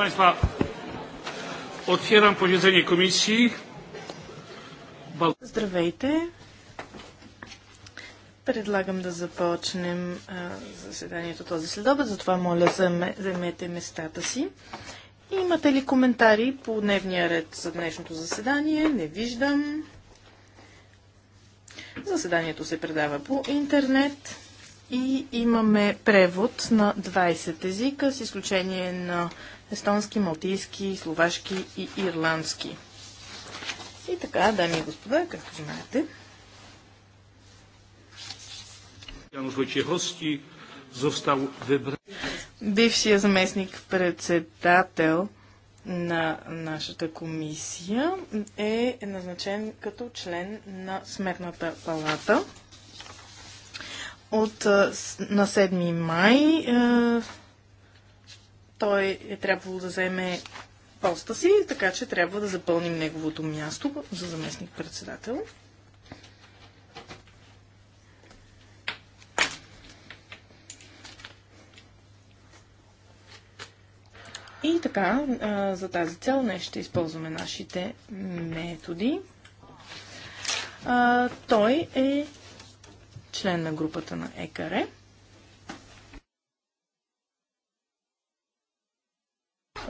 Państwa, otwieram posiedzenie komisji. Здравейте! Предлагам да започнем заседанието този следобед, затова моля заемете местата си. Имате ли коментари по дневния ред за днешното заседание? Не виждам. Заседанието се предава по интернет и имаме превод на 20 езика, с изключение на естонски, малтийски, словашки и ирландски. И така, дами и господа, както знаете. Януш Бившия заместник председател на нашата комисия е назначен като член на Сметната палата. От, на 7 май той е трябвало да вземе поста си, така че трябва да запълним неговото място за заместник-председател. И така, за тази цел днес ще използваме нашите методи. Той е член на групата на ЕКАРЕ.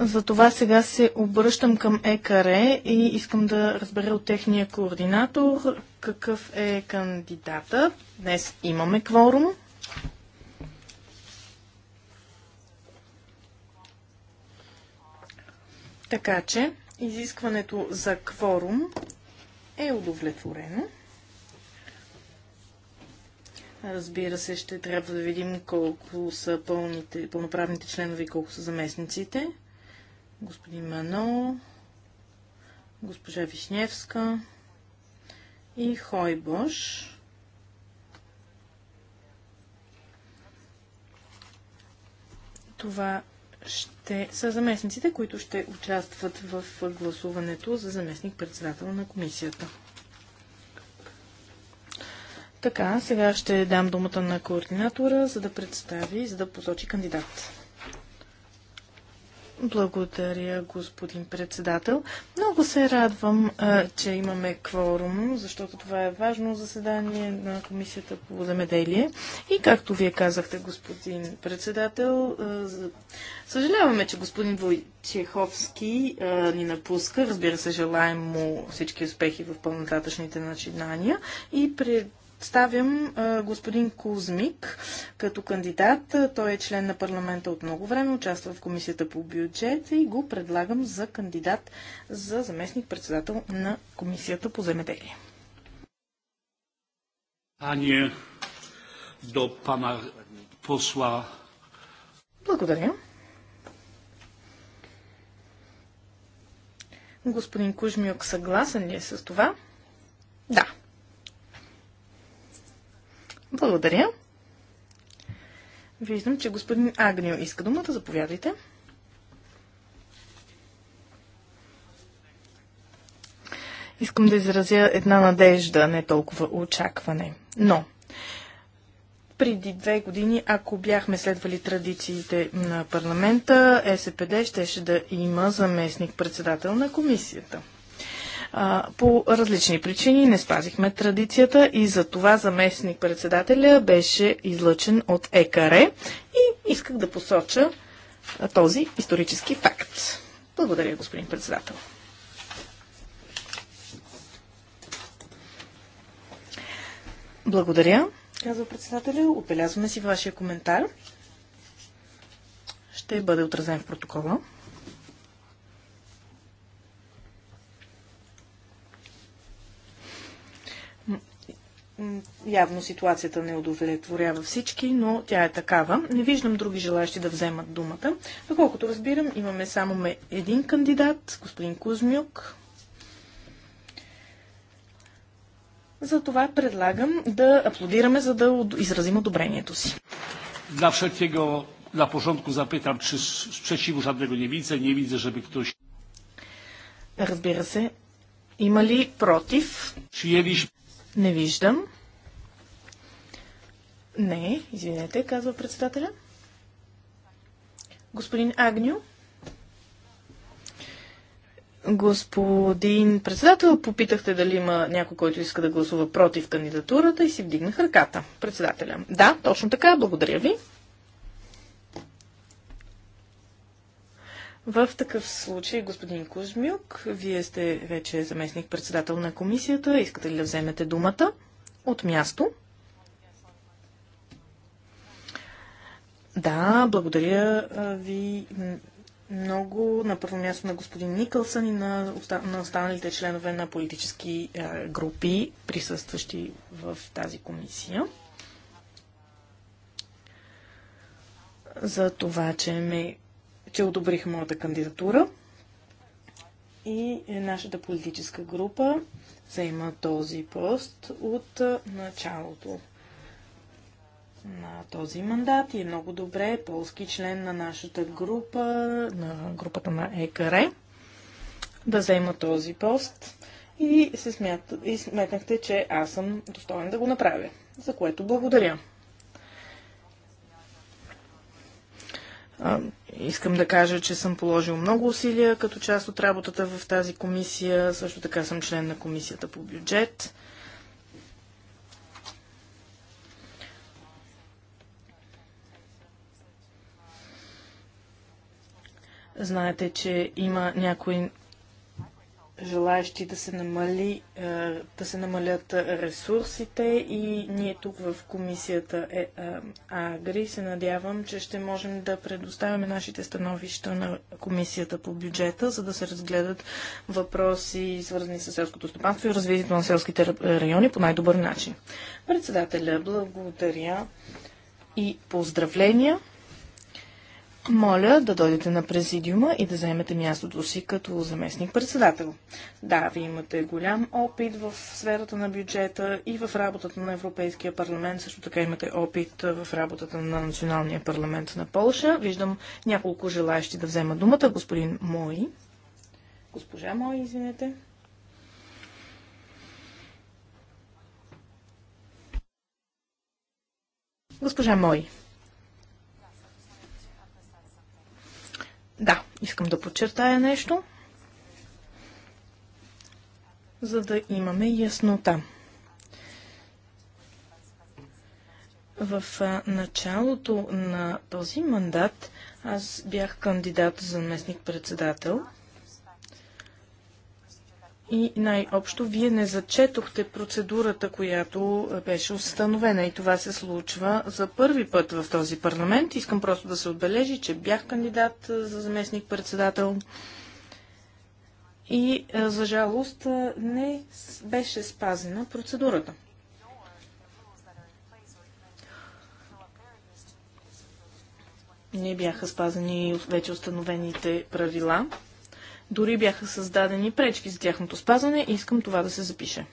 Затова сега се обръщам към ЕКАРЕ и искам да разбера от техния координатор какъв е кандидата. Днес имаме кворум. Така че изискването за кворум е удовлетворено. Разбира се, ще трябва да видим колко са пълните, пълноправните членове и колко са заместниците господин Мано, госпожа Вишневска и Хойбош. Това ще са заместниците, които ще участват в гласуването за заместник председател на комисията. Така, сега ще дам думата на координатора, за да представи, за да посочи кандидат. Благодаря, господин председател. Много се радвам, че имаме кворум, защото това е важно заседание на Комисията по земеделие. И както вие казахте, господин председател, съжаляваме, че господин Войчеховски ни напуска. Разбира се, желаем му всички успехи в пълнотатъчните начинания и пред Ставям господин Кузмик като кандидат. Той е член на парламента от много време, участва в комисията по бюджет и го предлагам за кандидат за заместник-председател на комисията по земеделие. Ание до пана посла. Благодаря. Господин Кужмиок съгласен ли е с това? Да. Благодаря. Виждам, че господин Агнио иска думата. Заповядайте. Искам да изразя една надежда, не толкова очакване. Но, преди две години, ако бяхме следвали традициите на парламента, СПД щеше да има заместник председател на комисията. По различни причини не спазихме традицията и за това заместник председателя беше излъчен от ЕКАРЕ и исках да посоча този исторически факт. Благодаря, господин председател. Благодаря, казва председателя. Отбелязваме си вашия коментар. Ще бъде отразен в протокола. Явно ситуацията не удовлетворява всички, но тя е такава. Не виждам други желащи да вземат думата. Доколкото разбирам, имаме само един кандидат, господин Кузмюк. Затова предлагам да аплодираме, за да изразим одобрението си. Dla wszelkiego, dla porządku zapytam, czy sprzeciwu не видя, не видя, че би ktoś... Разбира се. Има ли против? Przyjęliśmy. Не виждам. Не, извинете, казва председателя. Господин Агню. Господин председател, попитахте дали има някой, който иска да гласува против кандидатурата и си вдигнах ръката. Председателя. Да, точно така. Благодаря ви. В такъв случай, господин Кузмюк, вие сте вече заместник председател на комисията. Искате ли да вземете думата от място? Да, благодаря ви много на първо място на господин Никълсън и на, останалите членове на политически групи, присъстващи в тази комисия. За това, че ме че одобриха моята кандидатура и нашата политическа група заема този пост от началото на този мандат и е много добре е полски член на нашата група, на групата на ЕКР, да заема този пост и, се смят, и сметнахте, че аз съм достоен да го направя, за което благодаря. Искам да кажа, че съм положил много усилия като част от работата в тази комисия. Също така съм член на комисията по бюджет. Знаете, че има някои желаящи да се, намали, е, да се намалят ресурсите и ние тук в комисията е, е, АГРИ се надявам, че ще можем да предоставяме нашите становища на комисията по бюджета, за да се разгледат въпроси свързани с селското стопанство и развитието на селските райони по най-добър начин. Председателя, благодаря и поздравления. Моля да дойдете на президиума и да заемете мястото си като заместник-председател. Да, вие имате голям опит в сферата на бюджета и в работата на Европейския парламент. Също така имате опит в работата на Националния парламент на Полша. Виждам няколко желаящи да взема думата. Господин Мой. Госпожа Мой, извинете. Госпожа Мой. Да, искам да подчертая нещо, за да имаме яснота. В началото на този мандат аз бях кандидат за местник председател – и най-общо, вие не зачетохте процедурата, която е, беше установена и това се случва за първи път в този парламент. Искам просто да се отбележи, че бях кандидат е, за заместник-председател и е, за жалост не беше спазена процедурата. Не бяха спазени вече установените правила. Дори бяха създадени пречки за тяхното спазване и искам това да се запише.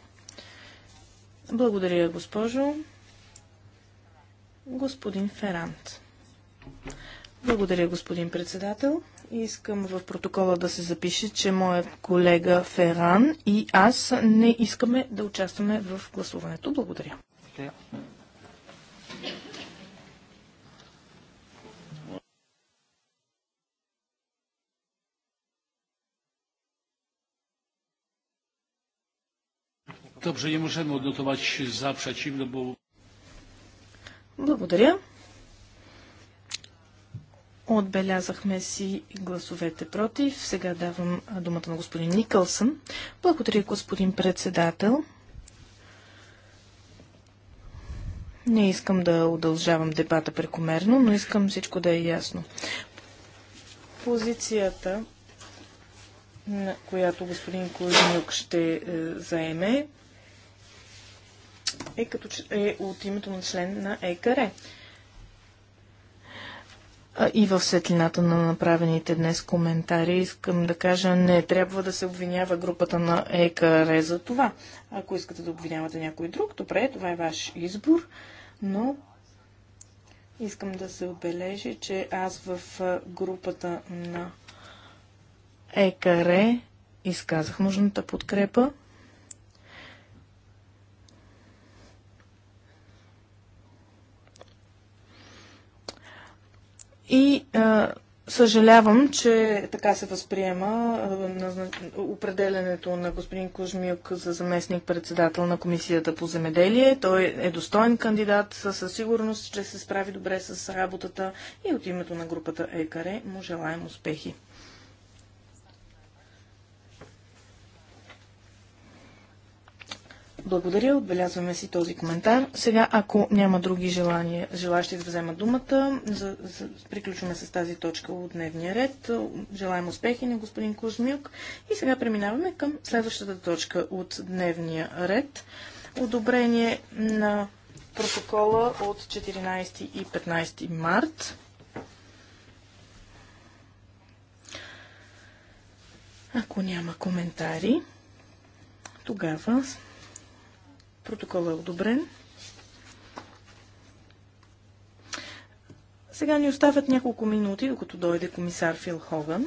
Благодаря, госпожо. Господин Ферант. Благодаря, господин председател. Искам в протокола да се запише, че моят колега Феран и аз не искаме да участваме в гласуването. Благодаря. Dobrze, nie możemy odnotować za, przeciwne, bo... Благодаря. Отбелязахме си гласовете против. Сега давам думата на господин Никълсън. Благодаря, господин председател. Не искам да удължавам дебата прекомерно, но искам всичко да е ясно. Позицията, на която господин Кузнюк ще е, заеме, е, като, е от името на член на ЕКР. И в светлината на направените днес коментари искам да кажа, не трябва да се обвинява групата на ЕКР за това. Ако искате да обвинявате някой друг, добре, това е ваш избор, но искам да се обележи, че аз в групата на ЕКР изказах нужната подкрепа И а, съжалявам, че така се възприема а, на, определенето на господин Кузмюк за заместник председател на Комисията по земеделие. Той е достоен кандидат, със сигурност, че се справи добре с работата и от името на групата ЕКАРЕ му желаем успехи. Благодаря, отбелязваме си този коментар. Сега, ако няма други желания, желащи да вземат думата, за, за, приключваме с тази точка от дневния ред. Желаем успехи на господин Кузмюк. И сега преминаваме към следващата точка от дневния ред. Одобрение на протокола от 14 и 15 март. Ако няма коментари, тогава Протоколът е одобрен. Сега ни остават няколко минути, докато дойде комисар Фил Хоган.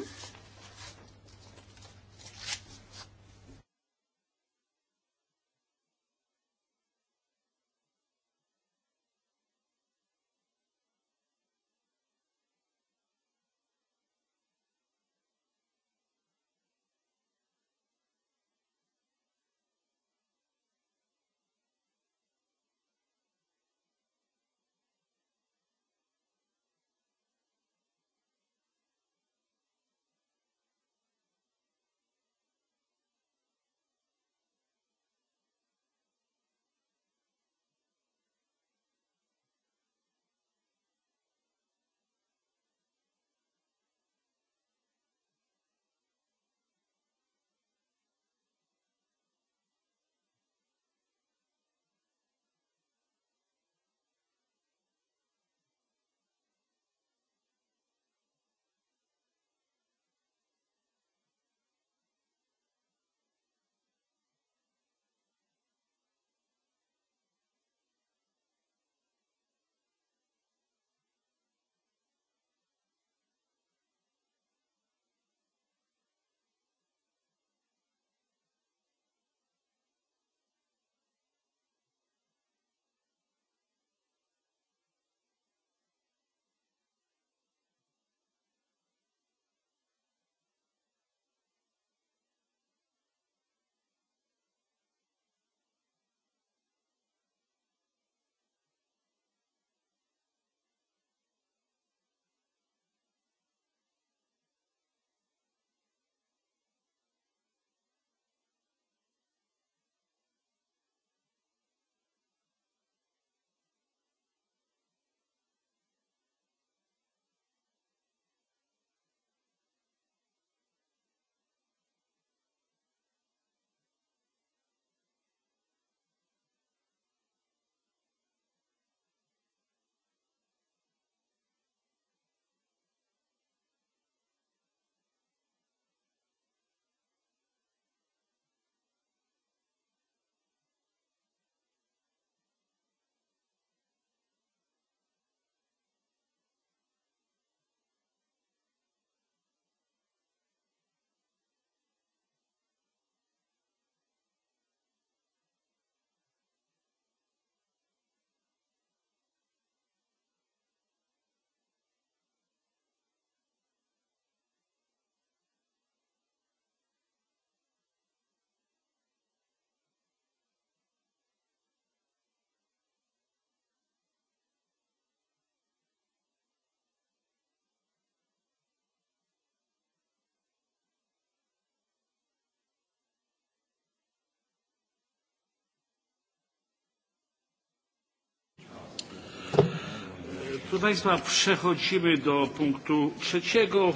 Proszę Państwa, przechodzimy do punktu trzeciego.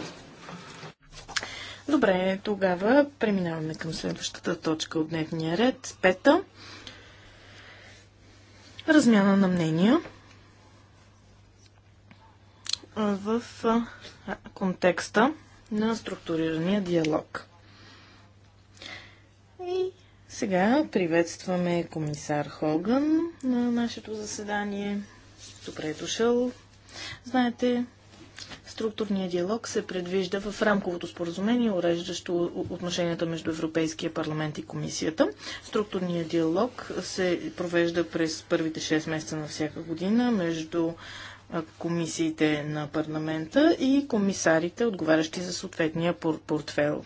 Добре, тогава преминаваме към следващата точка от дневния ред, пета. Размяна на мнения в контекста на структурирания диалог. И сега приветстваме комисар Хоган на нашето заседание. Добре е дошъл Знаете, Структурният диалог се предвижда в рамковото споразумение, уреждащо отношенията между Европейския парламент и комисията. Структурният диалог се провежда през първите 6 месеца на всяка година между комисиите на парламента и комисарите, отговарящи за съответния портфел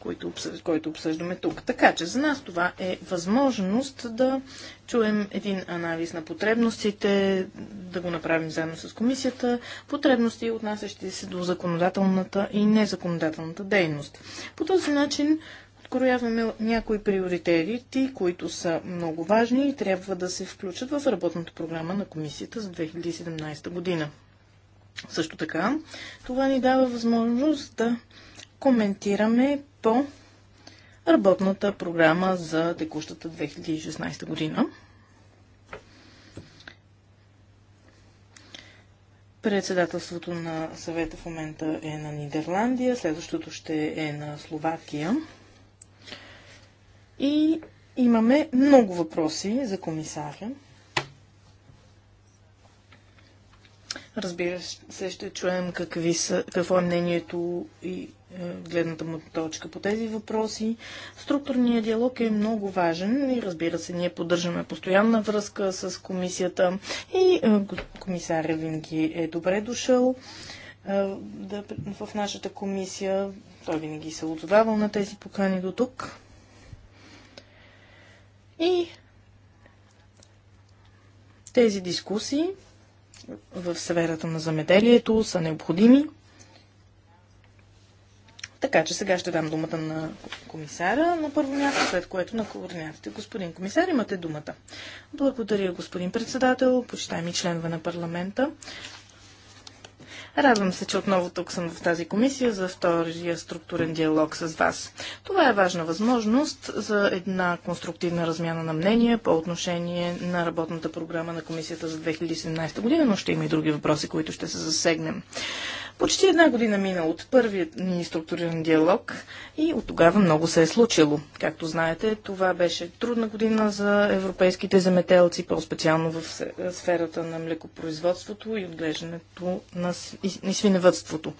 който, обсъж... който обсъждаме тук. Така че за нас това е възможност да чуем един анализ на потребностите, да го направим заедно с комисията, потребности, отнасящи се до законодателната и незаконодателната дейност. По този начин открояваме някои приоритети, които са много важни и трябва да се включат в работната програма на комисията за 2017 година. Също така, това ни дава възможност да коментираме по работната програма за текущата 2016 година. Председателството на съвета в момента е на Нидерландия, следващото ще е на Словакия. И имаме много въпроси за комисаря. Разбира се, ще чуем какви са, какво е мнението и е, гледната му точка по тези въпроси. Структурният диалог е много важен и разбира се, ние поддържаме постоянна връзка с комисията и е, комисаря винаги е добре дошъл е, в нашата комисия. Той винаги се отзовавал на тези покани до тук. И тези дискусии в сферата на замеделието са необходими така че сега ще дам думата на комисара на първо място, след което на координатите. Господин комисар, имате думата. Благодаря, господин председател, почитаеми членове на парламента. Радвам се, че отново тук съм в тази комисия за втория структурен диалог с вас. Това е важна възможност за една конструктивна размяна на мнение по отношение на работната програма на комисията за 2017 година, но ще има и други въпроси, които ще се засегнем. Почти една година мина от първият ни структуриран диалог и от тогава много се е случило. Както знаете, това беше трудна година за европейските земетелци, по-специално в сферата на млекопроизводството и отглеждането на свиневътството.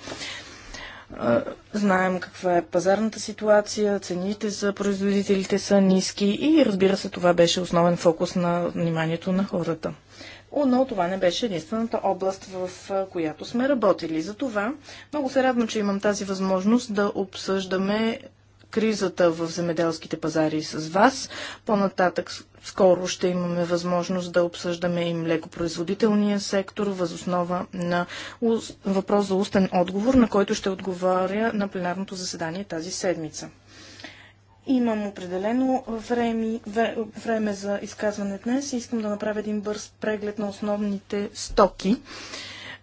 Знаем каква е пазарната ситуация, цените за производителите са ниски и разбира се това беше основен фокус на вниманието на хората но това не беше единствената област, в която сме работили. Затова много се радвам, че имам тази възможност да обсъждаме кризата в земеделските пазари с вас. По-нататък скоро ще имаме възможност да обсъждаме и млекопроизводителния сектор възоснова на въпрос за устен отговор, на който ще отговаря на пленарното заседание тази седмица. Имам определено време, време за изказване днес и искам да направя един бърз преглед на основните стоки.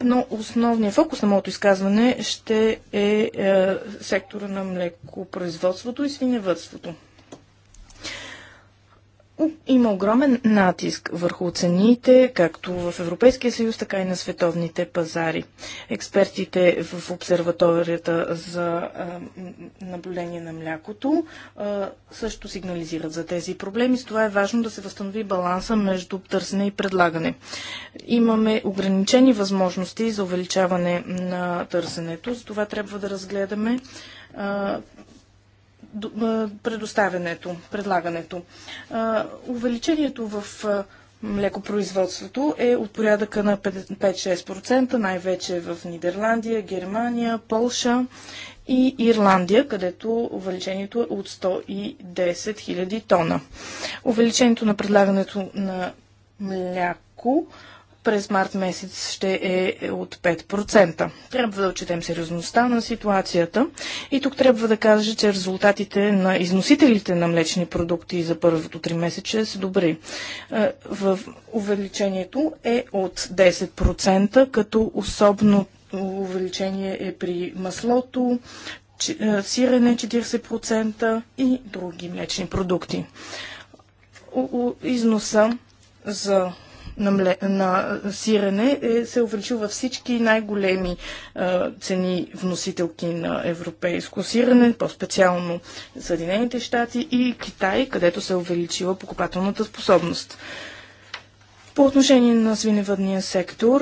Но основният фокус на моето изказване ще е, е сектора на млекопроизводството и свиневътството има огромен натиск върху цените, както в Европейския съюз, така и на световните пазари. Експертите в обсерваторията за наблюдение на млякото също сигнализират за тези проблеми. С това е важно да се възстанови баланса между търсене и предлагане. Имаме ограничени възможности за увеличаване на търсенето, с това трябва да разгледаме предоставянето, предлагането. Увеличението в млекопроизводството е от порядъка на 5-6%, най-вече в Нидерландия, Германия, Полша и Ирландия, където увеличението е от 110 000 тона. Увеличението на предлагането на мляко през март месец ще е от 5%. Трябва да отчетем сериозността на ситуацията и тук трябва да кажа, че резултатите на износителите на млечни продукти за първото 3 месече са добри. Е, в увеличението е от 10%, като особено увеличение е при маслото, е, сирене 40% и други млечни продукти. Износа за на, мле... на сирене е, се увеличил във всички най-големи цени вносителки на европейско сирене, по-специално Съединените щати и Китай, където се е увеличила покупателната способност. По отношение на свиневъдния сектор,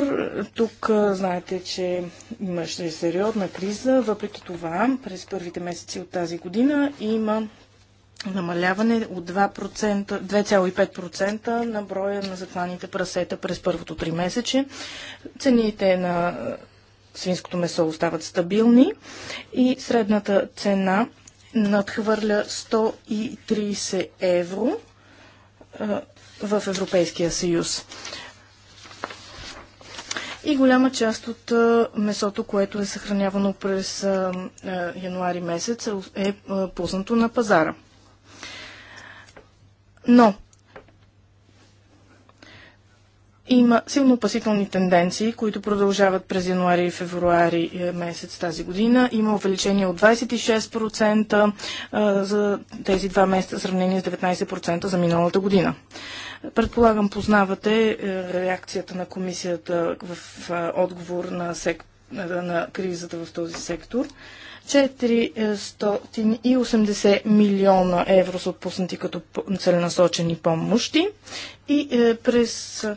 тук знаете, че имаше сериозна криза. Въпреки това, през първите месеци от тази година има намаляване от 2,5% на броя на закланите прасета през първото три месече. Цените на е, свинското месо остават стабилни и средната цена надхвърля 130 евро е, в Европейския съюз. И голяма част от е, месото, което е съхранявано през януари месец, е пуснато на пазара. Но има силно опасителни тенденции, които продължават през януари и февруари е, месец тази година. Има увеличение от 26% е, за тези два месеца, сравнение с 19% за миналата година. Предполагам, познавате е, реакцията на комисията в отговор на, сек... на кризата в този сектор. 480 милиона евро са отпуснати като целенасочени помощи и е, през е,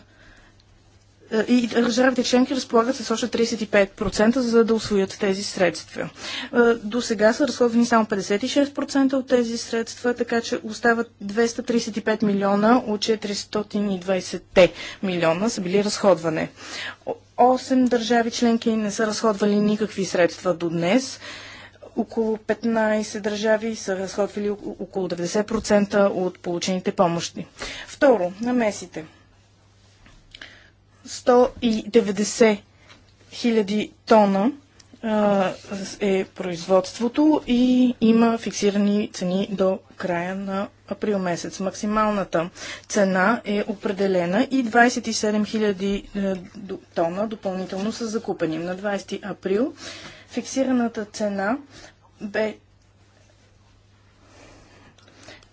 и държавите членки разполагат с още 35% за да освоят тези средства. Е, до сега са разходени само 56% от тези средства, така че остават 235 милиона от 420 милиона са били разходване. Осем държави членки не са разходвали никакви средства до днес около 15 държави са разходвали около 90% от получените помощи. Второ, намесите. 190 хиляди тона е производството и има фиксирани цени до края на април месец. Максималната цена е определена и 27 000 е, тона допълнително са закупени. На 20 април фиксираната цена бе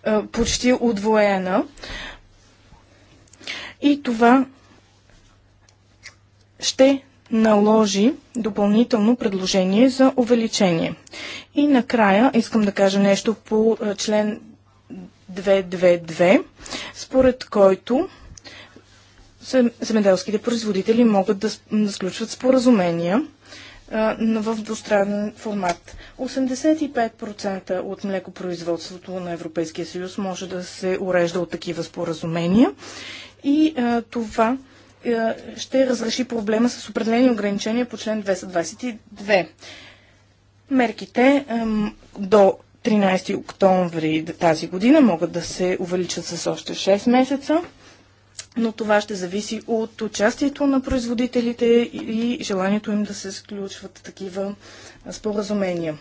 е, почти удвоена. И това ще наложи допълнително предложение за увеличение. И накрая искам да кажа нещо по е, член 222, според който земеделските производители могат да, да сключват споразумения в двустранен формат. 85% от млекопроизводството на Европейския съюз може да се урежда от такива споразумения и а, това а, ще разреши проблема с определени ограничения по член 222. Мерките а, до 13 октомври тази година могат да се увеличат с още 6 месеца но това ще зависи от участието на производителите и желанието им да се сключват такива споразумения.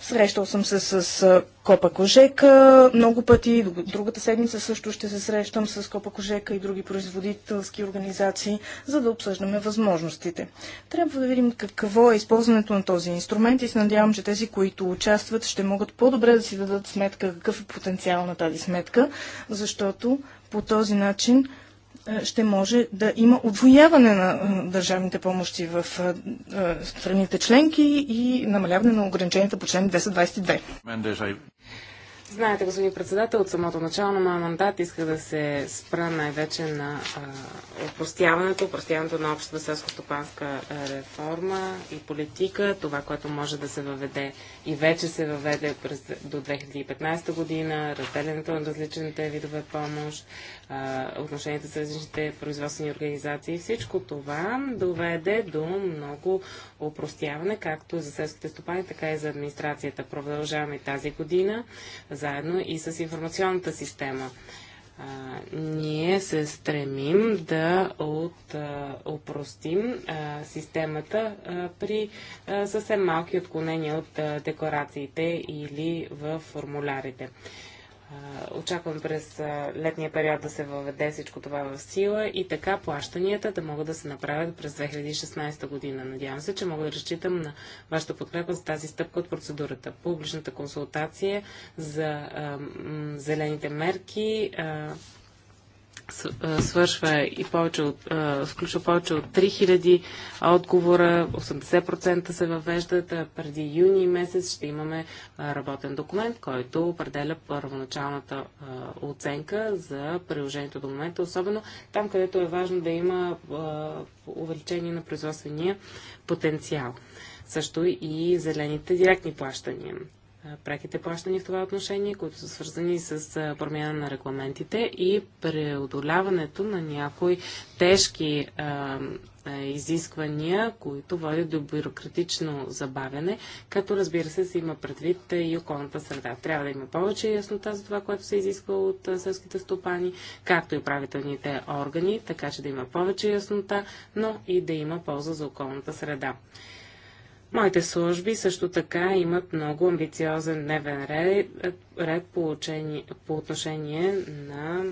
Срещал съм се с Копа Кожека много пъти. Другата седмица също ще се срещам с Копа Кожека и други производителски организации, за да обсъждаме възможностите. Трябва да видим какво е използването на този инструмент и се надявам, че тези, които участват, ще могат по-добре да си дадат сметка какъв е потенциал на тази сметка, защото по този начин е, ще може да има отвояване на е, държавните помощи в е, страните членки и намаляване на ограниченията по член 222. Знаете, господин председател, от самото начало на моя мандат иска да се спра най-вече на опростяването, опростяването на общата селско-стопанска реформа и политика, това, което може да се въведе и вече се въведе през, до 2015 година, разделянето на различните видове помощ, а, отношенията с различните производствени организации. Всичко това доведе до много опростяване, както за селските стопани, така и за администрацията. Продължаваме тази година заедно и с информационната система. А, ние се стремим да от, а, упростим а, системата а, при а, съвсем малки отклонения от а, декларациите или в формулярите. Очаквам през летния период да се въведе всичко това в сила и така плащанията да могат да се направят през 2016 година. Надявам се, че мога да разчитам на вашата подкрепа за тази стъпка от процедурата. Публичната консултация за зелените мерки свършва и повече от, включва повече от 3000 отговора, 80% се въвеждат. Преди юни месец ще имаме работен документ, който определя първоначалната оценка за приложението до момента, особено там, където е важно да има увеличение на производствения потенциал. Също и зелените директни плащания преките плащания в това отношение, които са свързани с промяна на регламентите и преодоляването на някои тежки а, изисквания, които водят до бюрократично забавяне, като разбира се се има предвид и околната среда. Трябва да има повече яснота за това, което се изисква от селските стопани, както и правителните органи, така че да има повече яснота, но и да има полза за околната среда. Моите служби също така имат много амбициозен дневен ред, ред по, учение, по отношение на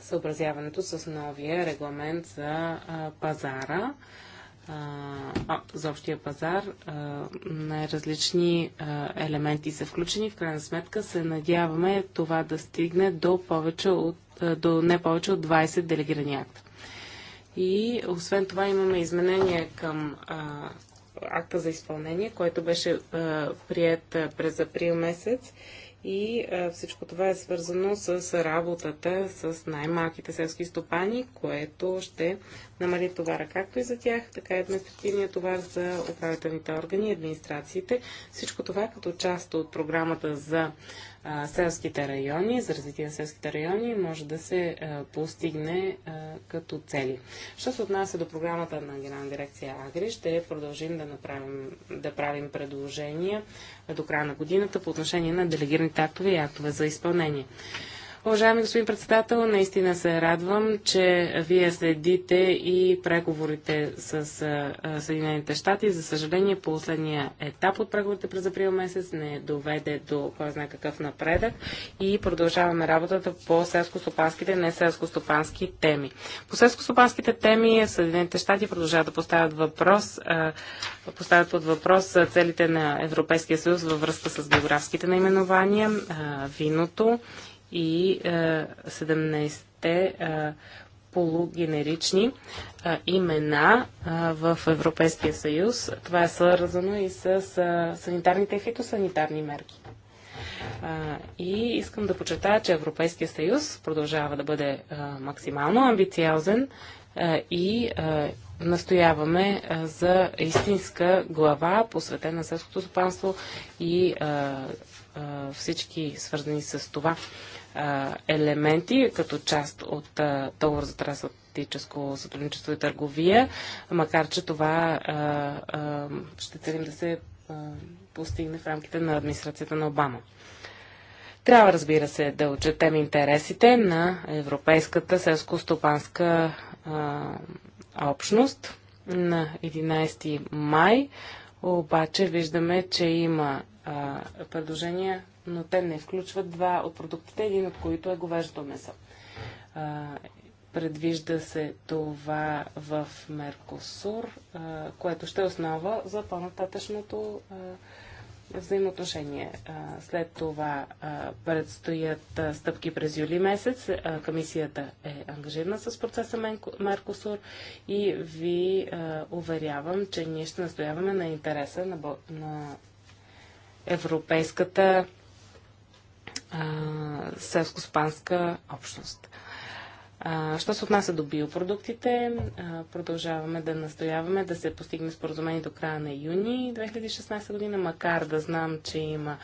съобразяването с новия регламент за пазара, за общия пазар. най различни елементи са включени. В крайна сметка се надяваме това да стигне до, повече от, до не повече от 20 делегирани акта. И освен това имаме изменения към а, акта за изпълнение, който беше прият през април месец. И всичко това е свързано с работата с най-малките селски стопани, което ще намали товара както и за тях, така и административния товар за управителните органи и администрациите. Всичко това като част от програмата за селските райони, за развитие на селските райони може да се постигне като цели. Що се отнася до програмата на Генерална дирекция Агри, ще продължим да, направим, да правим предложения до края на годината по отношение на делегираните актове и актове за изпълнение. Уважаеми господин председател, наистина се радвам, че вие следите и преговорите с Съединените щати. За съжаление, последния етап от преговорите през април месец не доведе до кой знае какъв напредък и продължаваме работата по селско-стопанските и селско стопански теми. По селско-стопанските теми Съединените щати продължават да поставят въпрос, поставят под въпрос целите на Европейския съюз във връзка с географските наименования, виното, и 17-те е, е, полугенерични а, е, имена а, в Европейския съюз. Това е свързано и с а, санитарните и фитосанитарни мерки. А, и искам да почетая, че Европейския съюз продължава да бъде а, максимално амбициозен а, и а, настояваме за истинска глава, посветена на селското стопанство и а, всички свързани с това елементи като част от договор за трансатлантическо сътрудничество и търговия, макар че това ще целим да се постигне в рамките на администрацията на Обама. Трябва, разбира се, да отчетем интересите на Европейската селско-стопанска общност. На 11 май обаче виждаме, че има а, предложения, но те не включват два от продуктите, един от които е говеждо месо. А, предвижда се това в Меркосур, а, което ще е основа за по-нататъчното взаимоотношение. След това предстоят стъпки през юли месец. Комисията е ангажирана с процеса Меркосур и ви уверявам, че ние ще настояваме на интереса на Европейската селскоспанска общност. А, що се отнася до биопродуктите, а, продължаваме да настояваме да се постигне споразумение до края на юни 2016 година, макар да знам, че има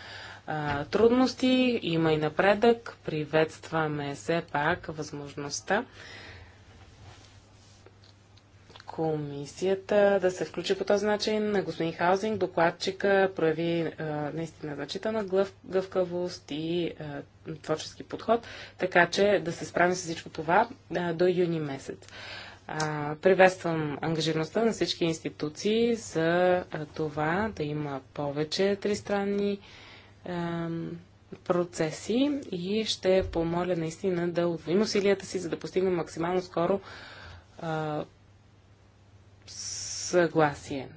а, трудности, има и напредък. Приветстваме все пак възможността комисията да се включи по този начин. Господин Хаузинг, докладчика, прояви а, наистина значителна глъв, гъвкавост и а, творчески подход, така че да се справим с всичко това а, до юни месец. А, приветствам ангажираността на всички институции за а, това да има повече тристранни а, процеси и ще помоля наистина да отвоим усилията си, за да постигнем максимално скоро съгласие.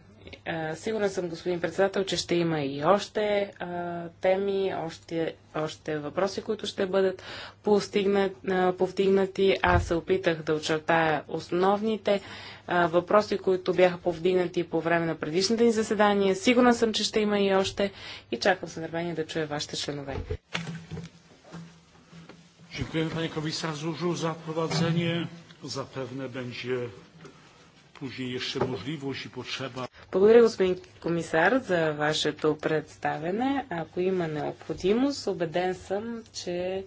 Сигурен съм, господин председател, че ще има и още а, теми, още, още въпроси, които ще бъдат повдигнати. Аз се опитах да очертая основните а, въпроси, които бяха повдигнати по време на предишните ни заседания. Сигурен съм, че ще има и още и чакам с нетърпение да чуя вашите членове. Dziękujemy panie komisarzu za prowadzenie. Zapewne będzie później jeszcze możliwość i potrzeba. Благодаря, господин комисар, за вашето представене. Ако има необходимост, убеден съм, че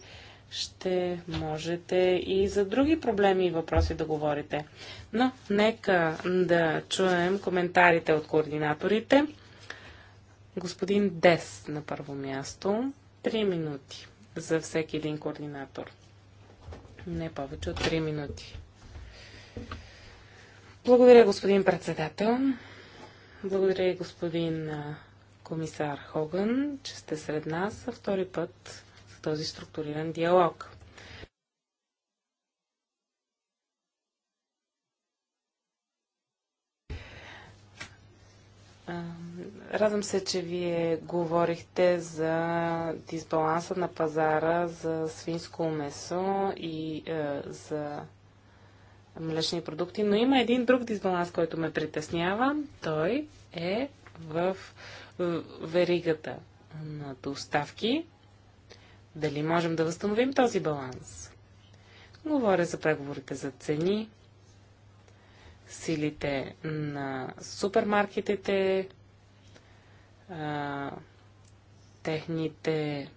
ще можете и за други проблеми и въпроси да говорите. Но нека да чуем коментарите от координаторите. Господин Дес на първо място. Три минути за всеки един координатор. Не повече от три минути. Благодаря, господин председател. Благодаря и господин комисар Хоган, че сте сред нас за втори път за този структуриран диалог. Радвам се, че вие говорихте за дисбаланса на пазара за свинско месо и е, за млечни продукти, но има един друг дисбаланс, който ме притеснява. Той е в веригата на доставки. Дали можем да възстановим този баланс? Говоря за преговорите за цени, силите на супермаркетите, техните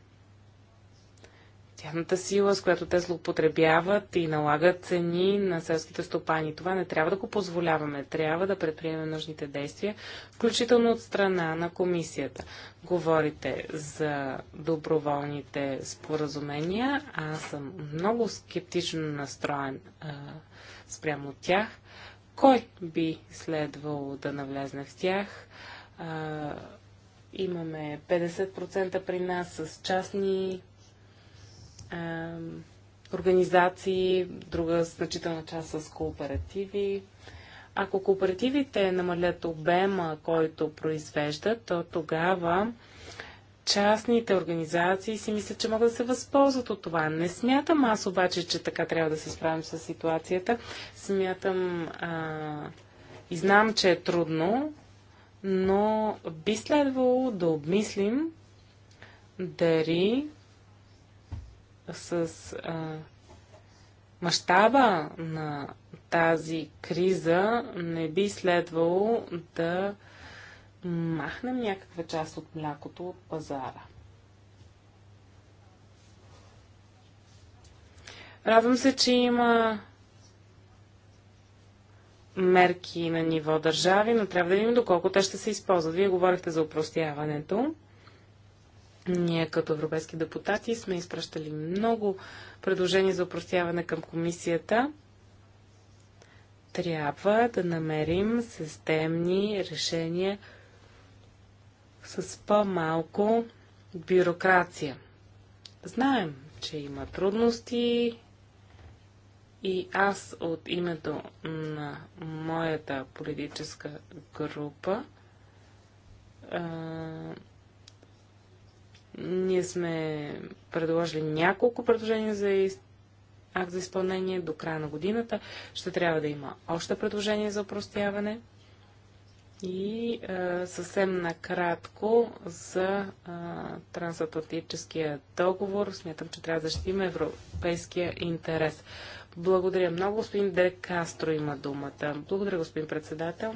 тяхната сила, с която те злоупотребяват и налагат цени на селските стопани. Това не трябва да го позволяваме. Трябва да предприемем нужните действия, включително от страна на комисията. Говорите за доброволните споразумения. Аз съм много скептично настроен а, спрямо от тях. Кой би следвало да навлезне в тях? А, имаме 50% при нас с частни организации, друга значителна част с кооперативи. Ако кооперативите намалят обема, който произвеждат, то тогава частните организации си мислят, че могат да се възползват от това. Не смятам аз обаче, че така трябва да се справим с ситуацията. Смятам а, и знам, че е трудно, но би следвало да обмислим дари с а, мащаба на тази криза не би следвало да махнем някаква част от млякото от пазара. Радвам се, че има мерки на ниво държави, но трябва да видим доколко те ще се използват. Вие говорихте за упростяването. Ние като европейски депутати сме изпращали много предложения за упростяване към комисията. Трябва да намерим системни решения с по-малко бюрокрация. Знаем, че има трудности и аз от името на моята политическа група ние сме предложили няколко предложения за акт за изпълнение до края на годината. Ще трябва да има още предложения за простяване. И е, съвсем накратко за е, трансатлантическия договор. Смятам, че трябва да защитим европейския интерес. Благодаря много. Господин Де Кастро има думата. Благодаря, господин председател.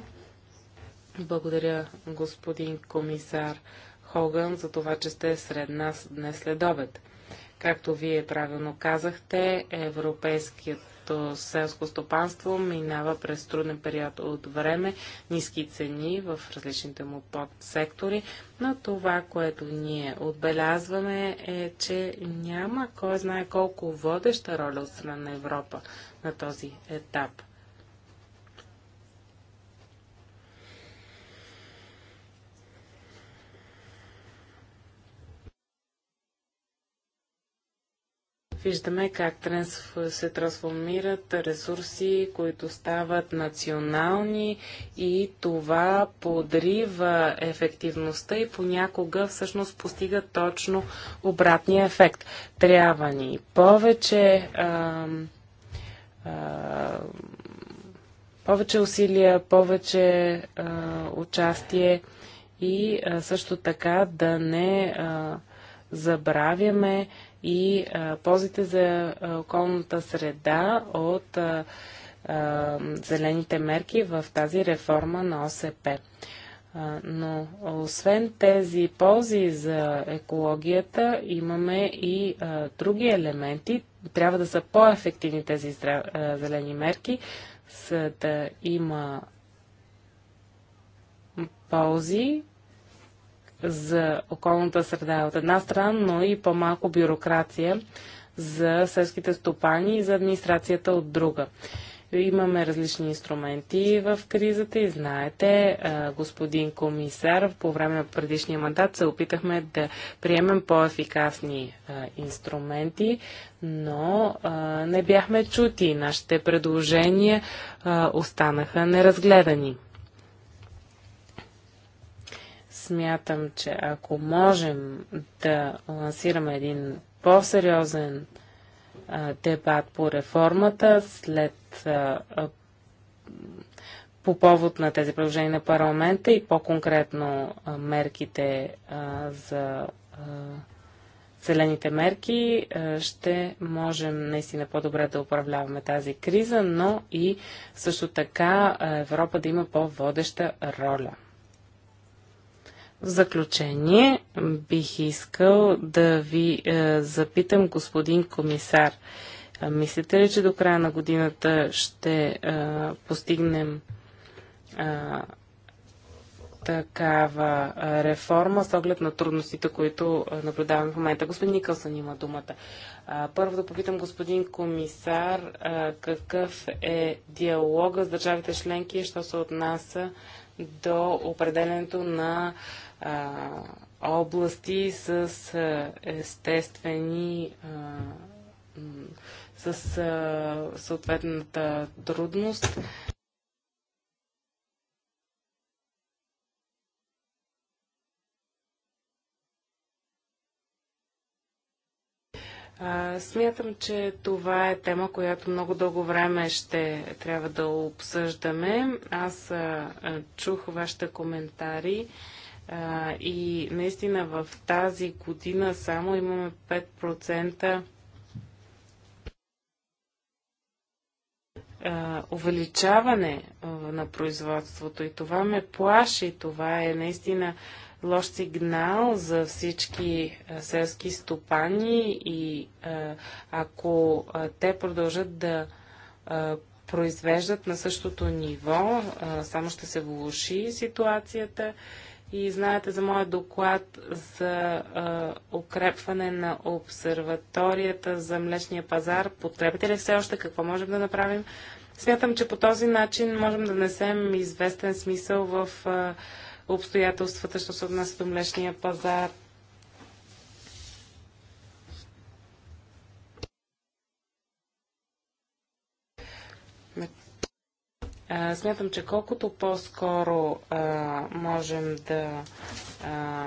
Благодаря, господин комисар Хоган за това, че сте сред нас днес след обед. Както вие правилно казахте, европейското селско стопанство минава през труден период от време, ниски цени в различните му подсектори, но това, което ние отбелязваме е, че няма кой знае колко водеща роля от страна на Европа на този етап. Виждаме как се трансформират ресурси, които стават национални и това подрива ефективността и понякога всъщност постига точно обратния ефект. Трябва ни повече. А, а, повече усилия, повече а, участие и а, също така да не а, забравяме и а, ползите за околната среда от а, а, зелените мерки в тази реформа на ОСП. Но освен тези ползи за екологията, имаме и а, други елементи. Трябва да са по-ефективни тези здрав... а, зелени мерки, за да има ползи за околната среда е от една страна, но и по-малко бюрокрация за селските стопани и за администрацията от друга. Имаме различни инструменти в кризата и знаете, господин комисар, по време на предишния мандат се опитахме да приемем по-ефикасни инструменти, но не бяхме чути. Нашите предложения останаха неразгледани смятам, че ако можем да лансираме един по-сериозен дебат по реформата след а, а, по повод на тези предложения на парламента и по-конкретно мерките а, за зелените мерки, ще можем наистина по-добре да управляваме тази криза, но и също така Европа да има по-водеща роля. В заключение бих искал да ви е, запитам, господин комисар, е, мислите ли, че до края на годината ще е, постигнем е, такава е, реформа с оглед на трудностите, които е, наблюдаваме в момента. Господин Никълсън има думата. Първо да попитам господин комисар какъв е диалога с държавите членки, що се отнася до определенето на а, области с а, естествени а, с а, съответната трудност. смятам, че това е тема, която много дълго време ще трябва да обсъждаме. Аз чух вашите коментари. А, и наистина в тази година само имаме 5% увеличаване на производството и това ме плаши. Това е наистина лош сигнал за всички селски стопани и ако те продължат да произвеждат на същото ниво, само ще се влуши ситуацията и знаете за моят доклад за а, укрепване на обсерваторията за млечния пазар. Потребите ли все още? Какво можем да направим? Смятам, че по този начин можем да внесем известен смисъл в а, обстоятелствата, що се отнася до млечния пазар. смятам, че колкото по-скоро можем да а,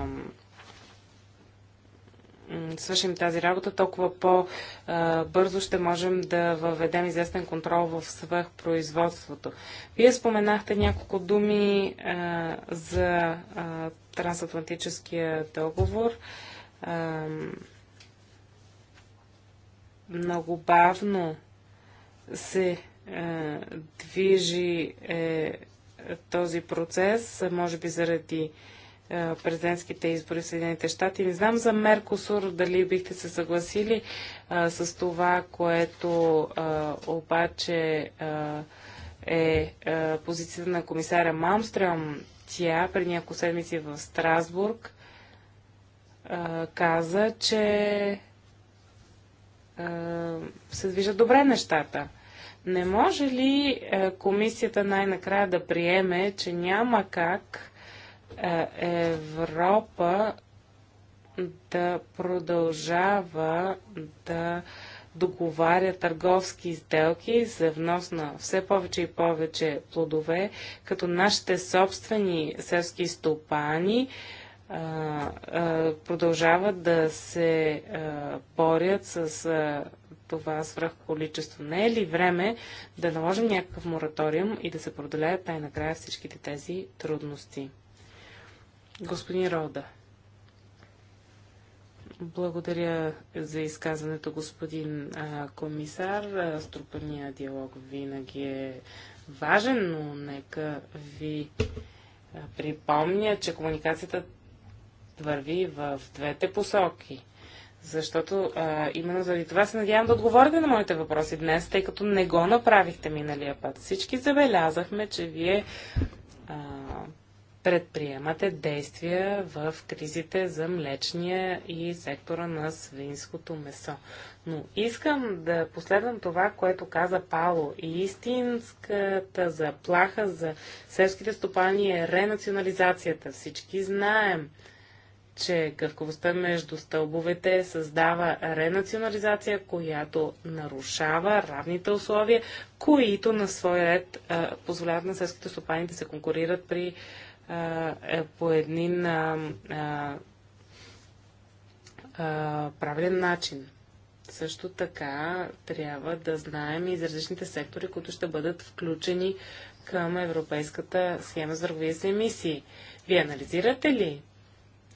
свършим тази работа, толкова по-бързо ще можем да въведем известен контрол в свърхпроизводството. Вие споменахте няколко думи а, за а, трансатлантическия договор. А, много бавно се е, движи е, този процес, може би заради е, президентските избори в Съединените щати. Не знам за Меркосур дали бихте се съгласили е, с това, което е, обаче е, е позицията на комисаря Малмстрем. Тя преди няколко седмици в Страсбург е, каза, че е, се движат добре нещата. Не може ли е, комисията най-накрая да приеме, че няма как е, Европа да продължава да договаря търговски изделки за внос на все повече и повече плодове, като нашите собствени селски стопани е, продължават да се борят с това свръх количество. Не е ли време да наложим някакъв мораториум и да се продолеят най-накрая всичките тези трудности? Господин Рода. Благодаря за изказването, господин а, комисар. Струпания диалог винаги е важен, но нека ви припомня, че комуникацията върви в двете посоки. Защото а, именно заради това се надявам да отговорите на моите въпроси днес, тъй като не го направихте миналия път. Всички забелязахме, че вие а, предприемате действия в кризите за млечния и сектора на свинското месо. Но искам да последвам това, което каза Пало. Истинската заплаха за селските стопани е ренационализацията. Всички знаем – че гъвкавостта между стълбовете създава ренационализация, която нарушава равните условия, които на своя ред а, позволяват на селските стопани да се конкурират при а, е, по един а, а, правилен начин. Също така трябва да знаем и за различните сектори, които ще бъдат включени към Европейската схема за търговия с емисии. Вие анализирате ли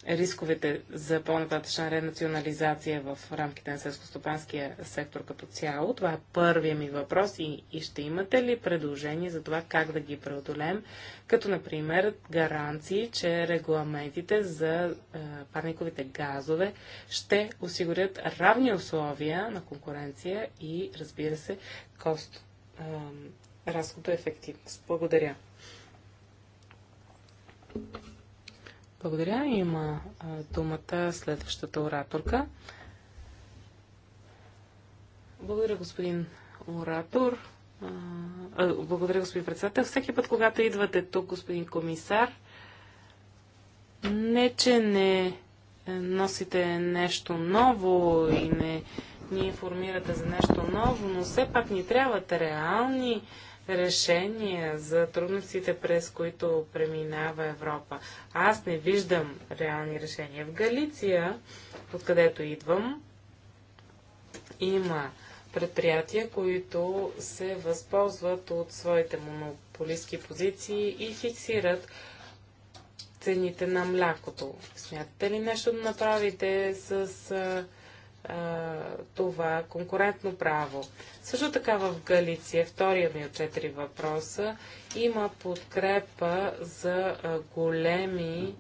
рисковете за по-нататъчна ренационализация в рамките на селскостопанския сектор като цяло? Това е първият ми въпрос и, и ще имате ли предложение за това как да ги преодолем, като например гаранции, че регламентите за е, парниковите газове ще осигурят равни условия на конкуренция и разбира се, кост, е, разходоефективност. Благодаря. Благодаря. Има думата следващата ораторка. Благодаря, господин оратор. Благодаря, господин председател. Всеки път, когато идвате тук, господин комисар, не, че не носите нещо ново и не ни информирате за нещо ново, но все пак ни трябват реални решения за трудностите, през които преминава Европа. Аз не виждам реални решения. В Галиция, откъдето идвам, има предприятия, които се възползват от своите монополистски позиции и фиксират цените на млякото. Смятате ли нещо да направите с това конкурентно право. Също така в Галиция, втория ми от четири въпроса, има подкрепа за големи.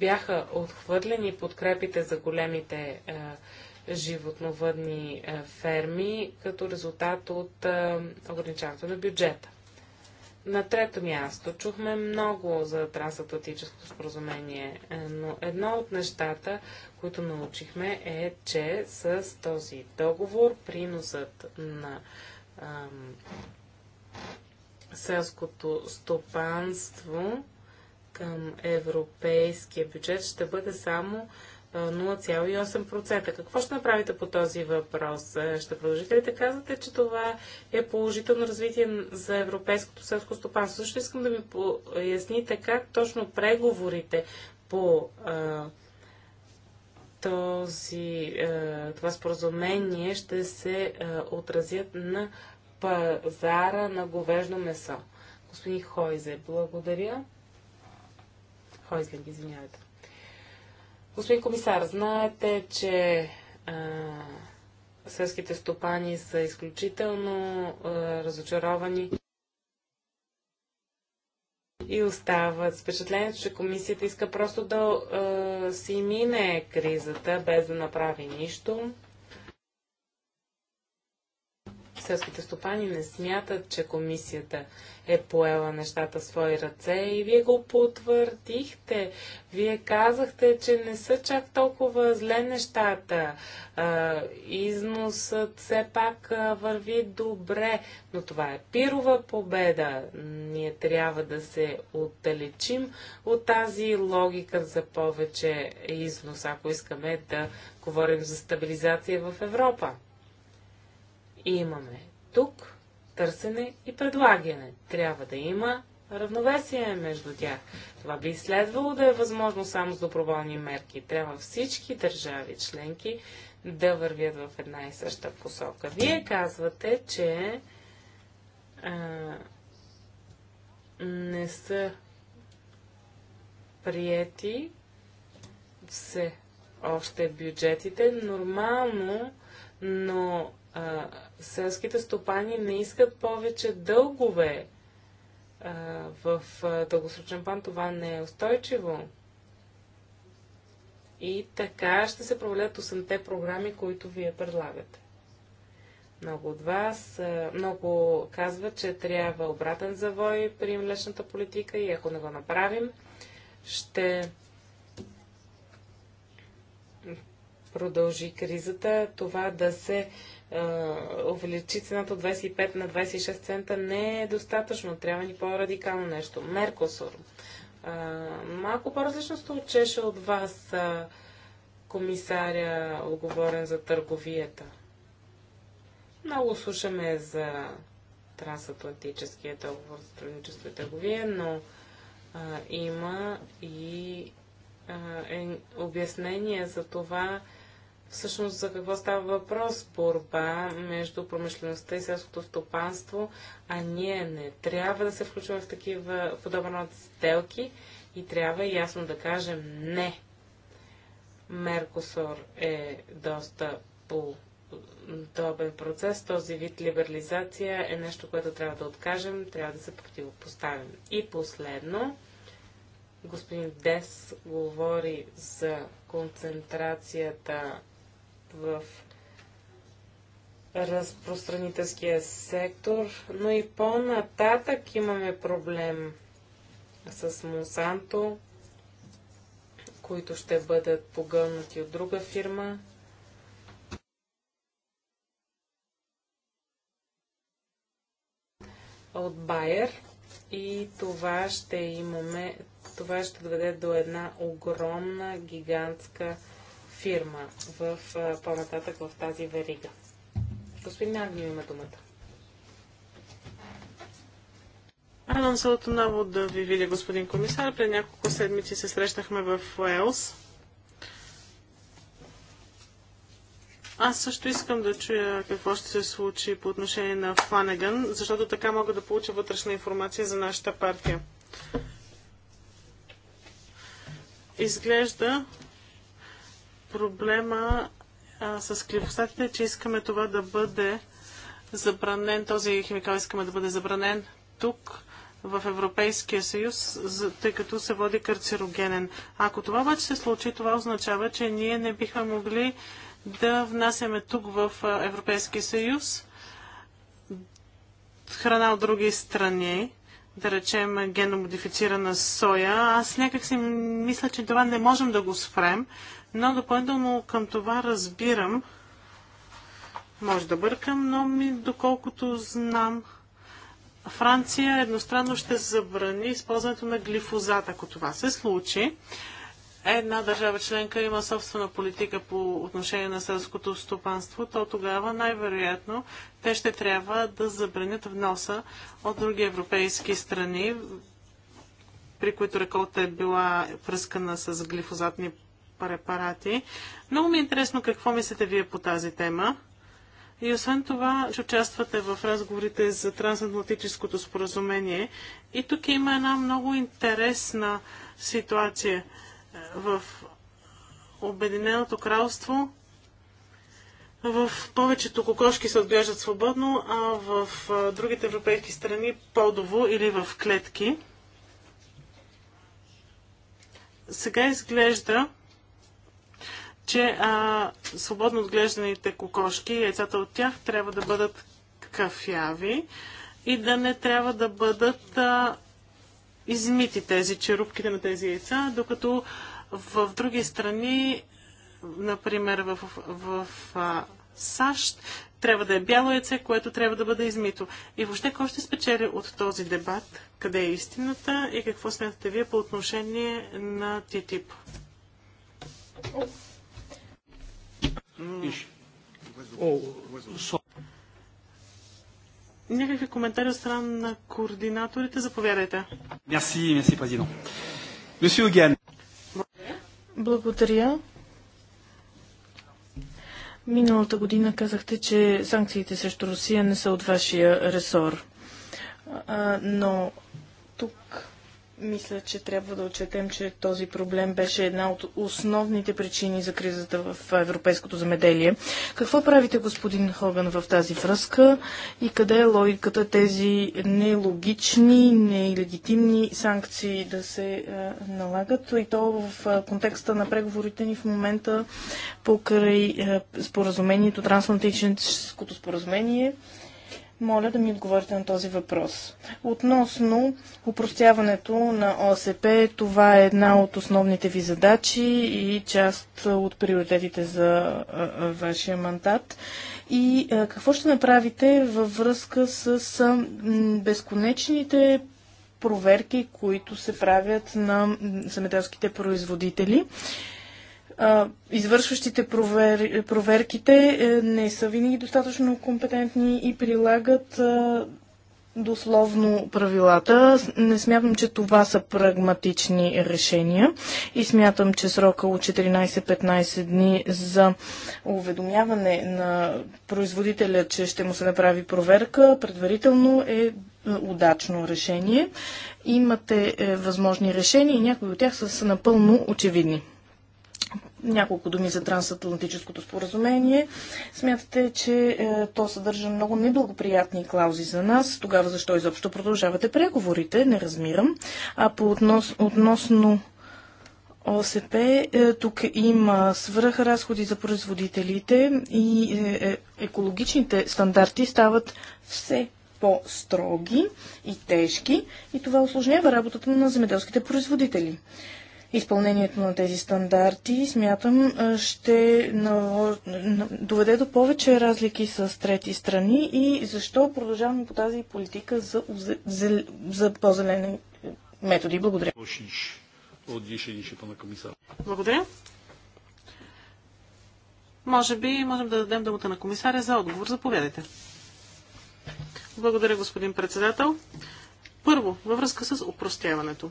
Бяха отхвърлени подкрепите за големите е, животновъдни е, ферми като резултат от е, ограничаването на бюджета. На трето място, чухме много за трансатлантическото споразумение, е, но едно от нещата, които научихме е, че с този договор приносът на ам, селското стопанство към европейския бюджет ще бъде само 0,8%. Какво ще направите по този въпрос? Е, ще продължите ли да казвате, че това е положително развитие за европейското селско стопанство? Също искам да ми поясните как точно преговорите по а, този, а, това споразумение ще се а, отразят на пазара на говежно месо. Господин Хойзе, благодаря. Хойзе, извинявайте. Господин комисар, знаете, че селските стопани са изключително а, разочаровани и остават с впечатлението, че комисията иска просто да а, си мине кризата, без да направи нищо селските стопани не смятат, че комисията е поела нещата в свои ръце и вие го потвърдихте. Вие казахте, че не са чак толкова зле нещата. Износът все пак върви добре, но това е пирова победа. Ние трябва да се отдалечим от тази логика за повече износ, ако искаме да говорим за стабилизация в Европа. И имаме тук търсене и предлагане. Трябва да има равновесие между тях. Това би следвало да е възможно само с доброволни мерки. Трябва всички държави членки да вървят в една и съща посока. Вие казвате, че а, не са приети все още бюджетите. Нормално, но селските стопани не искат повече дългове. в дългосрочен план това не е устойчиво. И така ще се провалят 8-те програми, които вие предлагате. Много от вас, много казват, че трябва обратен завой при млечната политика и ако не го направим, ще продължи кризата, това да се увеличи цената от 25 на 26 цента не е достатъчно. Трябва ни по-радикално нещо. Меркосур. Малко по-различно се от вас а, комисаря, отговорен за търговията. Много слушаме за трансатлантическия договор за сътрудничество и търговия, но а, има и а, е, обяснение за това, Всъщност за какво става въпрос? Борба между промишлеността и селското стопанство, а ние не трябва да се включваме в такива подобни сделки и трябва ясно да кажем не. Меркосор е доста подобен процес. Този вид либерализация е нещо, което трябва да откажем, трябва да се противопоставим. И последно, господин Дес говори за концентрацията в разпространителския сектор, но и по-нататък имаме проблем с Монсанто, които ще бъдат погълнати от друга фирма. от Байер и това ще имаме, това ще доведе до една огромна, гигантска фирма в, по-нататък в тази верига. Господин Нагни има думата. Радвам се отново да ви видя, господин комисар. Пред няколко седмици се срещнахме в Уелс. Аз също искам да чуя какво ще се случи по отношение на Фанеган, защото така мога да получа вътрешна информация за нашата партия. Изглежда, проблема а, с клифосатите е, че искаме това да бъде забранен, този химикал искаме да бъде забранен тук, в Европейския съюз, тъй като се води карцерогенен. Ако това обаче се случи, това означава, че ние не бихме могли да внасяме тук в Европейския съюз храна от други страни, да речем геномодифицирана соя. Аз някак си мисля, че това не можем да го спрем, но допълнително към това разбирам, може да бъркам, но ми, доколкото знам, Франция едностранно ще забрани използването на глифозат. Ако това се случи, една държава членка има собствена политика по отношение на селското стопанство, то тогава най-вероятно те ще трябва да забранят вноса от други европейски страни, при които реколта е била пръскана с глифозатни препарати. Много ми е интересно какво мислите вие по тази тема. И освен това, че участвате в разговорите за трансатлантическото споразумение. И тук има една много интересна ситуация е, в Обединеното кралство. В повечето кокошки се отглеждат свободно, а в е, другите европейски страни подово или в клетки. Сега изглежда, че а, свободно отглежданите кокошки и яйцата от тях трябва да бъдат кафяви и да не трябва да бъдат а, измити тези черупките на тези яйца, докато в други страни, например в, в, в, а, САЩ, трябва да е бяло яйце, което трябва да бъде измито. И въобще, кой ще спечели от този дебат? Къде е истината и какво смятате вие по отношение на ТТИП? Някакви коментари от страна на координаторите? Заповядайте. Мерси, мерси, президент. Оген. Благодаря. Миналата година казахте, че санкциите срещу Русия не са от вашия ресор. но тук мисля, че трябва да отчетем, че този проблем беше една от основните причини за кризата в европейското замеделие. Какво правите, господин Хоган, в тази връзка и къде е логиката тези нелогични, нелегитимни санкции да се налагат? И то в контекста на преговорите ни в момента покрай споразумението, трансатлантическото споразумение моля да ми отговорите на този въпрос. Относно упростяването на ОСП, това е една от основните ви задачи и част от приоритетите за вашия мандат. И какво ще направите във връзка с безконечните проверки, които се правят на земеделските производители? извършващите провер... проверките е, не са винаги достатъчно компетентни и прилагат дословно правилата. Не смятам, че това са прагматични решения и смятам, че срока от 14-15 дни за уведомяване на производителя, че ще му се направи проверка предварително е, е удачно решение. Имате е, възможни решения и някои от тях са напълно очевидни. Няколко думи за трансатлантическото споразумение. Смятате, че е, то съдържа много неблагоприятни клаузи за нас. Тогава защо изобщо продължавате преговорите? Не разбирам. А по относ, относно ОСП, е, тук има свръхразходи за производителите и е, е, екологичните стандарти стават все по-строги и тежки и това осложнява работата на земеделските производители изпълнението на тези стандарти, смятам, ще доведе до повече разлики с трети страни и защо продължаваме по тази политика за, за, за по-зелени методи. Благодаря. Благодаря. Може би можем да дадем думата на комисаря за отговор. Заповядайте. Благодаря, господин председател. Първо, във връзка с упростяването.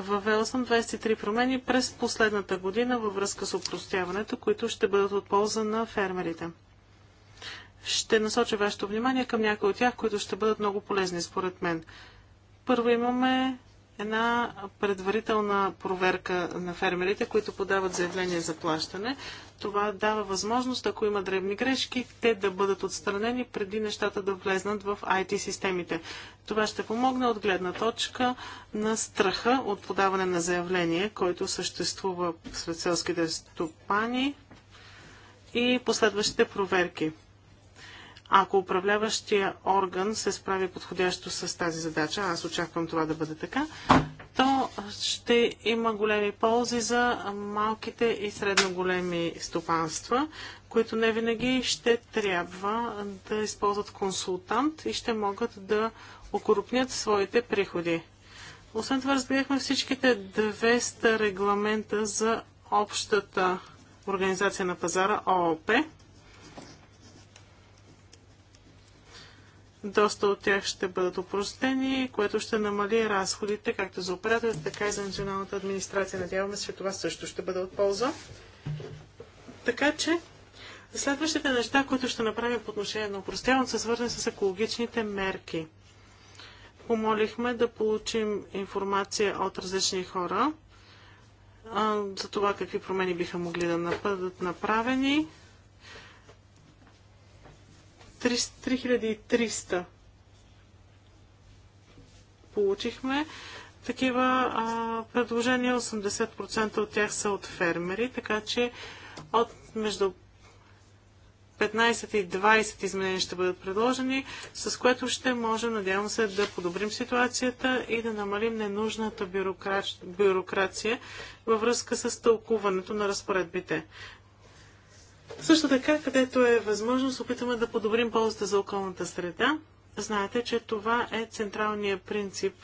Въвела съм 23 промени през последната година във връзка с упростяването, които ще бъдат от полза на фермерите. Ще насоча вашето внимание към някои от тях, които ще бъдат много полезни според мен. Първо имаме една предварителна проверка на фермерите, които подават заявление за плащане. Това дава възможност, ако има древни грешки, те да бъдат отстранени преди нещата да влезнат в IT-системите. Това ще помогне от гледна точка на страха от подаване на заявление, който съществува сред селските стопани и последващите проверки ако управляващия орган се справи подходящо с тази задача, аз очаквам това да бъде така, то ще има големи ползи за малките и средно големи стопанства, които не винаги ще трябва да използват консултант и ще могат да окрупнят своите приходи. Освен това разгледахме всичките 200 регламента за общата организация на пазара ООП. Доста от тях ще бъдат опростени, което ще намали разходите както за операторите, така и за националната администрация. Надяваме се, че това също ще бъде от полза. Така че, следващите неща, които ще направим по отношение на опростяването, са свързани с екологичните мерки. Помолихме да получим информация от различни хора за това какви промени биха могли да бъдат направени. 3300 получихме. Такива а, предложения, 80% от тях са от фермери, така че от между 15 и 20 изменения ще бъдат предложени, с което ще можем, надявам се, да подобрим ситуацията и да намалим ненужната бюрокра... бюрокрация във връзка с тълкуването на разпоредбите. Също така, където е възможно, се опитваме да подобрим ползата за околната среда. Знаете, че това е централният принцип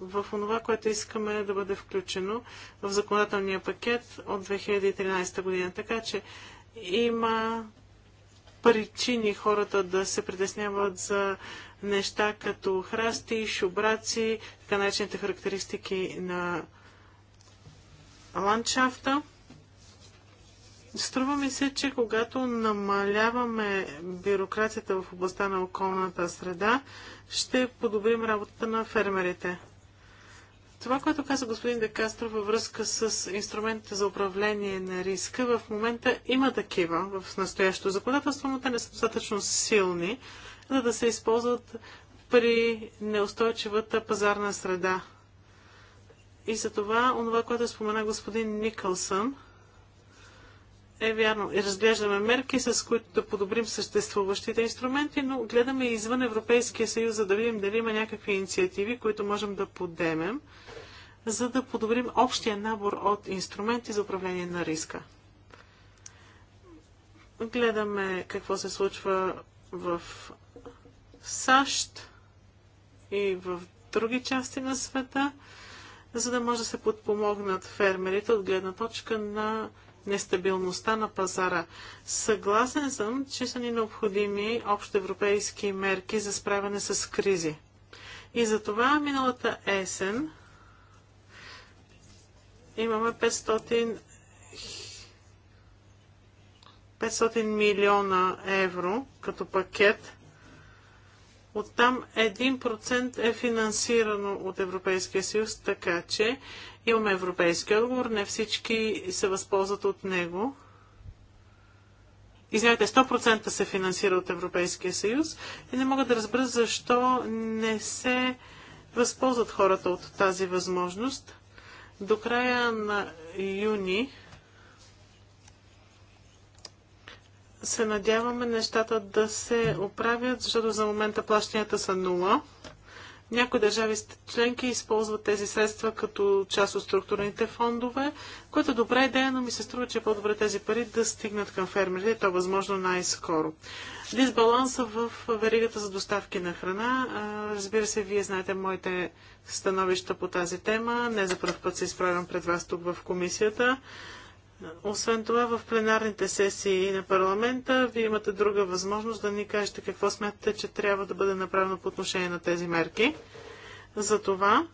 в това, което искаме да бъде включено в законодателния пакет от 2013 година. Така че има причини хората да се притесняват за неща като храсти, шубраци, така наречените характеристики на ландшафта. Струва ми се, че когато намаляваме бюрокрацията в областта на околната среда, ще подобрим работата на фермерите. Това, което каза господин Декастро във връзка с инструментите за управление на риска, в момента има такива в настоящото законодателство, но те не са достатъчно силни, за да се използват при неустойчивата пазарна среда. И за това, онова, което спомена господин Никълсън, е вярно. Разглеждаме мерки, с които да подобрим съществуващите инструменти, но гледаме извън Европейския съюз, за да видим дали има някакви инициативи, които можем да подемем, за да подобрим общия набор от инструменти за управление на риска. Гледаме какво се случва в САЩ и в други части на света, за да може да се подпомогнат фермерите от гледна точка на нестабилността на пазара. Съгласен съм, че са ни необходими общоевропейски мерки за справяне с кризи. И затова миналата есен имаме 500, 500 милиона евро като пакет Оттам 1% е финансирано от Европейския съюз, така че имаме европейски отговор, не всички се възползват от него. Извинете, 100% се финансира от Европейския съюз и не мога да разбера защо не се възползват хората от тази възможност. До края на юни се надяваме нещата да се оправят, защото за момента плащанията са нула. Някои държави членки използват тези средства като част от структурните фондове, което е добра идея, но ми се струва, че е по-добре тези пари да стигнат към фермерите и то е възможно най-скоро. Дисбаланса в веригата за доставки на храна. Разбира се, вие знаете моите становища по тази тема. Не за първ път се изправям пред вас тук в комисията. Освен това, в пленарните сесии на парламента вие имате друга възможност да ни кажете какво смятате, че трябва да бъде направено по отношение на тези мерки. Затова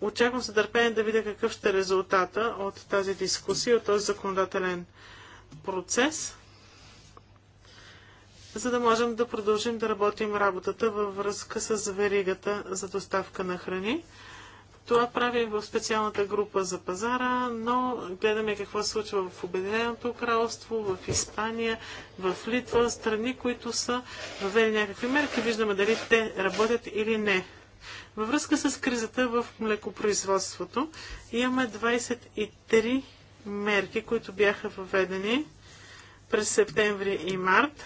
очаквам с търпение да видя какъв ще е резултата от тази дискусия, от този законодателен процес, за да можем да продължим да работим работата във връзка с веригата за доставка на храни. Това правим в специалната група за пазара, но гледаме какво се случва в Обединеното кралство, в Испания, в Литва, страни, които са въвели някакви мерки. Виждаме дали те работят или не. Във връзка с кризата в млекопроизводството имаме 23 мерки, които бяха въведени през септември и март.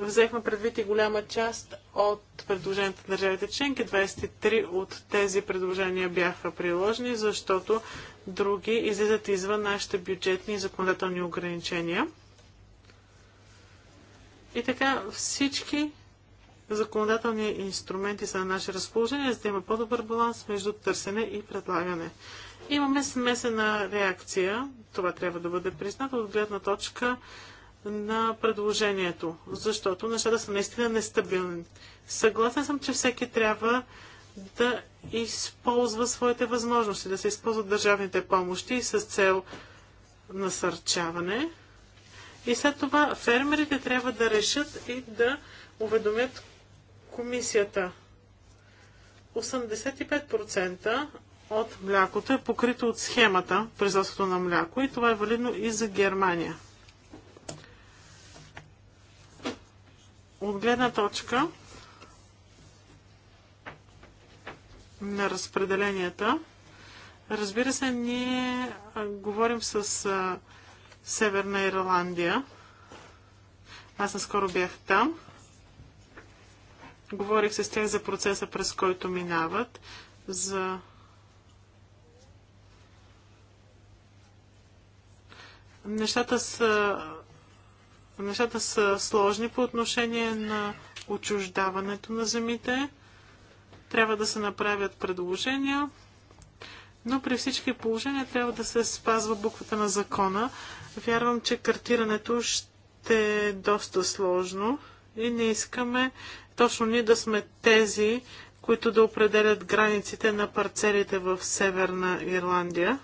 Взехме предвид и голяма част от предложенията на държавите членки. 23 от тези предложения бяха приложени, защото други излизат извън нашите бюджетни и законодателни ограничения. И така всички законодателни инструменти са на наше разположение, за да има по-добър баланс между търсене и предлагане. Имаме смесена реакция, това трябва да бъде признато от гледна точка на предложението, защото нещата са наистина нестабилни. Съгласен съм, че всеки трябва да използва своите възможности, да се използват държавните помощи с цел насърчаване. И след това фермерите трябва да решат и да уведомят комисията. 85% от млякото е покрито от схемата, производството на мляко, и това е валидно и за Германия. от гледна точка на разпределенията, разбира се, ние говорим с Северна Ирландия. Аз наскоро бях там. Говорих с тях за процеса, през който минават, за нещата са нещата са сложни по отношение на отчуждаването на земите. Трябва да се направят предложения, но при всички положения трябва да се спазва буквата на закона. Вярвам, че картирането ще е доста сложно и не искаме точно ние да сме тези, които да определят границите на парцелите в Северна Ирландия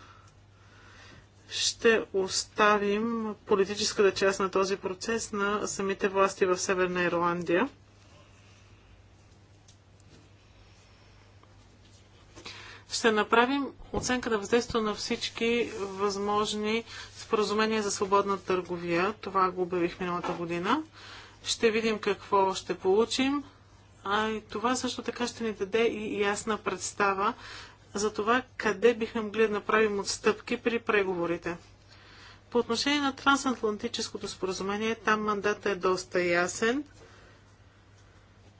ще оставим политическата част на този процес на самите власти в Северна Ирландия. Ще направим оценка на въздействието на всички възможни споразумения за свободна търговия. Това го обявих миналата година. Ще видим какво ще получим. А и това също така ще ни даде и ясна представа за това къде биха могли да направим отстъпки при преговорите. По отношение на трансатлантическото споразумение, там мандата е доста ясен.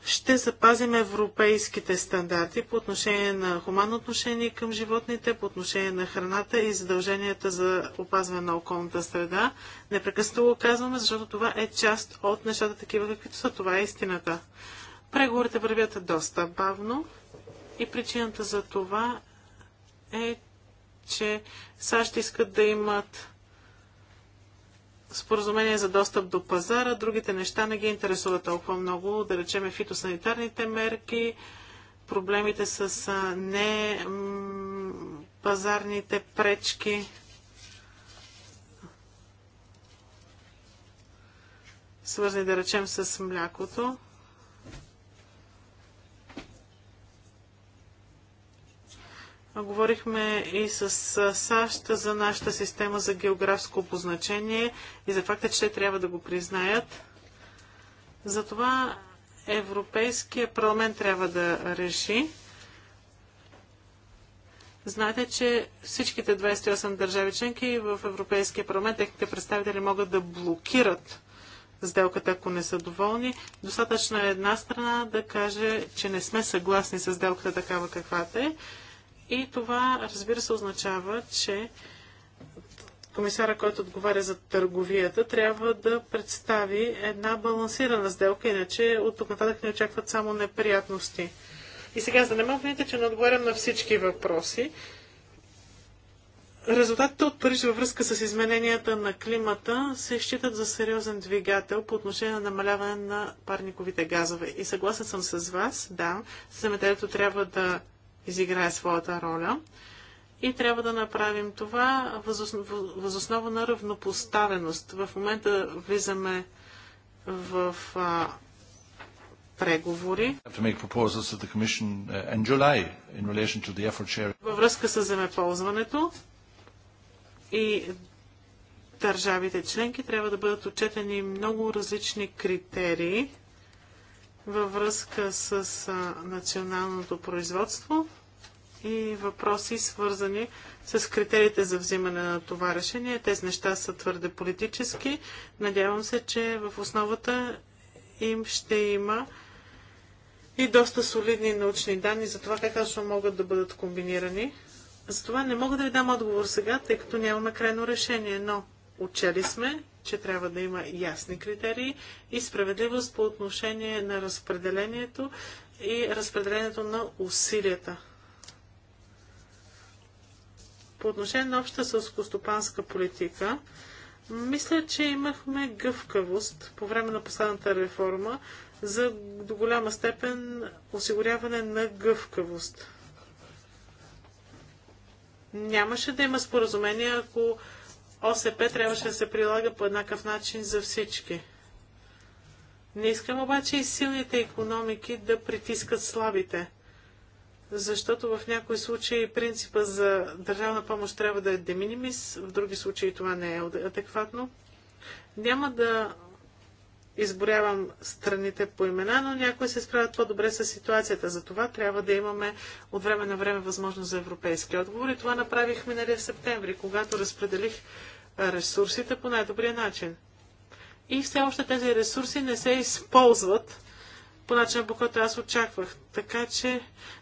Ще запазим европейските стандарти по отношение на хуманно отношение към животните, по отношение на храната и задълженията за опазване на околната среда. Непрекъснато го казваме, защото това е част от нещата такива, каквито са. Това е истината. Преговорите вървят доста бавно. И причината за това е, че САЩ искат да имат споразумение за достъп до пазара, другите неща не ги интересуват толкова много, да речеме фитосанитарните мерки, проблемите с не пазарните пречки. свързани да речем с млякото. Говорихме и с САЩ за нашата система за географско обозначение и за факта, че те трябва да го признаят. Затова Европейския парламент трябва да реши. Знаете, че всичките 28 държави членки в Европейския парламент, техните представители могат да блокират сделката, ако не са доволни. Достатъчно е една страна да каже, че не сме съгласни с сделката такава каквата е и това, разбира се, означава, че комисара, който отговаря за търговията, трябва да представи една балансирана сделка, иначе от тук нататък ни очакват само неприятности. И сега, за да не че не отговарям на всички въпроси, Резултатите от Париж във връзка с измененията на климата се считат за сериозен двигател по отношение на намаляване на парниковите газове. И съгласен съм с вас, да, земеделието трябва да изиграе своята роля. И трябва да направим това възоснова на равнопоставеност. В момента влизаме в а, преговори. Uh, Във връзка с земеползването и държавите членки трябва да бъдат отчетени много различни критерии във връзка с националното производство и въпроси свързани с критериите за взимане на това решение. Тези неща са твърде политически. Надявам се, че в основата им ще има и доста солидни научни данни за това как точно могат да бъдат комбинирани. Затова не мога да ви дам отговор сега, тъй като нямаме крайно решение, но учели сме, че трябва да има ясни критерии и справедливост по отношение на разпределението и разпределението на усилията. По отношение на общата сълскостопанска политика, мисля, че имахме гъвкавост по време на последната реформа за до голяма степен осигуряване на гъвкавост. Нямаше да има споразумение, ако ОСП трябваше да се прилага по еднакъв начин за всички. Не искам обаче и силните економики да притискат слабите, защото в някои случаи принципа за държавна помощ трябва да е деминимис, в други случаи това не е адекватно. Няма да изборявам страните по имена, но някои се справят по-добре с ситуацията. За това трябва да имаме от време на време възможност за европейски отговори. Това направихме миналия септември, когато разпределих ресурсите по най-добрия начин. И все още тези ресурси не се използват по начина, по който аз очаквах. Така че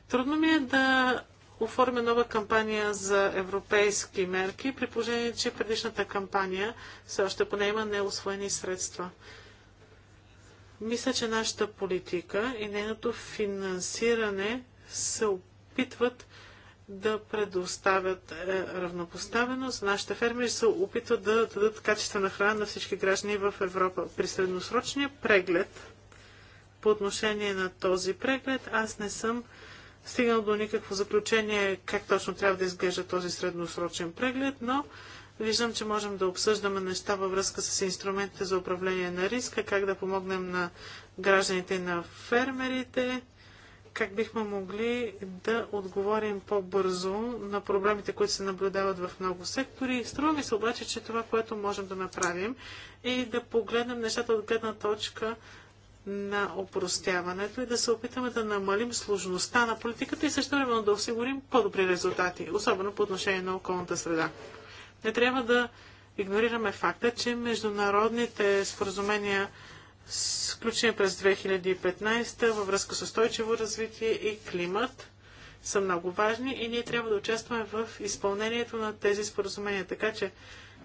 трудно ми е да оформя нова кампания за европейски мерки, при положение, че предишната кампания все още поне има неосвоени средства. Мисля, че нашата политика и нейното финансиране се опитват да предоставят е, равнопоставеност. Нашите фермери се опитват да дадат качествена храна на всички граждани в Европа. При средносрочния преглед, по отношение на този преглед, аз не съм стигнал до никакво заключение как точно трябва да изглежда този средносрочен преглед, но виждам, че можем да обсъждаме неща във връзка с инструментите за управление на риска, как да помогнем на гражданите и на фермерите, как бихме могли да отговорим по-бързо на проблемите, които се наблюдават в много сектори. Струва ми се обаче, че това, което можем да направим е да погледнем нещата от гледна точка на опростяването и да се опитаме да намалим сложността на политиката и също време да осигурим по-добри резултати, особено по отношение на околната среда. Не трябва да игнорираме факта, че международните споразумения сключени през 2015 във връзка с устойчиво развитие и климат, са много важни и ние трябва да участваме в изпълнението на тези споразумения. Така че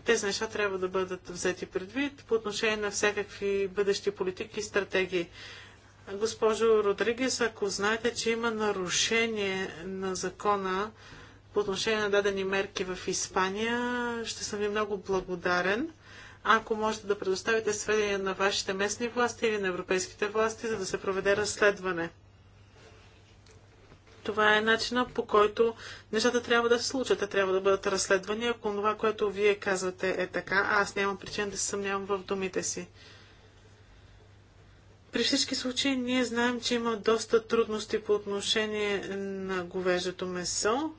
тези неща трябва да бъдат взети предвид по отношение на всякакви бъдещи политики и стратегии. Госпожо Родригес, ако знаете, че има нарушение на закона по отношение на дадени мерки в Испания, ще съм ви много благодарен ако можете да предоставите сведения на вашите местни власти или на европейските власти, за да се проведе разследване. Това е начина по който нещата трябва да се случат. Те трябва да бъдат разследвани. Ако това, което вие казвате е така, аз нямам причина да се съмнявам в думите си. При всички случаи ние знаем, че има доста трудности по отношение на говежето месо.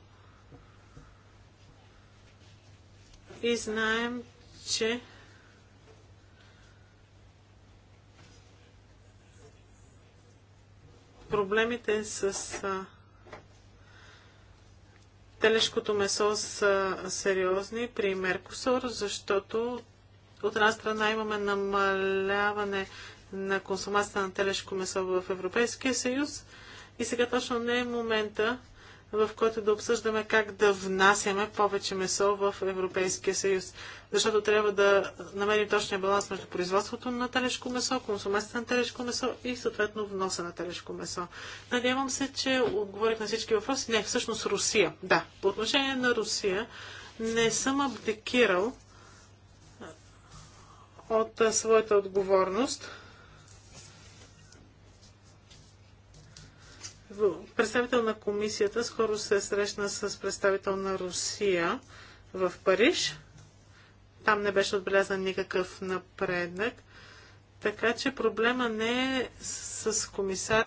И знаем, че проблемите с а, телешкото месо са сериозни при Меркосор, защото от една страна имаме намаляване на консумацията на телешко месо в Европейския съюз и сега точно не е момента в който да обсъждаме как да внасяме повече месо в Европейския съюз. Защото трябва да намерим точния баланс между производството на телешко месо, консумацията на телешко месо и съответно вноса на телешко месо. Надявам се, че отговорих на всички въпроси. Не, всъщност Русия. Да, по отношение на Русия не съм абдикирал от своята отговорност. представител на комисията скоро се срещна с представител на Русия в Париж. Там не беше отбелязан никакъв напредък. Така че проблема не е с комисар...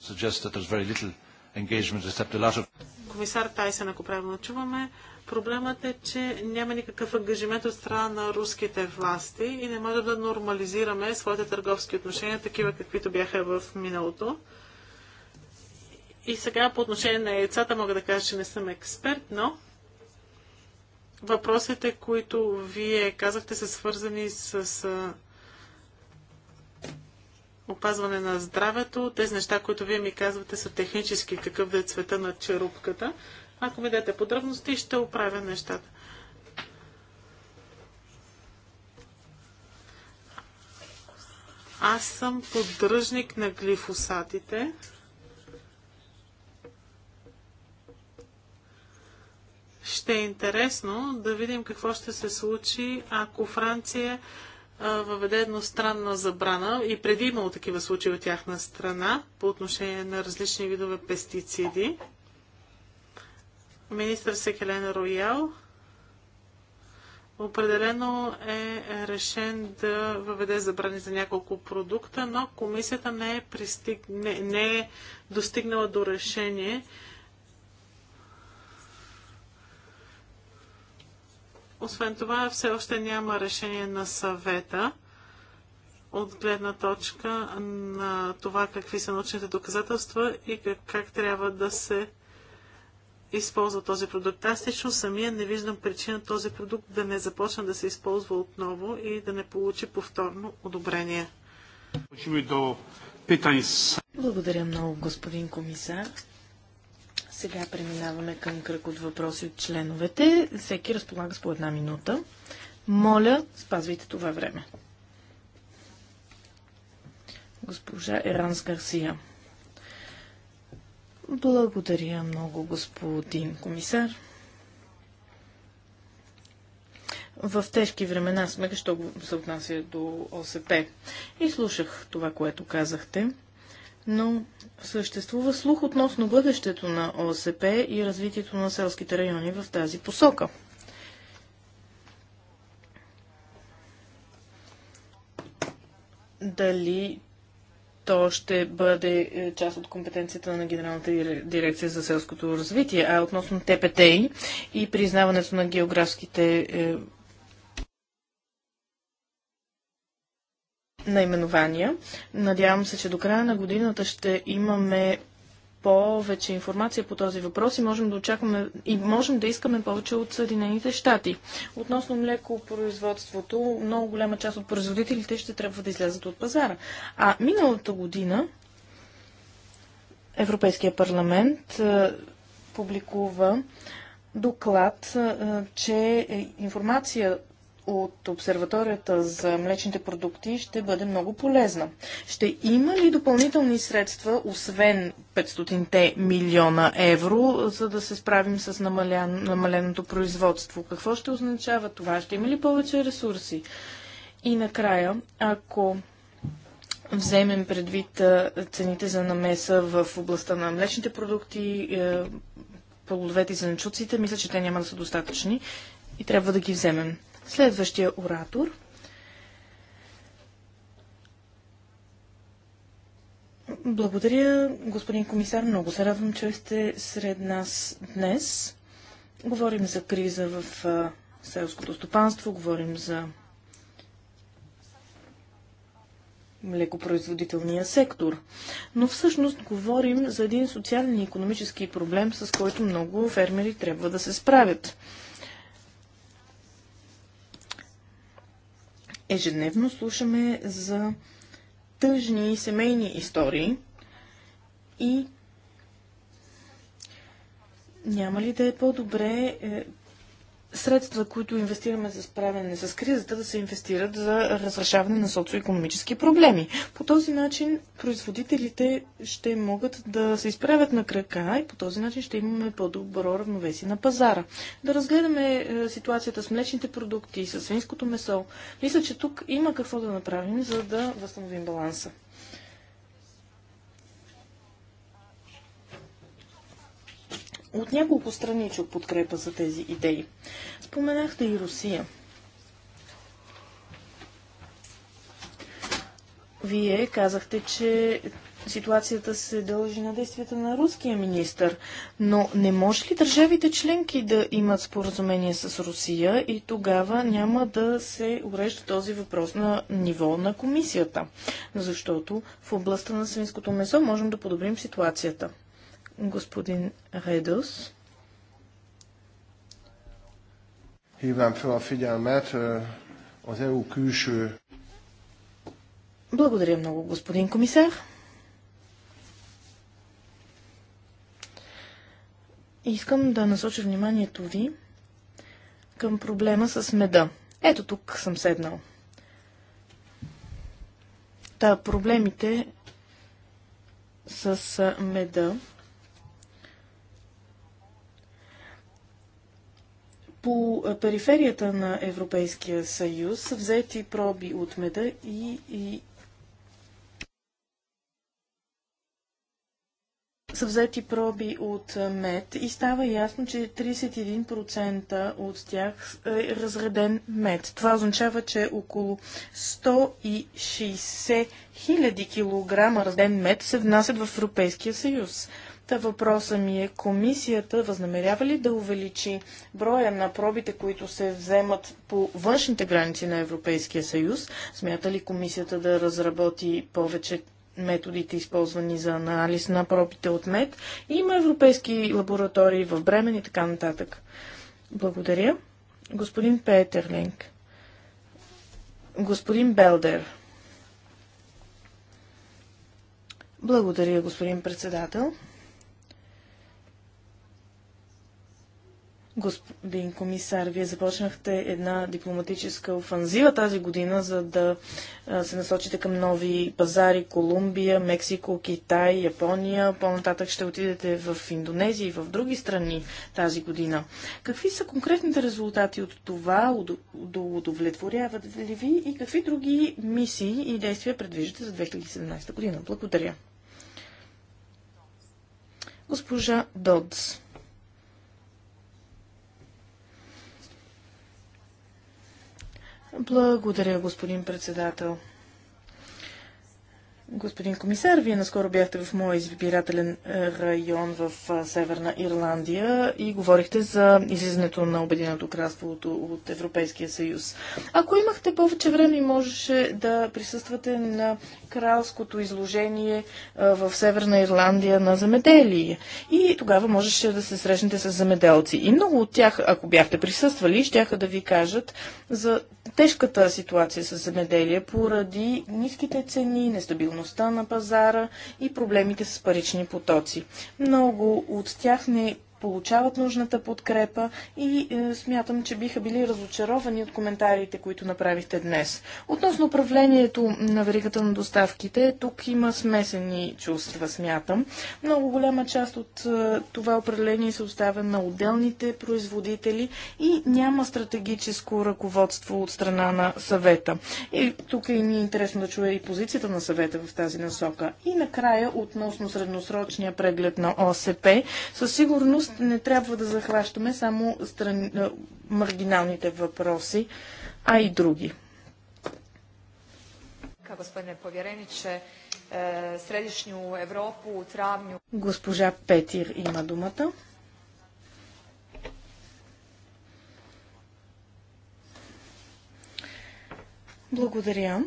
Комисар Тайсен, ако правилно чуваме, проблемът е, че няма никакъв ангажимент от страна на руските власти и не може да нормализираме своите търговски отношения, такива каквито бяха в миналото. И сега по отношение на яйцата мога да кажа, че не съм експерт, но въпросите, които вие казахте, са свързани с опазване на здравето. Тези неща, които вие ми казвате, са технически, какъв да е цвета на черупката. Ако ми дадете подробности, ще оправя нещата. Аз съм поддръжник на глифосатите. ще е интересно да видим какво ще се случи, ако Франция въведе едностранна забрана и преди имало такива случаи от тяхна страна по отношение на различни видове пестициди. Министър Секелен Роял определено е решен да въведе забрани за няколко продукта, но комисията не е, пристиг... не, не е достигнала до решение Освен това, все още няма решение на съвета от гледна точка на това какви са научните доказателства и как, как трябва да се използва този продукт. Аз лично самия не виждам причина този продукт да не започне да се използва отново и да не получи повторно одобрение. Благодаря много, господин комисар. Сега преминаваме към кръг от въпроси от членовете. Всеки разполага с по една минута. Моля, спазвайте това време. Госпожа Еранс Гарсия. Благодаря много, господин комисар. В тежки времена сме, що се отнася до ОСП. И слушах това, което казахте но съществува слух относно бъдещето на ОСП и развитието на селските райони в тази посока. Дали то ще бъде е, част от компетенцията на Генералната дирекция за селското развитие, а относно ТПТИ и признаването на географските е, наименования. Надявам се, че до края на годината ще имаме повече информация по този въпрос и можем да очакваме и можем да искаме повече от Съединените щати. Относно млекопроизводството, много голяма част от производителите ще трябва да излязат от пазара. А миналата година Европейския парламент е, публикува доклад, е, че информация от обсерваторията за млечните продукти ще бъде много полезна. Ще има ли допълнителни средства, освен 500 милиона евро, за да се справим с намалян, намаленото производство? Какво ще означава това? Ще има ли повече ресурси? И накрая, ако вземем предвид цените за намеса в областта на млечните продукти, е, плодовете и зеленчуците, мисля, че те няма да са достатъчни и трябва да ги вземем. Следващия оратор. Благодаря, господин комисар. Много се радвам, че сте сред нас днес. Говорим за криза в селското стопанство, говорим за млекопроизводителния сектор. Но всъщност говорим за един социален и економически проблем, с който много фермери трябва да се справят. Ежедневно слушаме за тъжни семейни истории и няма ли да е по-добре е, средства, които инвестираме за справяне с кризата, да се инвестират за разрешаване на социоекономически проблеми. По този начин производителите ще могат да се изправят на крака и по този начин ще имаме по-добро равновесие на пазара. Да разгледаме е, ситуацията с млечните продукти, с свинското месо. Мисля, че тук има какво да направим, за да възстановим баланса. от няколко страни чух подкрепа за тези идеи. Споменахте и Русия. Вие казахте, че ситуацията се дължи на действията на руския министр, но не може ли държавите членки да имат споразумение с Русия и тогава няма да се урежда този въпрос на ниво на комисията? Защото в областта на свинското месо можем да подобрим ситуацията господин Редос. E Благодаря много, господин комисар. Искам да насоча вниманието ви към проблема с меда. Ето тук съм седнал. Та, проблемите с меда по периферията на Европейския съюз, са взети проби от меда и, и са взети проби от мед и става ясно, че 31% от тях е разреден мед. Това означава, че около 160 000 кг разреден мед се внасят в Европейския съюз. Та въпроса ми е, комисията възнамерява ли да увеличи броя на пробите, които се вземат по външните граници на Европейския съюз? Смята ли комисията да разработи повече методите, използвани за анализ на пробите от мед? Има европейски лаборатории в Бремен и така нататък. Благодаря. Господин Петерлинг. Господин Белдер. Благодаря, господин председател. Господин комисар, вие започнахте една дипломатическа офанзива тази година, за да се насочите към нови пазари Колумбия, Мексико, Китай, Япония. По-нататък ще отидете в Индонезия и в други страни тази година. Какви са конкретните резултати от това? Удовлетворяват ли ви и какви други мисии и действия предвиждате за 2017 година? Благодаря. Госпожа Додс. Благодаря, господин председател. Господин комисар, вие наскоро бяхте в моя избирателен е, район в е, Северна Ирландия и говорихте за излизането на Обединеното кралство от, от Европейския съюз. Ако имахте повече време, можеше да присъствате на кралското изложение е, в Северна Ирландия на замеделие. И тогава можеше да се срещнете с замеделци. И много от тях, ако бяхте присъствали, щяха да ви кажат за тежката ситуация с земеделие поради ниските цени, нестабилността на пазара и проблемите с парични потоци. Много от тях не получават нужната подкрепа и е, смятам, че биха били разочаровани от коментарите, които направихте днес. Относно управлението на веригата на доставките, тук има смесени чувства, смятам. Много голяма част от е, това определение се оставя на отделните производители и няма стратегическо ръководство от страна на съвета. И тук е ни е интересно да чуя и позицията на съвета в тази насока. И накрая, относно средносрочния преглед на ОСП, със сигурност не трябва да захващаме само стран... маргиналните въпроси, а и други. Е, средишню Европу Госпожа Петир има думата. Благодаря.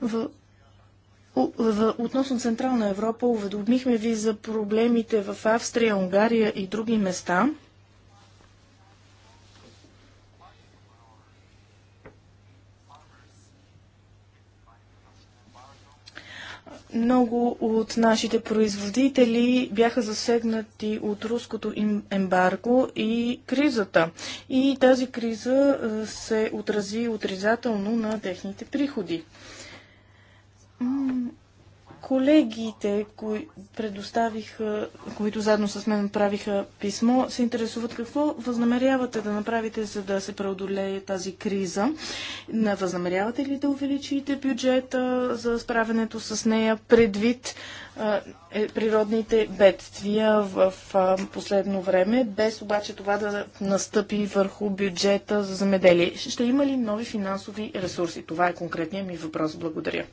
В Относно Централна Европа, уведомихме ви за проблемите в Австрия, Унгария и други места. Много от нашите производители бяха засегнати от руското им ембарго и кризата. И тази криза е, се отрази отрицателно на техните приходи. Колегите, кои предоставиха, които заедно с мен правиха писмо, се интересуват какво възнамерявате да направите, за да се преодолее тази криза. Не възнамерявате ли да увеличите бюджета за справянето с нея предвид е, природните бедствия в е, последно време, без обаче това да настъпи върху бюджета за замеделие? Ще има ли нови финансови ресурси? Това е конкретният ми въпрос. Благодаря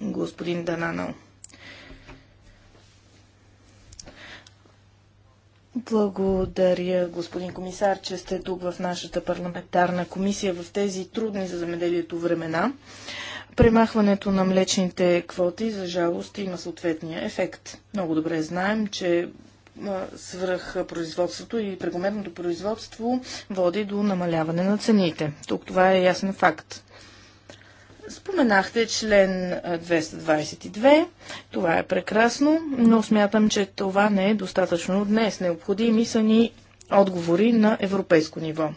господин Дананал. Благодаря, господин комисар, че сте тук в нашата парламентарна комисия в тези трудни за замеделието времена. Премахването на млечните квоти, за жалост, има съответния ефект. Много добре знаем, че свръхпроизводството и прекомерното производство води до намаляване на цените. Тук това е ясен факт. Споменахте член 222. Това е прекрасно, но смятам, че това не е достатъчно днес. Необходими са ни отговори на европейско ниво.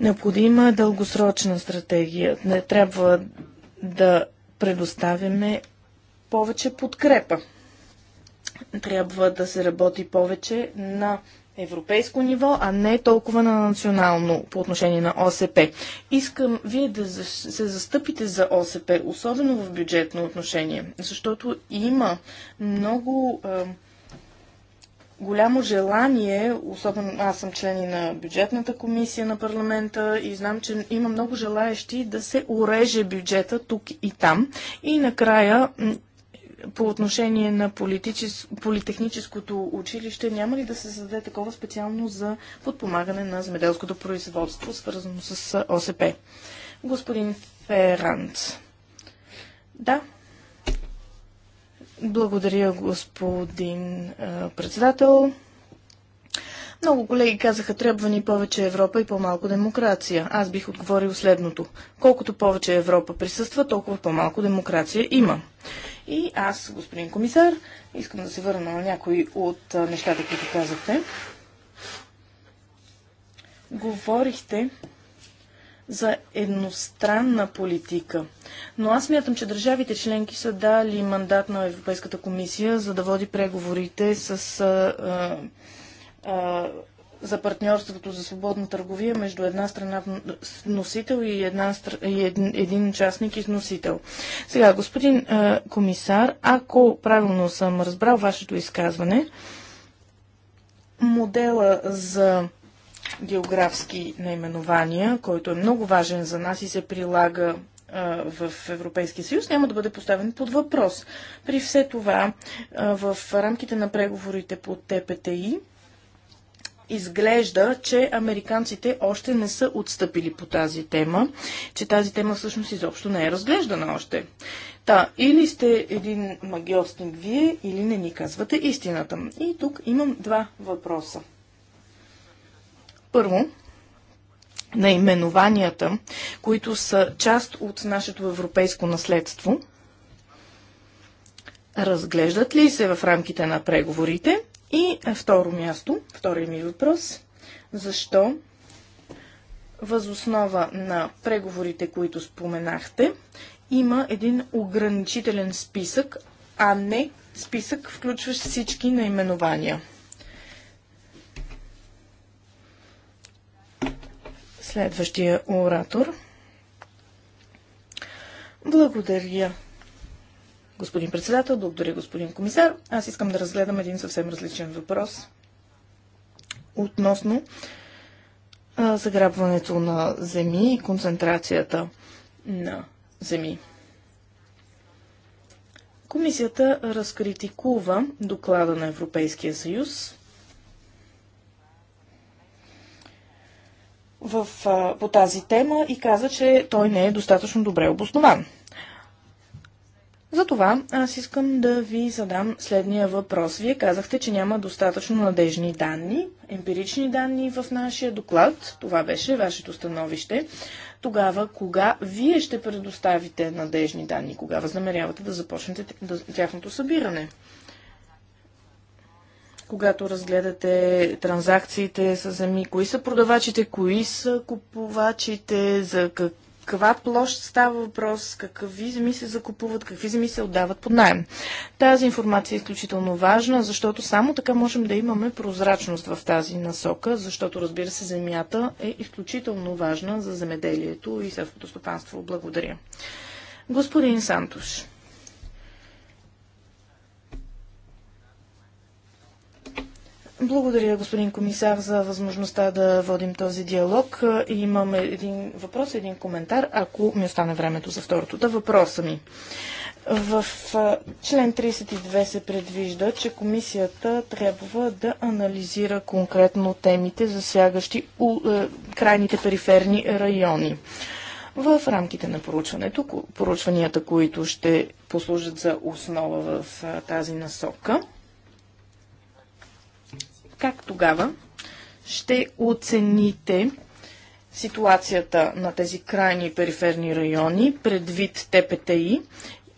Необходима е дългосрочна стратегия. Не трябва да предоставяме повече подкрепа. Трябва да се работи повече на европейско ниво, а не толкова на национално по отношение на ОСП. Искам вие да се застъпите за ОСП, особено в бюджетно отношение, защото има много е, голямо желание, особено аз съм член и на бюджетната комисия на парламента и знам, че има много желаещи да се уреже бюджета тук и там. И накрая по отношение на политичес... политехническото училище, няма ли да се създаде такова специално за подпомагане на земеделското производство, свързано с ОСП? Господин Ферранц. Да. Благодаря, господин а, председател. Много колеги казаха, трябва ни повече Европа и по-малко демокрация. Аз бих отговорил следното. Колкото повече Европа присъства, толкова по-малко демокрация има. И аз, господин комисар, искам да се върна на някои от нещата, които казахте. Говорихте за едностранна политика. Но аз мятам, че държавите членки са дали мандат на Европейската комисия, за да води преговорите с а, а, за партньорството за свободна търговия между една страна носител и, една, и един, участник частник износител. Сега, господин а, комисар, ако правилно съм разбрал вашето изказване, модела за географски наименования, който е много важен за нас и се прилага в Европейския съюз, няма да бъде поставен под въпрос. При все това, в рамките на преговорите по ТПТИ, изглежда, че американците още не са отстъпили по тази тема, че тази тема всъщност изобщо не е разглеждана още. Та, или сте един магиостинг вие, или не ни казвате истината. И тук имам два въпроса. Първо, наименованията, които са част от нашето европейско наследство, разглеждат ли се в рамките на преговорите и на е, второ място, втори ми въпрос, защо възоснова на преговорите, които споменахте, има един ограничителен списък, а не списък, включващ всички наименования. Следващия оратор. Благодаря, Господин председател, благодаря господин комисар. Аз искам да разгледам един съвсем различен въпрос относно а, заграбването на земи и концентрацията на земи. Комисията разкритикува доклада на Европейския съюз в, а, по тази тема и каза, че той не е достатъчно добре обоснован. Затова аз искам да ви задам следния въпрос. Вие казахте, че няма достатъчно надежни данни, емпирични данни в нашия доклад. Това беше вашето становище. Тогава, кога вие ще предоставите надежни данни? Кога възнамерявате да започнете тяхното събиране? когато разгледате транзакциите с земи, кои са продавачите, кои са купувачите, за как, каква площ става въпрос, какви земи се закупуват, какви земи се отдават под найем. Тази информация е изключително важна, защото само така можем да имаме прозрачност в тази насока, защото разбира се земята е изключително важна за земеделието и селското стопанство. Благодаря. Господин Сантош. Благодаря, господин комисар, за възможността да водим този диалог. Имам един въпрос, един коментар, ако ми остане времето за второто. Да, въпроса ми. В член 32 се предвижда, че комисията трябва да анализира конкретно темите, засягащи у, е, крайните периферни райони. В рамките на проучването, проучванията, които ще послужат за основа в тази насока, как тогава ще оцените ситуацията на тези крайни периферни райони предвид ТПТИ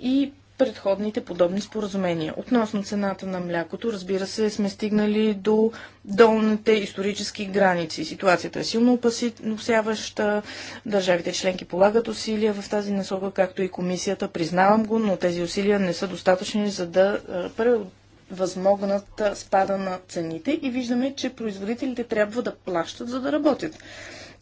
и предходните подобни споразумения. Относно цената на млякото, разбира се, сме стигнали до долните исторически граници. Ситуацията е силно опасяваща. Държавите членки полагат усилия в тази насока, както и комисията. Признавам го, но тези усилия не са достатъчни, за да възмогнат спада на цените и виждаме, че производителите трябва да плащат, за да работят.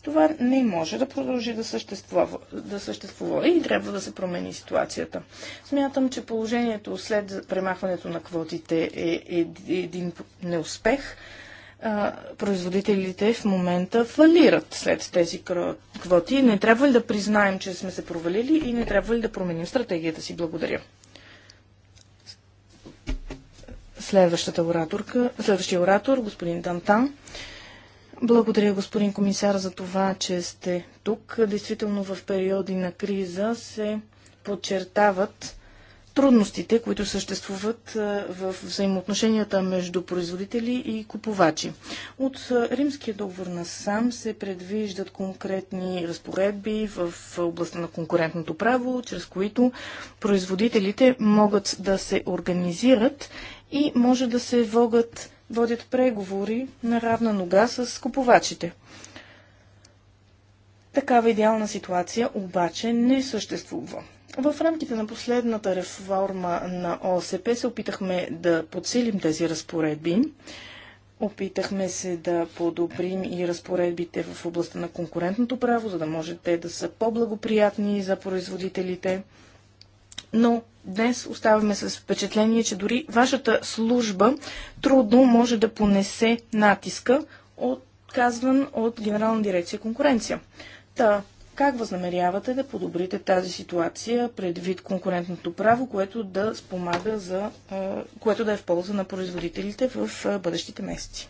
Това не може да продължи да съществува, да съществува и трябва да се промени ситуацията. Смятам, че положението след премахването на квотите е, е един неуспех. Производителите в момента фалират след тези квоти. Не трябва ли да признаем, че сме се провалили и не трябва ли да променим стратегията си? Благодаря следващата ораторка, следващия оратор, господин Дантан. Благодаря, господин комисар, за това, че сте тук. Действително в периоди на криза се подчертават трудностите, които съществуват е, в взаимоотношенията между производители и купувачи. От е, римския договор на сам се предвиждат конкретни разпоредби в областта на конкурентното право, чрез които производителите могат да се организират и може да се водят, водят преговори на равна нога с купувачите. Такава идеална ситуация обаче не съществува. В рамките на последната реформа на ОСП се опитахме да подсилим тези разпоредби. Опитахме се да подобрим и разпоредбите в областта на конкурентното право, за да може те да са по-благоприятни за производителите но днес оставаме с впечатление, че дори вашата служба трудно може да понесе натиска, отказван от Генерална дирекция конкуренция. Та, как възнамерявате да подобрите тази ситуация предвид конкурентното право, което да спомага за, е, което да е в полза на производителите в е, бъдещите месеци?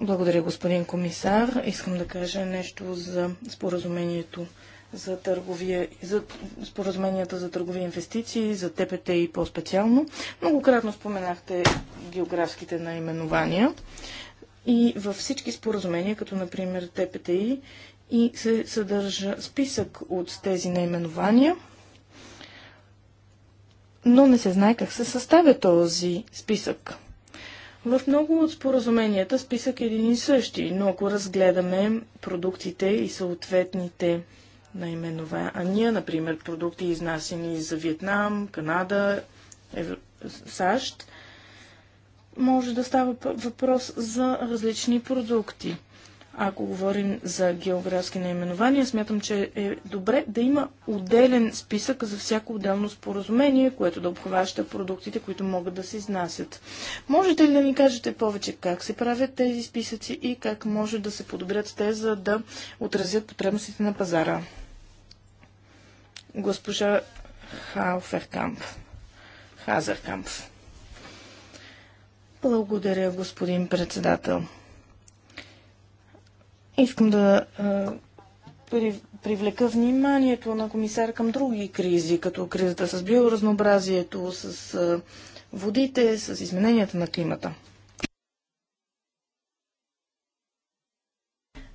Благодаря, господин комисар. Искам да кажа нещо за споразумението за търговия, за споразуменията за търговия инвестиции, за ТПТ и по-специално. Многократно споменахте географските наименования и във всички споразумения, като например ТПТИ, и се съдържа списък от тези наименования, но не се знае как се съставя този списък. В много от споразуменията списък е един и същи, но ако разгледаме продуктите и съответните наименове, а ние, например, продукти изнасени за Виетнам, Канада, Ев... САЩ, може да става въпрос за различни продукти. Ако говорим за географски наименования, смятам, че е добре да има отделен списък за всяко отделно споразумение, което да обхваща продуктите, които могат да се изнасят. Можете ли да ни кажете повече как се правят тези списъци и как може да се подобрят те, за да отразят потребностите на пазара? Госпожа Хауферкамп. Хазеркамп. Благодаря, господин председател. Искам да привлека вниманието на комисар към други кризи, като кризата с биоразнообразието, с водите, с измененията на климата.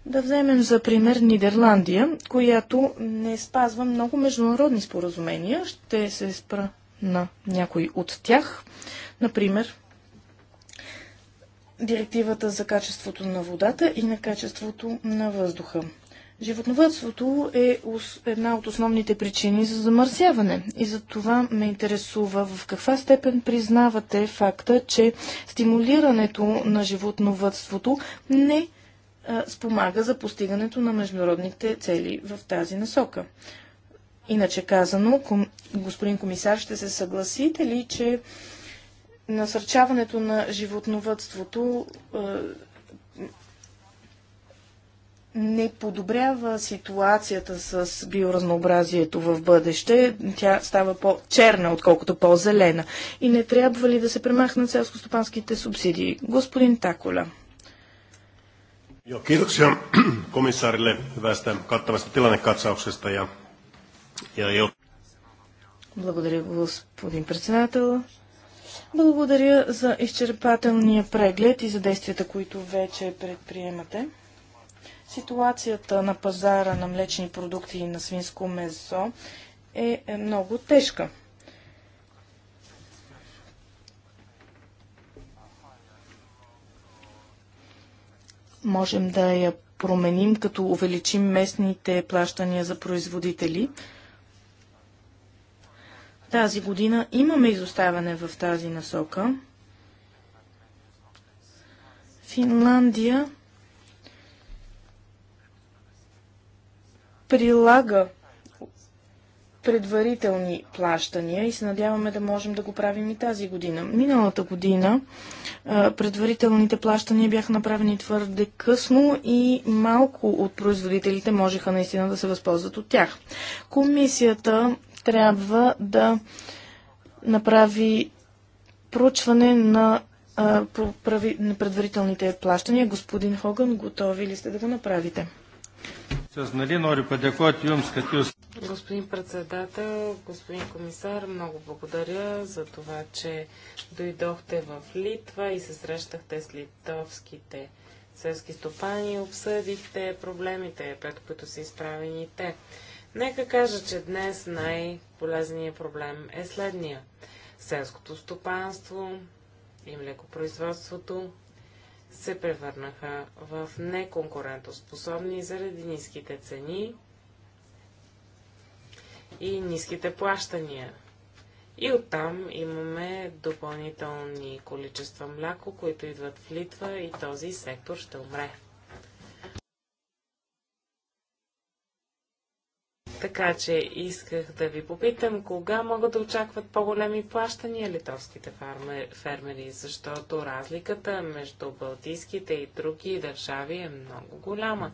Да вземем за пример Нидерландия, която не спазва много международни споразумения. Ще се спра на някой от тях. Например, директивата за качеството на водата и на качеството на въздуха. Животновътството е една от основните причини за замърсяване и за това ме интересува в каква степен признавате факта, че стимулирането на животновътството не а, спомага за постигането на международните цели в тази насока. Иначе казано, ком... господин комисар, ще се съгласите ли, че насърчаването на животновътството е, не подобрява ситуацията с биоразнообразието в бъдеще. Тя става по-черна, отколкото по-зелена. И не трябва ли да се премахнат селско селско-стопанските субсидии? Господин Таколя. Joo, kiitoksia komissaarille hyvästä kattavasta tilannekatsauksesta. Ja, ja... Благодаря, господин председател. Благодаря за изчерпателния преглед и за действията, които вече предприемате. Ситуацията на пазара на млечни продукти и на свинско месо е много тежка. Можем да я променим, като увеличим местните плащания за производители – тази година имаме изоставане в тази насока. Финландия прилага предварителни плащания и се надяваме да можем да го правим и тази година. Миналата година предварителните плащания бяха направени твърде късно и малко от производителите можеха наистина да се възползват от тях. Комисията трябва да направи проучване на предварителните плащания. Господин Хоган, готови ли сте да го направите? Господин председател, господин комисар, много благодаря за това, че дойдохте в Литва и се срещахте с литовските селски стопани и обсъдихте проблемите, пред които са изправени те. Нека кажа, че днес най-полезният проблем е следния. Селското стопанство и млекопроизводството се превърнаха в неконкурентоспособни заради ниските цени и ниските плащания. И оттам имаме допълнителни количества мляко, които идват в Литва и този сектор ще умре. Така че исках да ви попитам, кога могат да очакват по-големи плащания литовските фермери, защото разликата между балтийските и други държави е много голяма.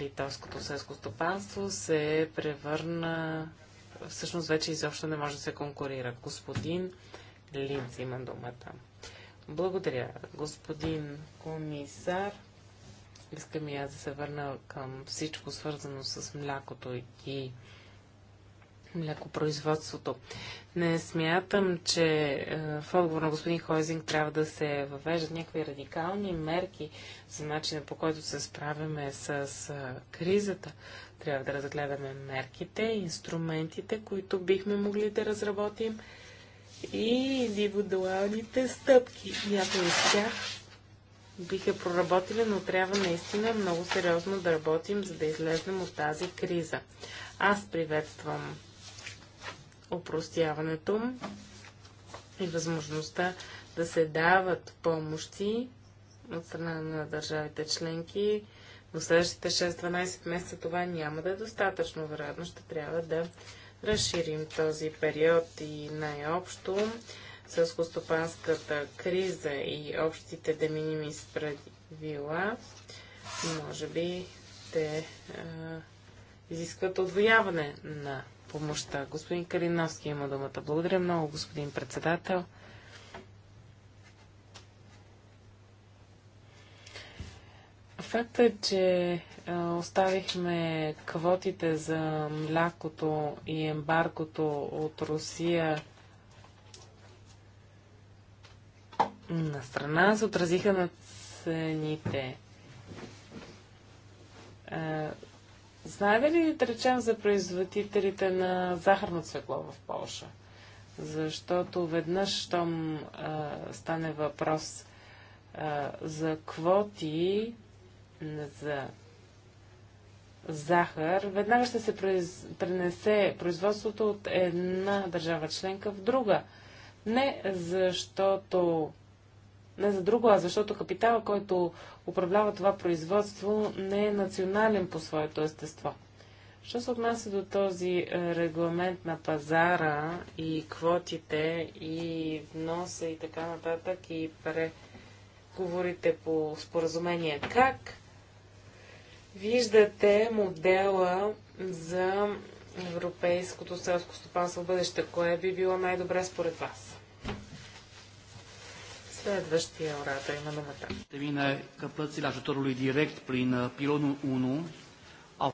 Литовското селско стопанство се превърна, всъщност вече изобщо не може да се конкурира. Господин Линц има думата. Благодаря, господин комисар. Искам и аз да се върна към всичко свързано с млякото и млекопроизводството. Не смятам, че е, в отговор на господин Хойзинг трябва да се въвеждат някакви радикални мерки за начина по който се справяме с, с е, кризата. Трябва да разгледаме мерките, инструментите, които бихме могли да разработим и индивидуалните стъпки. Някои от тях биха проработили, но трябва наистина много сериозно да работим, за да излезнем от тази криза. Аз приветствам опростяването и възможността да се дават помощи от страна на държавите членки, но следващите 6-12 месеца това няма да е достатъчно. Вероятно ще трябва да разширим този период и най-общо сълскостопанската криза и общите деминими правила, може би те изискват отвояване на помощта. Господин Калиновски има думата. Благодаря много, господин председател. Факта е, че оставихме квотите за млякото и ембаркото от Русия на страна се отразиха на цените. Знаете ли, да речем, за производителите на захарно цвекло в Польша? Защото веднъж, щом а, стане въпрос а, за квоти за захар, веднага ще се произ... пренесе производството от една държава членка в друга. Не защото не за друго, а защото капитала, който управлява това производство, не е национален по своето естество. Що се отнася до този е, регламент на пазара и квотите и вноса и така нататък и преговорите по споразумение, как виждате модела за европейското селско стопанство в бъдеще? Кое би било най-добре според вас? Следващия оратор има думата. Ще мине că plățile ajutorului direct prin pilonul 1 au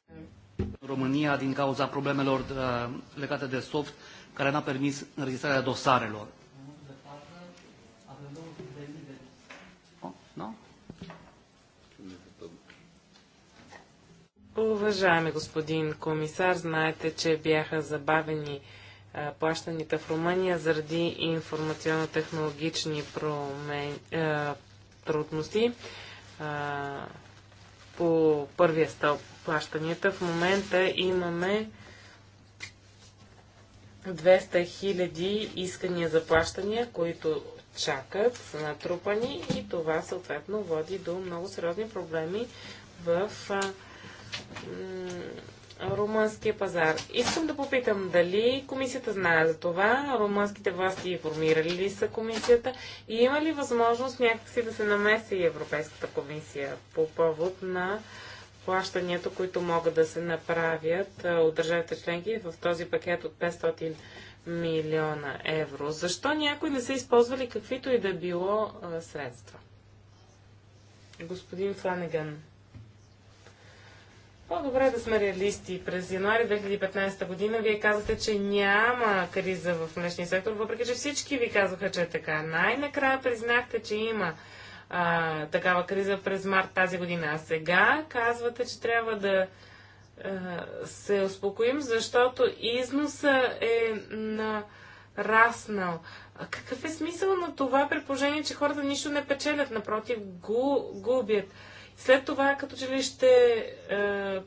în România din cauza problemelor legate de soft care n-a permis înregistrarea dosarelor. Уважаеми господин комисар, знаете, че бяха забавени Плащаните плащанията в Румъния заради информационно-технологични трудности. по първия стълб плащанията в момента имаме 200 хиляди искания за плащания, които чакат, са натрупани и това съответно води до много сериозни проблеми в а, румънския пазар. Искам да попитам дали комисията знае за това, румънските власти информирали ли са комисията и има ли възможност някакси да се намеси Европейската комисия по повод на плащанията, които могат да се направят от държавите членки в този пакет от 500 милиона евро. Защо някои не са използвали каквито и да било средства? Господин Фланеган. По-добре е да сме реалисти. През януари 2015 година вие казвате, че няма криза в млечния сектор, въпреки че всички ви казаха, че е така. Най-накрая признахте, че има а, такава криза през март тази година. А сега казвате, че трябва да а, се успокоим, защото износа е нараснал. А какъв е смисъл на това при положение, че хората нищо не печелят, напротив, губят? След това, като че ли ще е,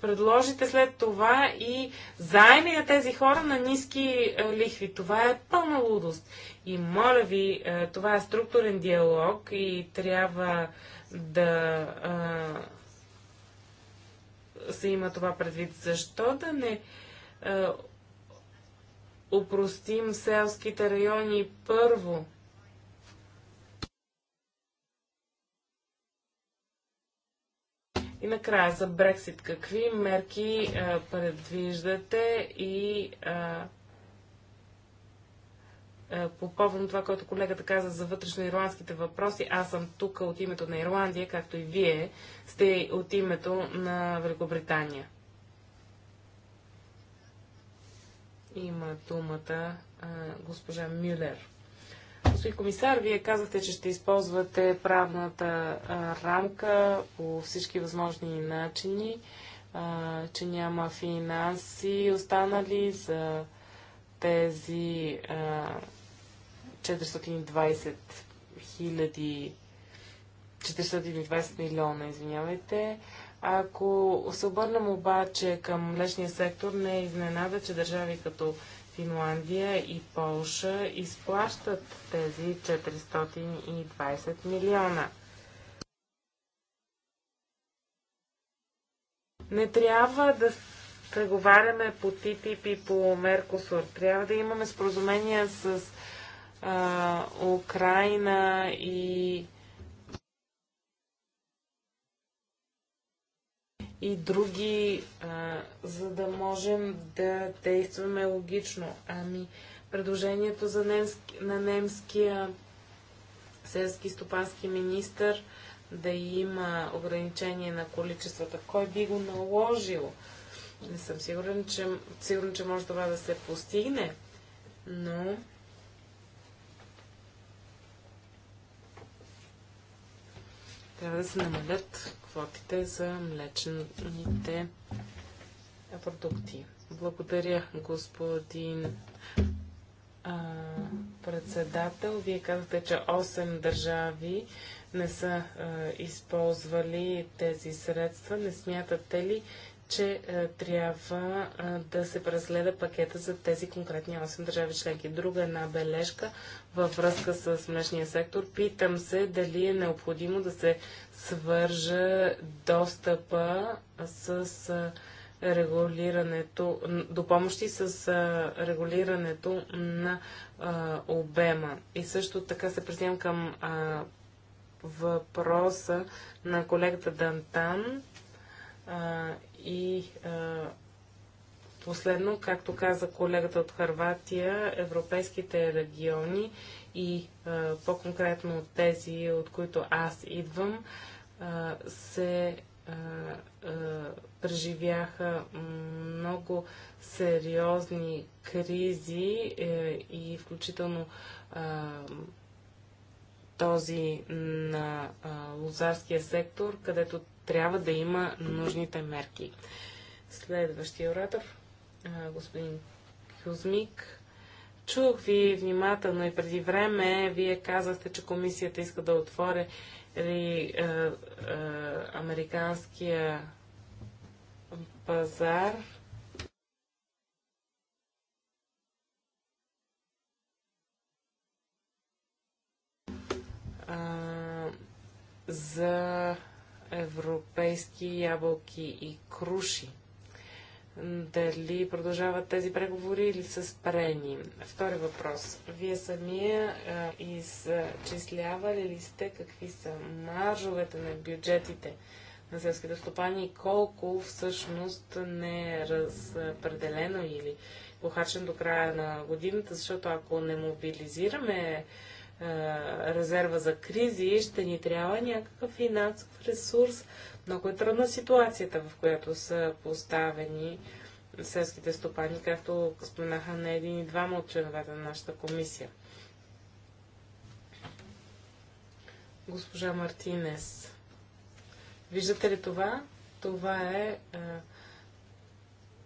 предложите след това и заеми на тези хора на ниски е, лихви. Това е пълна лудост. И моля ви, е, това е структурен диалог и трябва да е, се има това предвид. Защо да не е, упростим селските райони първо? И накрая за Брексит. Какви мерки а, предвиждате и а, а, по повод на това, което колегата каза за вътрешно-ирландските въпроси, аз съм тук от името на Ирландия, както и вие сте от името на Великобритания. Има думата а, госпожа Мюлер. Господин комисар, вие казахте, че ще използвате правната рамка по всички възможни начини, че няма финанси останали за тези 420 хиляди 420 милиона, извинявайте. Ако се обърнем обаче към млечния сектор, не е изненада, че държави като Финландия и Полша изплащат тези 420 милиона. Не трябва да преговаряме по ТТИП и по Меркосур. Трябва да имаме споразумения с а, Украина и и други, а, за да можем да действаме логично. Ами, предложението за немски, на немския селски стопански министр да има ограничение на количествата. Кой би го наложил? Не съм сигурен, че, сигурен, че може това да се постигне, но трябва да се намалят квотите за млечните продукти. Благодаря, господин а, председател. Вие казахте, че 8 държави не са а, използвали тези средства. Не смятате ли, че а, трябва а, да се преразгледа пакета за тези конкретни 8 държави членки. Друга една бележка във връзка с млечния сектор. Питам се дали е необходимо да се свържа достъпа с регулирането, до помощи с регулирането на а, обема. И също така се присъединям към а, въпроса на колегата Дантан а, и последно, както каза колегата от Харватия, европейските региони и по-конкретно тези, от които аз идвам, се преживяха много сериозни кризи е, и включително този на лозарския сектор, където трябва да има нужните мерки. Следващия оратор, господин Хюзмик. Чух ви внимателно и преди време вие казахте, че комисията иска да отвори е, е, американския пазар. Е, за европейски ябълки и круши дали продължават тези преговори или са спрени. Втори въпрос. Вие самия изчислявали ли сте какви са маржовете на бюджетите на селските стопани и колко всъщност не е разпределено или похарчен до края на годината, защото ако не мобилизираме резерва за кризи, ще ни трябва някакъв финансов ресурс. Много е трудна ситуацията, в която са поставени селските стопани, както споменаха на един и двама от членовете на нашата комисия. Госпожа Мартинес, виждате ли това? Това е,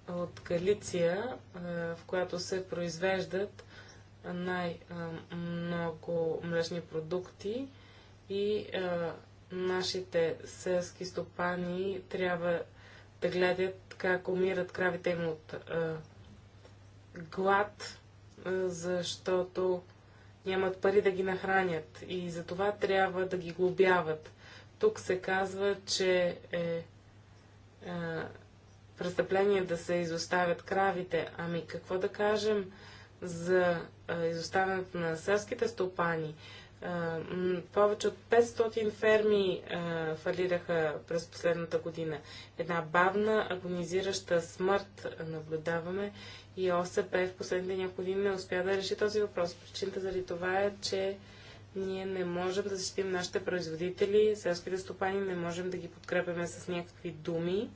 от Галиция, в която се произвеждат най-много млечни продукти и а, нашите селски стопани трябва да гледат как умират кравите им от а, глад, защото нямат пари да ги нахранят и затова трябва да ги глобяват. Тук се казва, че е престъпление да се изоставят кравите. Ами какво да кажем за изоставянето на селските стопани. Повече от 500 ферми фалираха през последната година. Една бавна, агонизираща смърт наблюдаваме и ОСП в последните няколко години не успя да реши този въпрос. Причината заради това е, че ние не можем да защитим нашите производители, селските стопани, не можем да ги подкрепяме с някакви думи.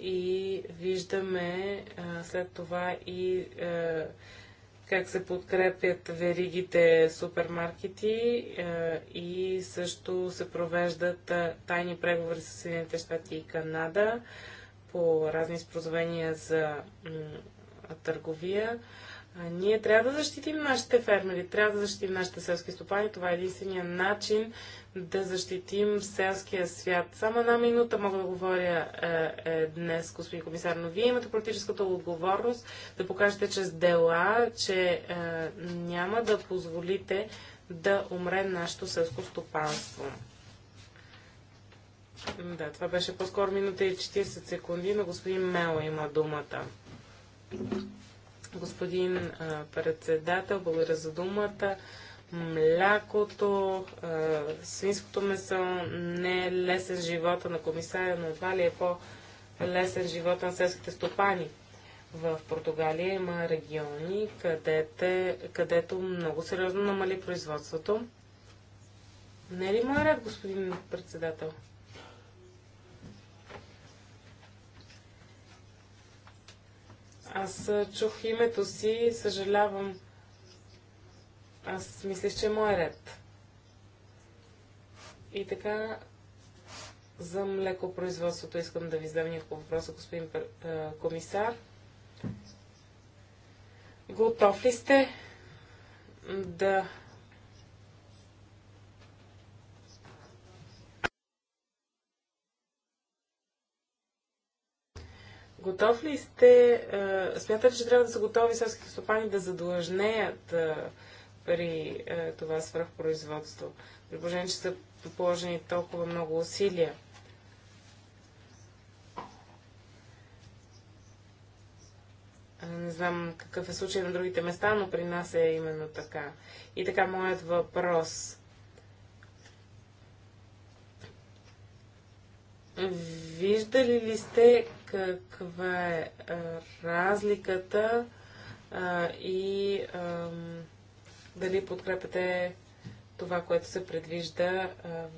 И виждаме а, след това и а, как се подкрепят веригите супермаркети е, и също се провеждат е, тайни преговори с Съединените щати и Канада по разни споразумения за търговия. Е, ние трябва да защитим нашите фермери, трябва да защитим нашите селски стопани. Това е единствения начин да защитим селския свят. Само една минута мога да говоря е, е, днес, господин комисар, но вие имате политическата отговорност да покажете чрез дела, че е, няма да позволите да умре нашето селско стопанство. Да, това беше по-скоро минута и 40 секунди, но господин Мело има думата. Господин е, председател, благодаря за думата млякото, свинското месо, не е лесен живота на комисаря, но едва ли е по-лесен живота на селските стопани. В Португалия има региони, където, където много сериозно намали производството. Не е ли моя ред, господин председател? Аз чух името си, съжалявам аз мислех, че е мой ред. И така, за млеко производството искам да ви задам няколко въпроса, господин комисар. Готов ли сте да Готов ли сте, смятате, че трябва да са готови селските стопани да задлъжнеят при е, това свръхпроизводство. При положение, че са положени толкова много усилия. Е, не знам какъв е случай на другите места, но при нас е именно така. И така, моят въпрос. Виждали ли сте каква е, е разликата а, е, и А, дали подкрепяте това, което се предвижда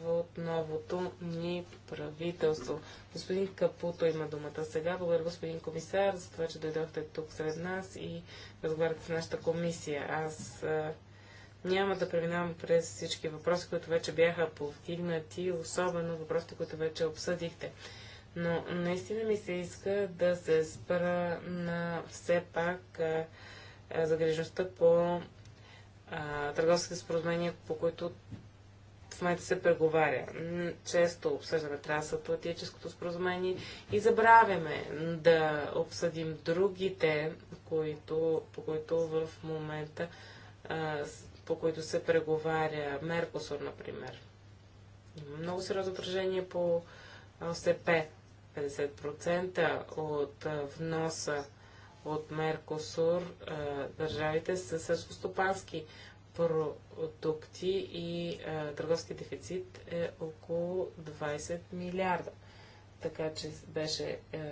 в новото ни правителство. Господин Капуто има думата сега. Благодаря, господин комисар, за това, че дойдохте тук сред нас и разговаряте с нашата комисия. Аз няма да преминавам през всички въпроси, които вече бяха повдигнати, особено въпросите, които вече обсъдихте. Но наистина ми се иска да се спра на все пак а, загрижността по търговските споразумения, по които в момента се преговаря. Често обсъждаме трансатлантическото споразумение и забравяме да обсъдим другите, които, по които в момента а, по които се преговаря Меркосур, например. Има много сериозно отражение по ОСП. 50% от вноса от Меркосур, е, държавите с сърскостопански продукти и е, търговски дефицит е около 20 милиарда. Така че беше е,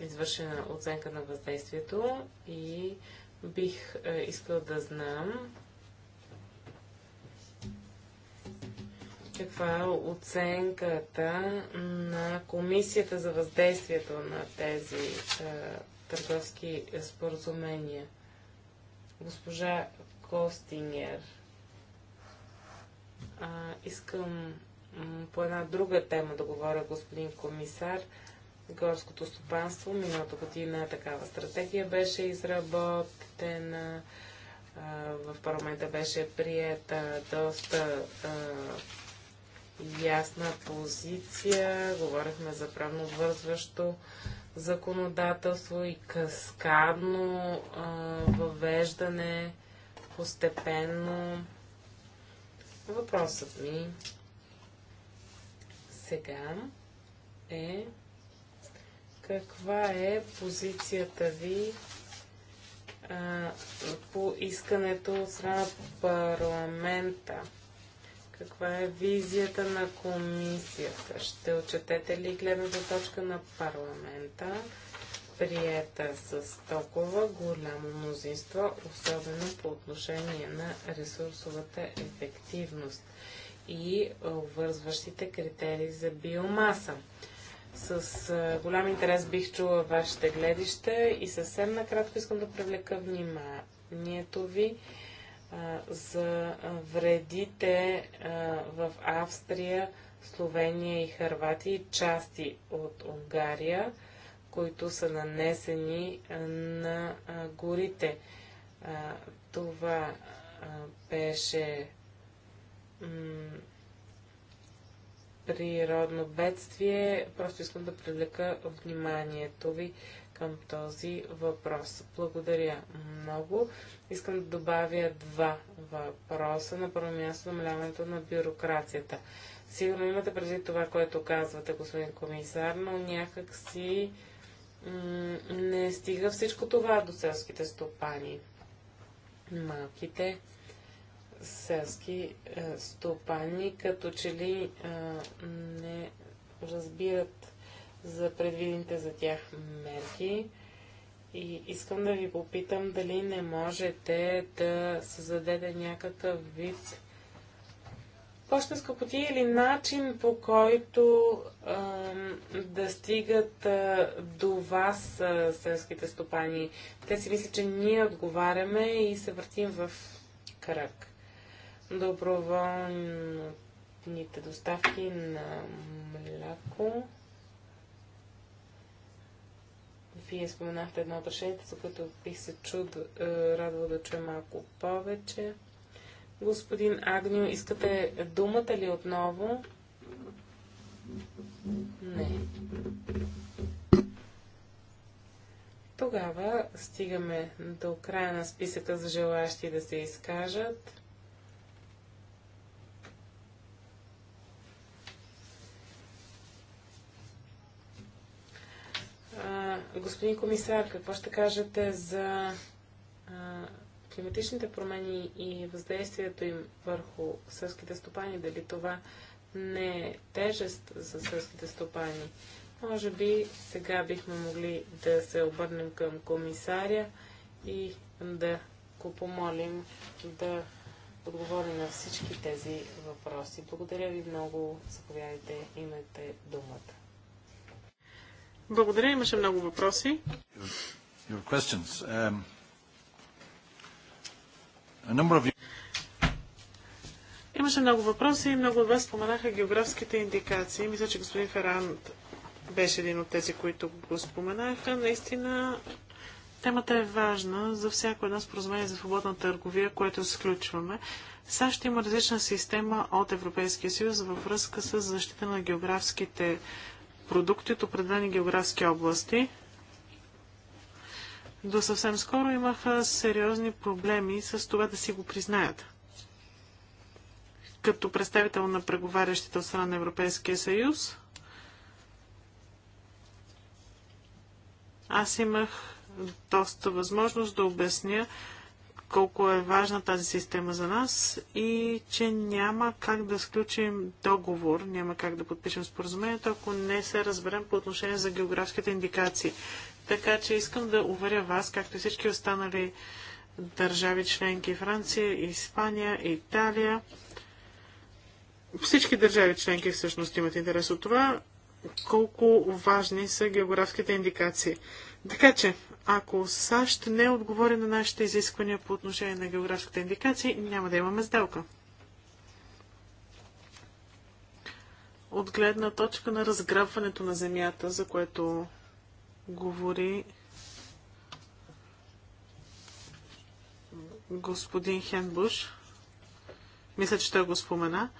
извършена оценка на въздействието и бих искал да знам каква е оценката на Комисията за въздействието на тези търговски споразумения. Госпожа Костингер, а, искам по една друга тема да говоря, господин комисар. Горското стопанство. Миналата година такава стратегия беше изработена. в парламента беше приета доста а, ясна позиция. Говорихме за правно вързващо законодателство и каскадно а, въвеждане, постепенно. Въпросът ми сега е каква е позицията ви а, по искането от страна парламента? Каква е визията на комисията? Ще отчетете ли гледната точка на парламента, приета с толкова голямо мнозинство, особено по отношение на ресурсовата ефективност и обвързващите критерии за биомаса? С голям интерес бих чула вашите гледища и съвсем накратко искам да привлека вниманието ви за вредите в Австрия, Словения и Харватия, части от Унгария, които са нанесени на горите. Това беше природно бедствие. Просто искам да привлека вниманието ви към този въпрос. Благодаря много. Искам да добавя два въпроса. На първо място намаляването на бюрокрацията. Сигурно имате преди това, което казвате, господин комисар, но някак си не стига всичко това до селските стопани. Малките селски е, стопани като че ли е, не разбират за предвидените за тях мерки. И искам да ви попитам дали не можете да създадете някакъв вид почтенска котия или начин по който а, да стигат а, до вас а, селските стопани. Те си мислят, че ние отговаряме и се въртим в кръг. Доброволните доставки на мляко. Вие споменахте едно от решенията, за което бих се чуд, е, радвала да чуя малко повече. Господин Агню, искате думата ли отново? Не. Тогава стигаме до края на списъка за желащи да се изкажат. господин комисар, какво ще кажете за а, климатичните промени и въздействието им върху сърските стопани? Дали това не е тежест за сърските стопани? Може би сега бихме могли да се обърнем към комисаря и да го помолим да отговори на всички тези въпроси. Благодаря ви много. Заповядайте, имате думата. Благодаря. Имаше много въпроси. Um, имаше много въпроси и много от вас споменаха географските индикации. Мисля, че господин Ферант беше един от тези, които го споменаха. Наистина темата е важна за всяко едно споразумение за свободна търговия, което сключваме. САЩ има различна система от Европейския съюз във връзка с защита на географските индикации продукти от определени географски области. До съвсем скоро имаха сериозни проблеми с това да си го признаят. Като представител на преговарящите от страна на Европейския съюз, аз имах доста възможност да обясня колко е важна тази система за нас и че няма как да сключим договор, няма как да подпишем споразумението, ако не се разберем по отношение за географските индикации. Така че искам да уверя вас, както и всички останали държави членки Франция, Испания, Италия. Всички държави членки всъщност имат интерес от това, колко важни са географските индикации. Така че, ако САЩ не отговори на нашите изисквания по отношение на географската индикация, няма да имаме сделка. От гледна точка на разграбването на земята, за което говори господин Хенбуш, мисля, че той го спомена,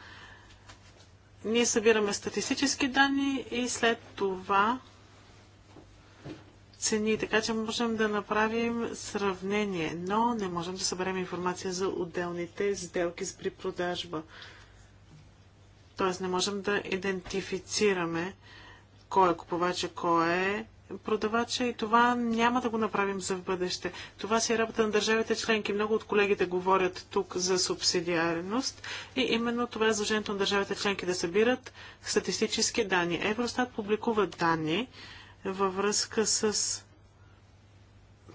ние събираме статистически данни и след това цени, така че можем да направим сравнение, но не можем да съберем информация за отделните сделки при продажба. Тоест не можем да идентифицираме кой е купувача, кой е продавача и това няма да го направим за в бъдеще. Това си е работа на държавите членки. Много от колегите говорят тук за субсидиарност и именно това е задължението на държавите членки да събират статистически данни. Евростат публикува данни, във връзка с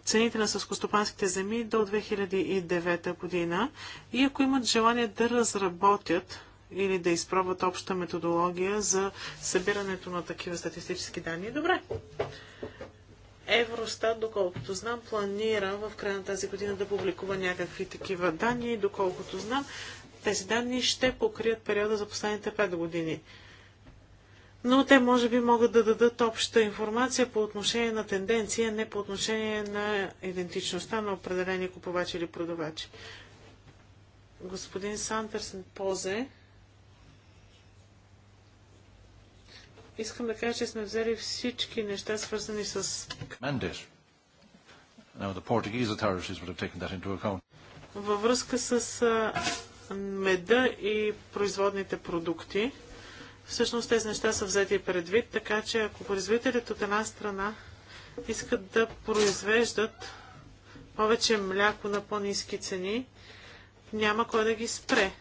цените на съскостопанските земи до 2009 година и ако имат желание да разработят или да изпробват обща методология за събирането на такива статистически данни. Добре. Евростат, доколкото знам, планира в края на тази година да публикува някакви такива данни. Доколкото знам, тези данни ще покрият периода за последните 5 години но те може би могат да дадат обща информация по отношение на тенденция, не по отношение на идентичността на определени купувачи или продавачи. Господин Сантърсен Позе. Искам да кажа, че сме взели всички неща, свързани с... Now the Portuguese authorities would have taken that into account. Във връзка с меда и производните продукти, Всъщност тези неща са взети предвид, така че ако производителите от една страна искат да произвеждат повече мляко на по-низки цени, няма кой да ги спре.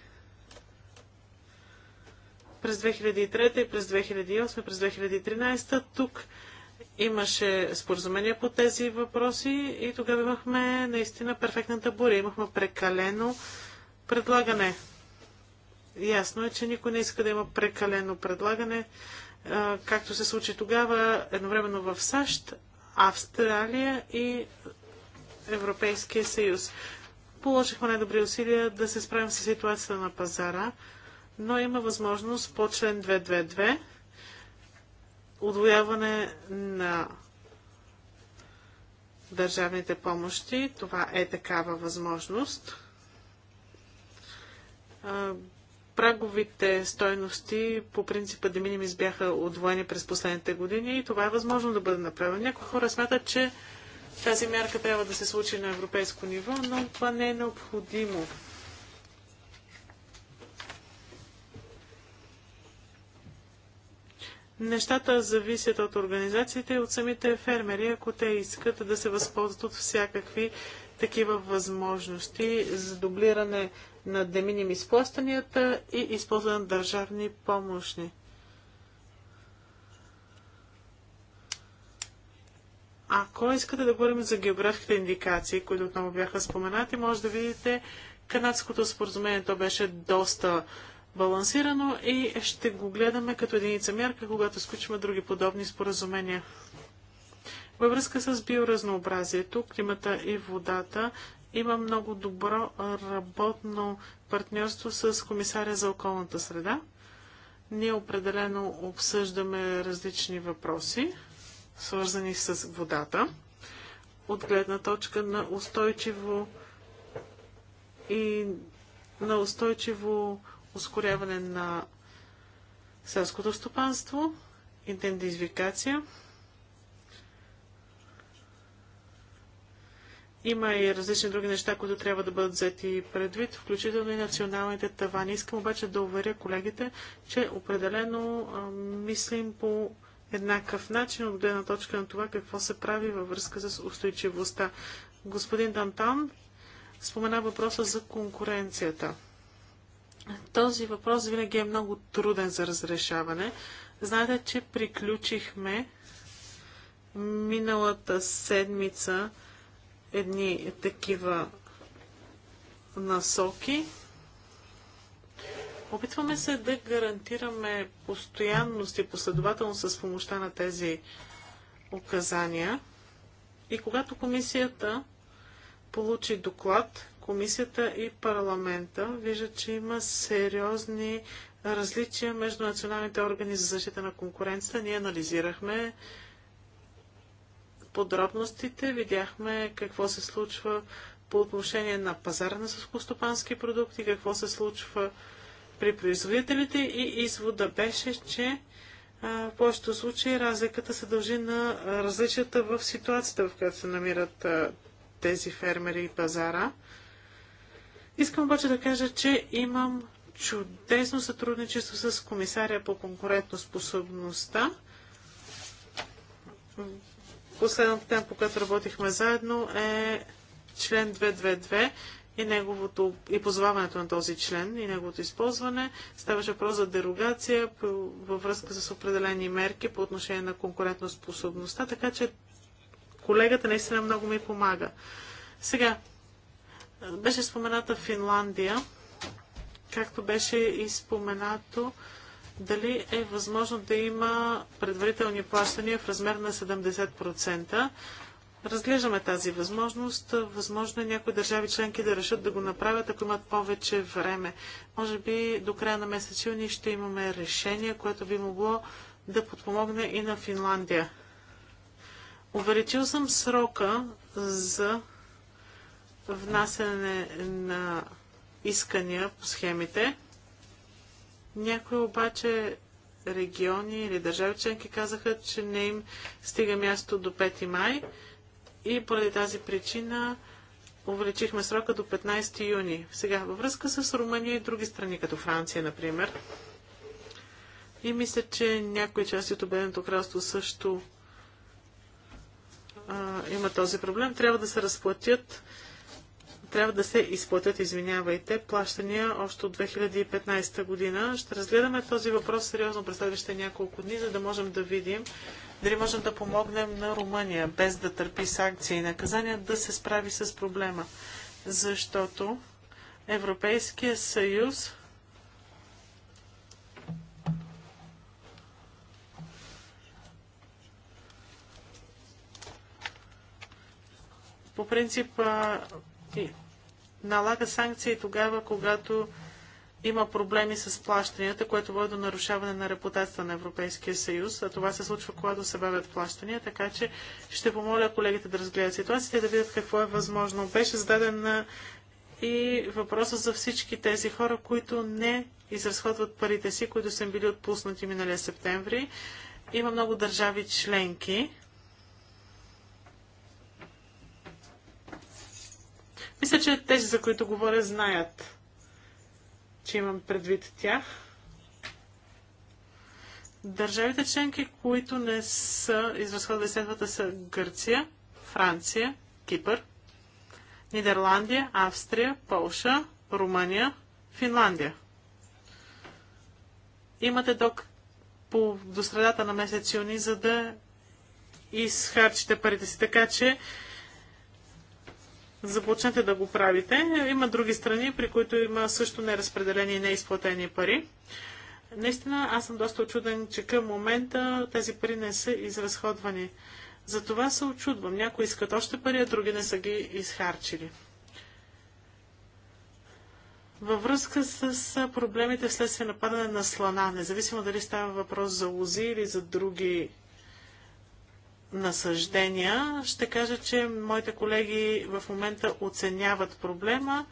През 2003 и през 2008, през 2013 тук имаше споразумения по тези въпроси и тогава имахме наистина перфектната буря. Имахме прекалено предлагане. Ясно е, че никой не иска да има прекалено предлагане, както се случи тогава едновременно в САЩ, Австралия и Европейския съюз. Положихме най-добри усилия да се справим с ситуацията на пазара, но има възможност по член 222 удвояване на държавните помощи. Това е такава възможност праговите стойности по принципа да минимис бяха отвоени през последните години и това е възможно да бъде направено. Някои хора смятат, че тази мярка трябва да се случи на европейско ниво, но това не е необходимо. Нещата зависят от организациите и от самите фермери, ако те искат да се възползват от всякакви такива възможности за дублиране на деминим изплащанията и използване на държавни помощни. Ако искате да говорим за географските индикации, които отново бяха споменати, може да видите канадското споразумение. То беше доста балансирано и ще го гледаме като единица мярка, когато изключваме други подобни споразумения. Във връзка с биоразнообразието, климата и водата, има много добро работно партньорство с комисаря за околната среда. Ние определено обсъждаме различни въпроси, свързани с водата, от гледна точка на устойчиво и на устойчиво ускоряване на селското стопанство, идентификация Има и различни други неща, които трябва да бъдат взети предвид, включително и националните тавани. Искам обаче да уверя колегите, че определено а, мислим по еднакъв начин от гледна точка на това какво се прави във връзка с устойчивостта. Господин Дантан спомена въпроса за конкуренцията. Този въпрос винаги е много труден за разрешаване. Знаете, че приключихме миналата седмица едни такива насоки. Опитваме се да гарантираме постоянност и последователност с помощта на тези указания. И когато комисията получи доклад, комисията и парламента виждат, че има сериозни различия между националните органи за защита на конкуренцията. Ние анализирахме подробностите, видяхме какво се случва по отношение на пазара на сълскостопански продукти, какво се случва при производителите и извода беше, че в повечето случаи разликата се дължи на различията в ситуацията, в която се намират тези фермери и пазара. Искам обаче да кажа, че имам чудесно сътрудничество с комисаря по конкурентоспособността. Последната тема, по която работихме заедно е член 222 и, неговото, и позваването на този член и неговото използване. Ставаше въпрос за дерогация във връзка с определени мерки по отношение на конкурентоспособността, така че колегата наистина много ми помага. Сега, беше спомената Финландия, както беше и споменато дали е възможно да има предварителни плащания в размер на 70%. Разглеждаме тази възможност. Възможно е някои държави членки да решат да го направят, ако имат повече време. Може би до края на месец юни ще имаме решение, което би могло да подпомогне и на Финландия. Увеличил съм срока за внасяне на искания по схемите. Някои обаче региони или държави членки казаха, че не им стига място до 5 май и поради тази причина увеличихме срока до 15 юни. Сега, във връзка с Румъния и други страни, като Франция, например, и мисля, че някои части от Обединеното кралство също а, има този проблем, трябва да се разплатят трябва да се изплатят, извинявайте, плащания още от 2015 година. Ще разгледаме този въпрос сериозно през следващите няколко дни, за да можем да видим дали можем да помогнем на Румъния, без да търпи санкции и наказания, да се справи с проблема. Защото Европейския съюз по принцип налага санкции тогава, когато има проблеми с плащанията, което води до нарушаване на репутацията на Европейския съюз. А това се случва, когато се бавят плащания, така че ще помоля колегите да разгледат ситуацията и да видят какво е възможно. Беше зададен и въпроса за всички тези хора, които не изразходват парите си, които са били отпуснати миналия септември. Има много държави членки, Мисля, че тези, за които говоря, знаят, че имам предвид тях. Държавите членки, които не са изразходвали следвата, са Гърция, Франция, Кипър, Нидерландия, Австрия, Полша, Румъния, Финландия. Имате док по, до средата на месец юни, за да изхарчите парите си. Така че започнете да го правите. Има други страни, при които има също неразпределени и неизплатени пари. Наистина, аз съм доста очуден, че към момента тези пари не са изразходвани. За това се очудвам. Някои искат още пари, а други не са ги изхарчили. Във връзка с проблемите вследствие нападане на слона, независимо дали става въпрос за лози или за други насъждения, ще кажа, че моите колеги в момента оценяват проблема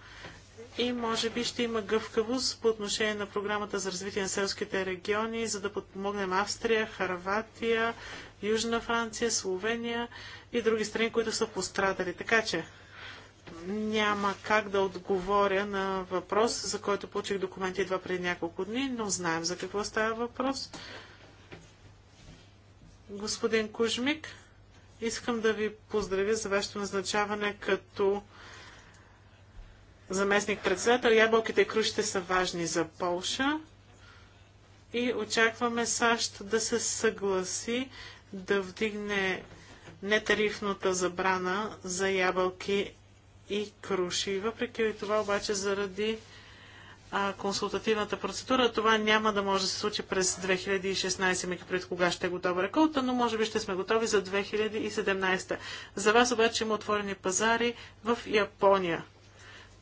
и може би ще има гъвкавост по отношение на програмата за развитие на селските региони, за да подпомогнем Австрия, Харватия, Южна Франция, Словения и други страни, които са пострадали. Така че няма как да отговоря на въпрос, за който получих документи едва преди няколко дни, но знаем за какво става въпрос. Господин Кужмик, искам да ви поздравя за вашето назначаване като заместник-председател. Ябълките и крушите са важни за Полша и очакваме САЩ да се съгласи да вдигне нетарифната забрана за ябълки и круши. Въпреки това обаче заради а, консултативната процедура. Това няма да може да се случи през 2016, мека пред кога ще е готова реколта, но може би ще сме готови за 2017. За вас обаче има отворени пазари в Япония.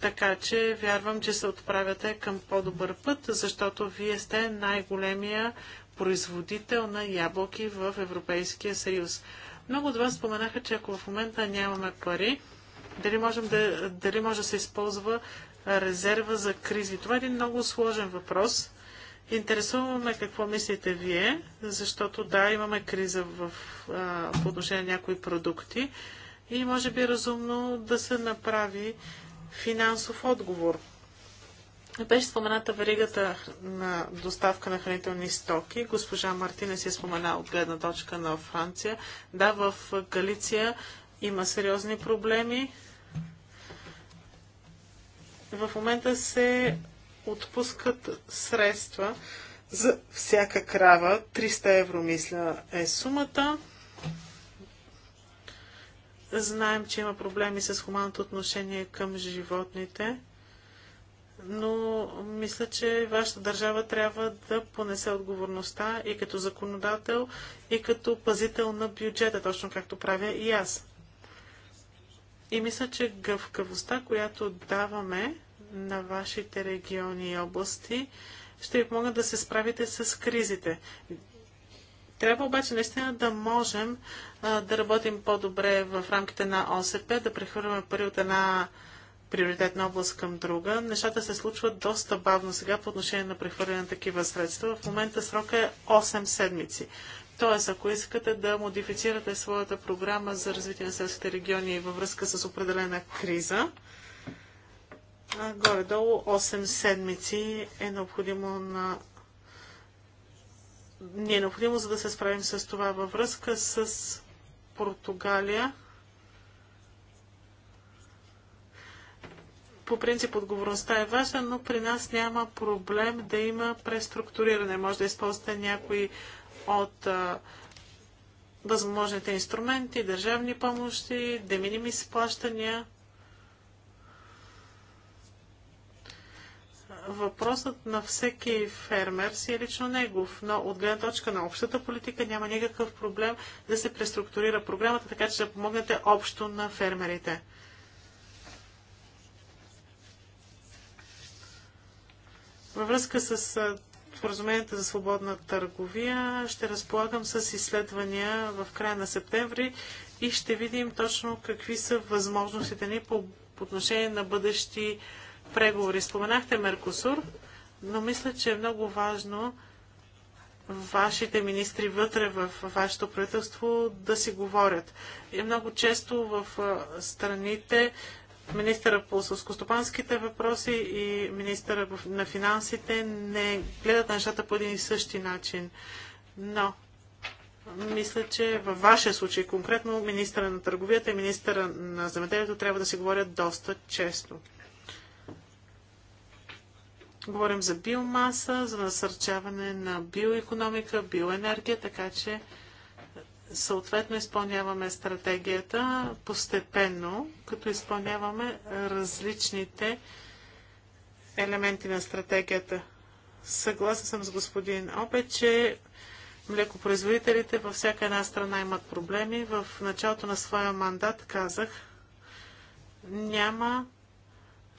Така че вярвам, че се отправяте към по-добър път, защото вие сте най-големия производител на ябълки в Европейския съюз. Много от вас споменаха, че ако в момента нямаме пари, дали, можем да, дали може да се използва резерва за кризи? Това е един много сложен въпрос. Интересуваме какво мислите вие, защото да, имаме криза в, а, по отношение на някои продукти и може би е разумно да се направи финансов отговор. Беше спомената веригата на доставка на хранителни стоки. Госпожа Мартина си е спомена от гледна точка на Франция. Да, в Галиция има сериозни проблеми в момента се отпускат средства за всяка крава. 300 евро, мисля, е сумата. Знаем, че има проблеми с хуманното отношение към животните, но мисля, че вашата държава трябва да понесе отговорността и като законодател, и като пазител на бюджета, точно както правя и аз. И мисля, че гъвкавостта, която даваме на вашите региони и области, ще ви помогнат да се справите с кризите. Трябва обаче наистина да можем а, да работим по-добре в рамките на ОСП, да прехвърляме пари от една приоритетна област към друга. Нещата се случват доста бавно сега по отношение на прехвърляне на такива средства. В момента срока е 8 седмици. Тоест, ако искате да модифицирате своята програма за развитие на селските региони във връзка с определена криза, горе-долу 8 седмици е необходимо на ни е необходимо, за да се справим с това. Във връзка с Португалия, по принцип отговорността е важна, но при нас няма проблем да има преструктуриране. Може да използвате някои от а, възможните инструменти, държавни помощи, деминими плащания. Въпросът на всеки фермер си е лично негов, но от гледна точка на общата политика няма никакъв проблем да се преструктурира програмата, така че да помогнете общо на фермерите. Във връзка с споразуменията за свободна търговия. Ще разполагам с изследвания в края на септември и ще видим точно какви са възможностите ни по, по отношение на бъдещи преговори. Споменахте Меркосур, но мисля, че е много важно вашите министри вътре в вашето правителство да си говорят. И е, много често в страните министъра по сълскостопанските въпроси и министъра на финансите не гледат на нещата по един и същи начин. Но мисля, че във вашия случай конкретно министъра на търговията и министъра на земеделието трябва да се говорят доста често. Говорим за биомаса, за насърчаване на биоекономика, биоенергия, така че Съответно изпълняваме стратегията постепенно, като изпълняваме различните елементи на стратегията. Съгласен съм с господин Обе, че млекопроизводителите във всяка една страна имат проблеми. В началото на своя мандат казах, няма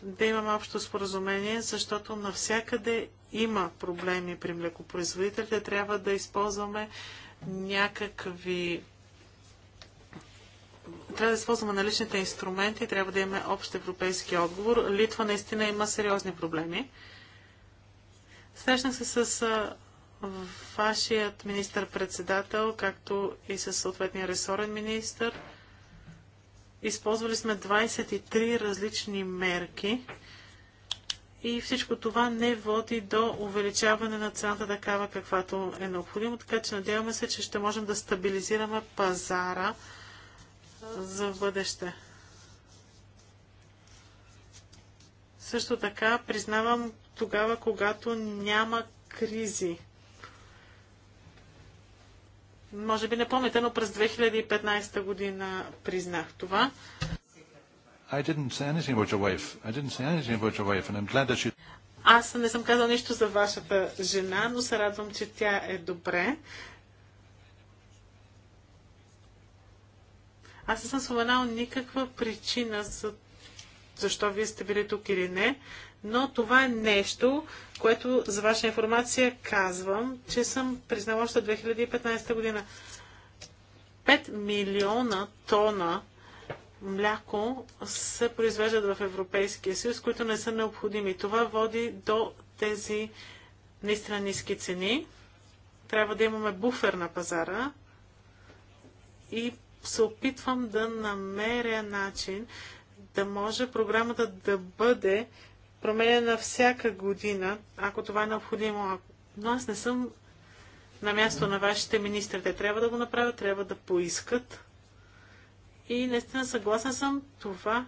да имаме общо споразумение, защото навсякъде има проблеми при млекопроизводителите. Трябва да използваме някакви трябва да използваме наличните инструменти, трябва да имаме общ европейски отговор. Литва наистина има сериозни проблеми. Срещнах се с вашият министър-председател, както и с съответния ресорен министър. Използвали сме 23 различни мерки и всичко това не води до увеличаване на цената такава, каквато е необходимо. Така че надяваме се, че ще можем да стабилизираме пазара за бъдеще. Също така признавам тогава, когато няма кризи. Може би не помните, но през 2015 година признах това. I didn't say anything about your wife. I didn't say anything about your wife and I'm glad that she... Аз не съм казал нищо за вашата жена, но се радвам, че тя е добре. Аз не съм споменал никаква причина за защо вие сте били тук или не, но това е нещо, което за ваша информация казвам, че съм признала още 2015 година. 5 милиона тона мляко се произвеждат в Европейския съюз, които не са необходими. Това води до тези наистина ниски цени. Трябва да имаме буфер на пазара и се опитвам да намеря начин да може програмата да бъде променена всяка година, ако това е необходимо. Но аз не съм на място на вашите министри. Те трябва да го направят, трябва да поискат и наистина съгласен съм, това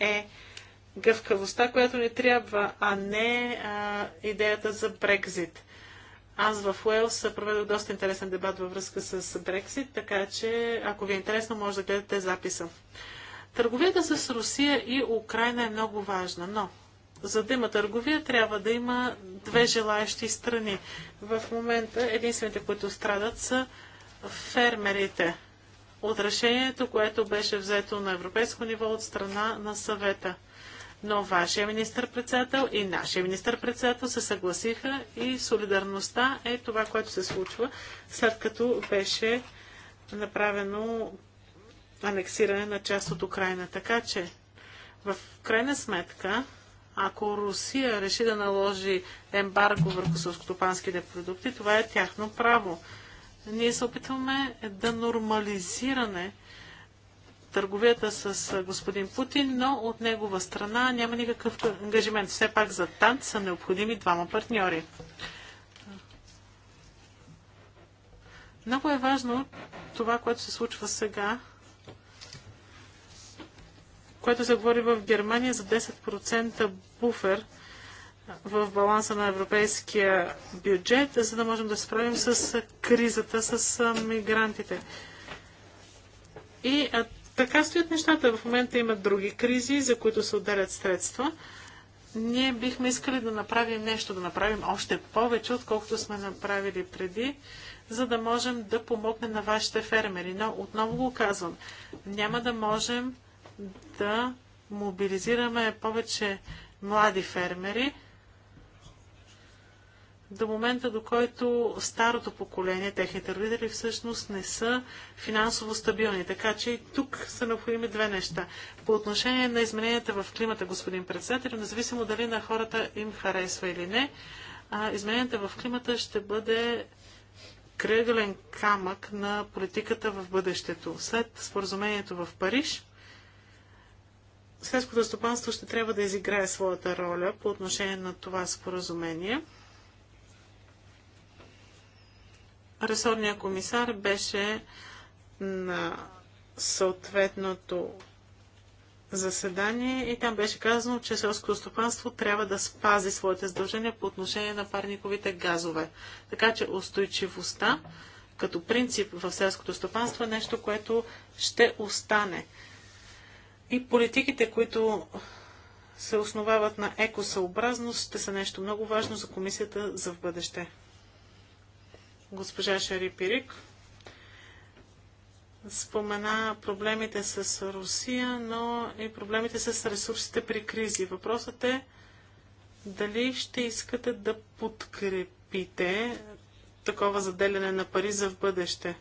е гъвкавостта, която ни трябва, а не а, идеята за Брекзит. Аз в Уелс проведох доста интересен дебат във връзка с Брексит, така че ако ви е интересно, може да гледате записа. Търговията с Русия и Украина е много важна, но за да има търговия, трябва да има две желаящи страни. В момента единствените, които страдат, са фермерите от решението, което беше взето на европейско ниво от страна на съвета. Но вашия министр-председател и нашия министр-председател се съгласиха и солидарността е това, което се случва, след като беше направено анексиране на част от Украина. Така че, в крайна сметка, ако Русия реши да наложи ембарго върху селскотопанските продукти, това е тяхно право. Ние се опитваме да нормализиране търговията с господин Путин, но от негова страна няма никакъв ангажимент. Все пак за танц са необходими двама партньори. Много е важно това, което се случва сега, което се говори в Германия за 10% буфер – в баланса на европейския бюджет, за да можем да се справим с кризата с мигрантите. И а, така стоят нещата. В момента има други кризи, за които се отделят средства. Ние бихме искали да направим нещо, да направим още повече, отколкото сме направили преди, за да можем да помогнем на вашите фермери. Но отново го казвам, няма да можем да мобилизираме повече млади фермери, до момента, до който старото поколение, техните родители всъщност не са финансово стабилни. Така че и тук са необходими две неща. По отношение на измененията в климата, господин председател, независимо дали на хората им харесва или не, измененията в климата ще бъде кръгълен камък на политиката в бъдещето. След споразумението в Париж, селското стопанство ще трябва да изиграе своята роля по отношение на това споразумение – ресорният комисар беше на съответното заседание и там беше казано, че селското стопанство трябва да спази своите задължения по отношение на парниковите газове. Така че устойчивостта като принцип в селското стопанство е нещо, което ще остане. И политиките, които се основават на екосъобразност, ще са нещо много важно за комисията за в бъдеще госпожа Шари Пирик спомена проблемите с Русия, но и проблемите с ресурсите при кризи. Въпросът е дали ще искате да подкрепите такова заделяне на пари за в бъдеще.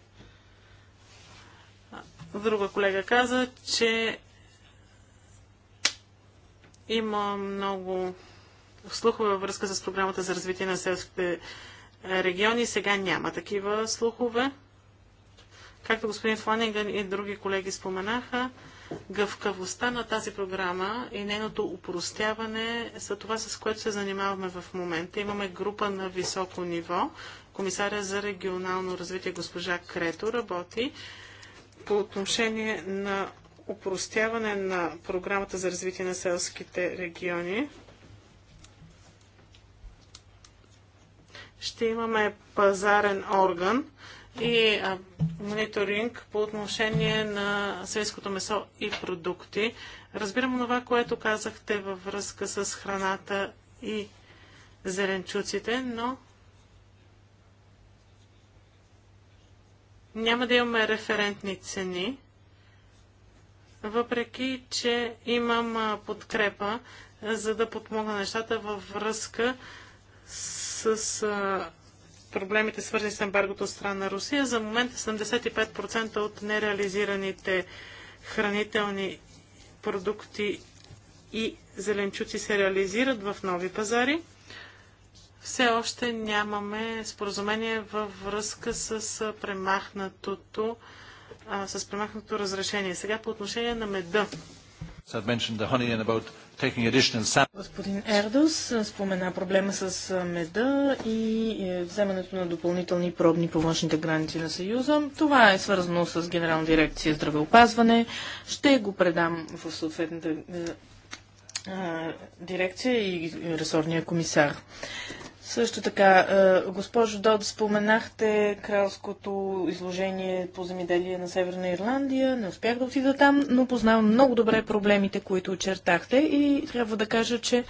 Друга колега каза, че има много слухове във връзка с програмата за развитие на селските региони сега няма такива слухове. Както господин Фланинган и други колеги споменаха, гъвкавостта на тази програма и нейното упростяване са това, с което се занимаваме в момента. Имаме група на високо ниво. Комисаря за регионално развитие госпожа Крето работи по отношение на упростяване на програмата за развитие на селските региони. ще имаме пазарен орган и а, мониторинг по отношение на свинското месо и продукти. Разбирам това, което казахте във връзка с храната и зеленчуците, но няма да имаме референтни цени, въпреки че имам подкрепа, за да подмогна нещата във връзка с с а, проблемите свързани с ембаргото от страна на Русия. За момента 75% от нереализираните хранителни продукти и зеленчуци се реализират в нови пазари. Все още нямаме споразумение във връзка с премахнатото, а, с премахнатото разрешение. Сега по отношение на меда. Господин Ердос спомена проблема с меда и е, вземането на допълнителни пробни по външните граници на Съюза. Това е свързано с Генерална дирекция здравеопазване. Ще го предам в съответната е, е, дирекция и ресорния комисар. Също така, е, госпожо Дод, споменахте кралското изложение по земеделие на Северна Ирландия. Не успях да отида там, но познавам много добре проблемите, които очертахте и трябва да кажа, че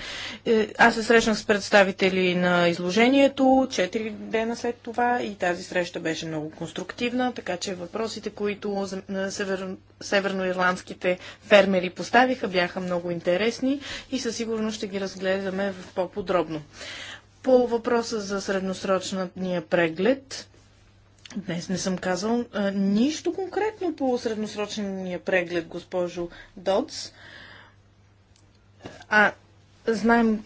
е, аз се срещнах с представители на изложението 4 дена след това и тази среща беше много конструктивна, така че въпросите, които север... северноирландските фермери поставиха, бяха много интересни и със сигурност ще ги разгледаме в по-подробно. По въпроса за средносрочния преглед, Днес не съм казал а, нищо конкретно по средносрочния преглед, госпожо Додс. А знаем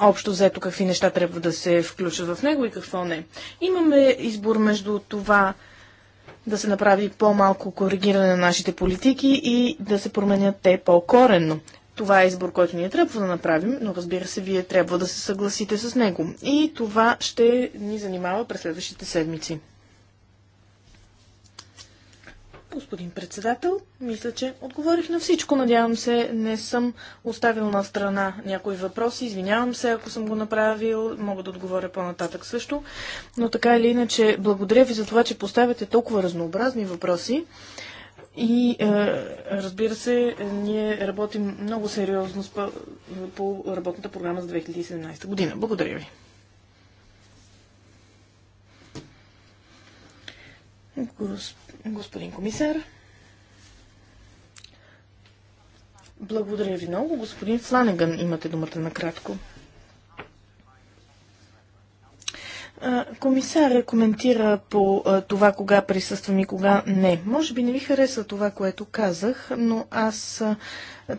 общо взето какви неща трябва да се включат в него и какво не. Имаме избор между това да се направи по-малко коригиране на нашите политики и да се променят те по-коренно. Това е избор, който ние трябва да направим, но разбира се, вие трябва да се съгласите с него. И това ще ни занимава през следващите седмици. Господин председател, мисля, че отговорих на всичко. Надявам се, не съм оставил на страна някои въпроси. Извинявам се, ако съм го направил. Мога да отговоря по-нататък също. Но така или иначе, благодаря ви за това, че поставяте толкова разнообразни въпроси. И е, разбира се, ние работим много сериозно по, по работната програма за 2017 година. Благодаря ви. господин комисар. Благодаря ви много. Господин Фланеган, имате думата накратко. кратко. Комисара коментира по това кога присъствам и кога не. Може би не ви хареса това, което казах, но аз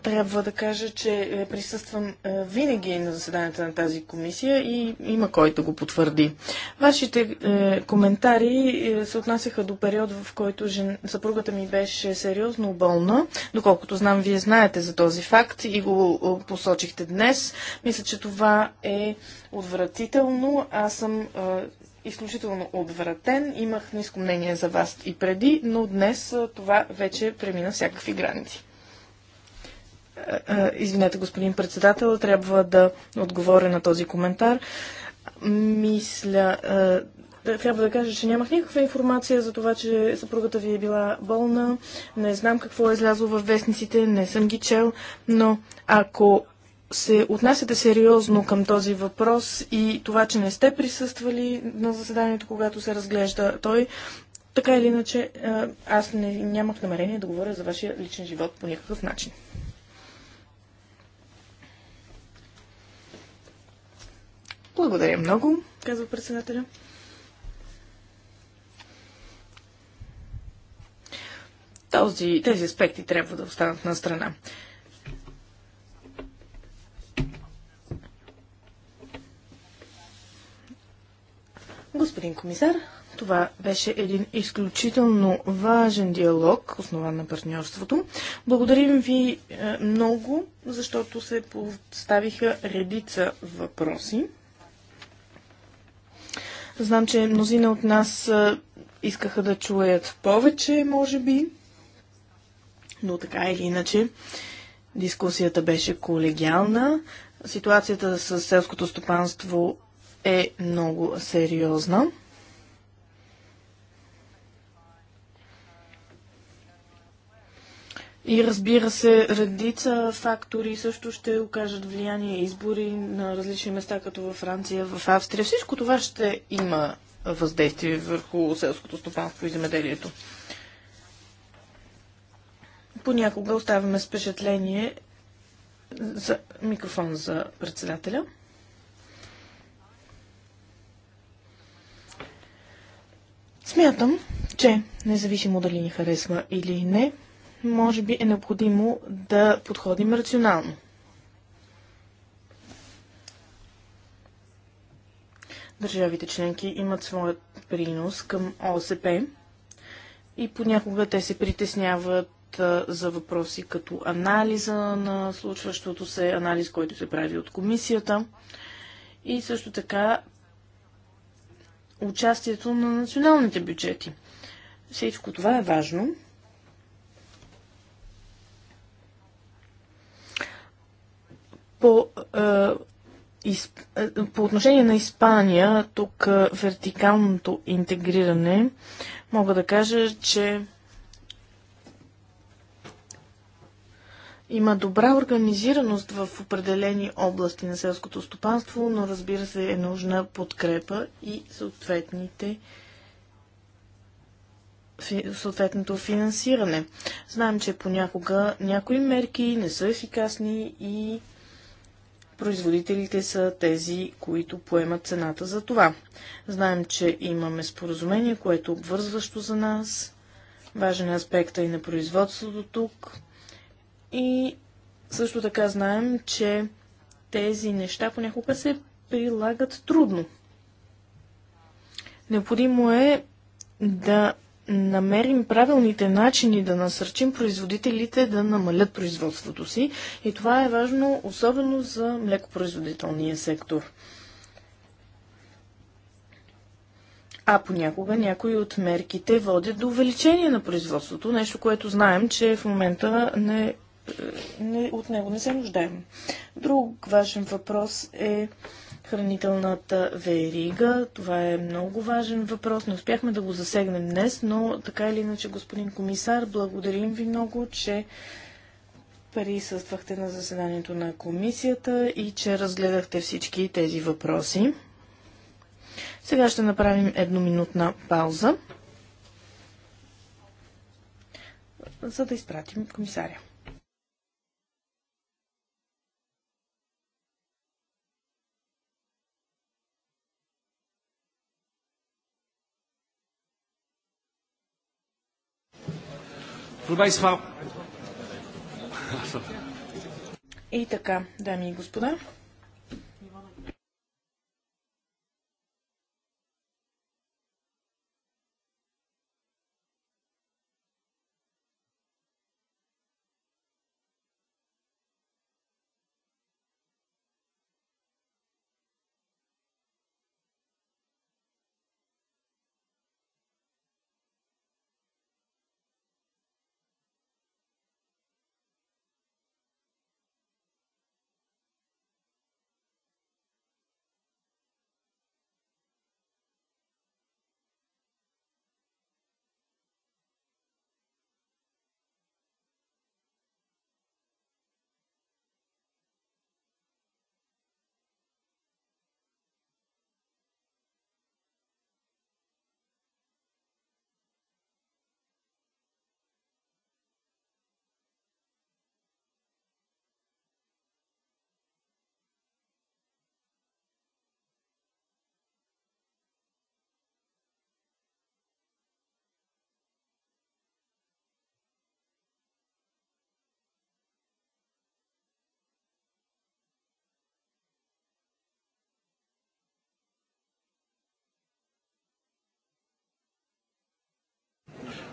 трябва да кажа, че е, присъствам е, винаги на заседанията на тази комисия и има кой да го потвърди. Вашите е, коментари се отнасяха до период, в който жен... съпругата ми беше сериозно болна. Доколкото знам, вие знаете за този факт и го посочихте днес. Мисля, че това е отвратително. Аз съм изключително отвратен. Имах ниско мнение за вас и преди, но днес това вече премина всякакви граници. Е, е, извинете, господин председател, трябва да отговоря на този коментар. Мисля, е, трябва да кажа, че нямах никаква информация за това, че съпругата ви е била болна. Не знам какво е излязло в вестниците, не съм ги чел, но ако се отнасяте сериозно към този въпрос и това, че не сте присъствали на заседанието, когато се разглежда той, така или иначе, аз не, нямах намерение да говоря за вашия личен живот по никакъв начин. Благодаря много, казва председателя. Този, тези аспекти трябва да останат на страна. Господин комисар, това беше един изключително важен диалог, основан на партньорството. Благодарим ви е, много, защото се поставиха редица въпроси. Знам, че мнозина от нас искаха да чуят повече, може би, но така или иначе дискусията беше колегиална. Ситуацията с селското стопанство е много сериозна. И разбира се, редица фактори също ще окажат влияние избори на различни места, като във Франция, в Австрия. Всичко това ще има въздействие върху селското стопанство и земеделието. Понякога оставяме впечатление за микрофон за председателя. Смятам, че независимо дали ни харесва или не, може би е необходимо да подходим рационално. Държавите членки имат своят принос към ОСП и понякога те се притесняват за въпроси като анализа на случващото се, анализ, който се прави от комисията и също така участието на националните бюджети. Всичко това е важно. По, е, е, по отношение на Испания, тук е, вертикалното интегриране, мога да кажа, че Има добра организираност в определени области на селското стопанство, но разбира се е нужна подкрепа и съответните съответното финансиране. Знаем, че понякога някои мерки не са ефикасни и производителите са тези, които поемат цената за това. Знаем, че имаме споразумение, което е обвързващо за нас. Важен аспект е и на производството тук. И също така знаем, че тези неща понякога се прилагат трудно. Необходимо е да намерим правилните начини да насърчим производителите да намалят производството си. И това е важно особено за млекопроизводителния сектор. А понякога някои от мерките водят до увеличение на производството, нещо, което знаем, че в момента не, е, не, от него не се нуждаем. Друг важен въпрос е хранителната верига. Това е много важен въпрос. Не успяхме да го засегнем днес, но така или иначе, господин комисар, благодарим ви много, че присъствахте на заседанието на комисията и че разгледахте всички тези въпроси. Сега ще направим едноминутна пауза, за да изпратим комисаря. И така, дами и господа.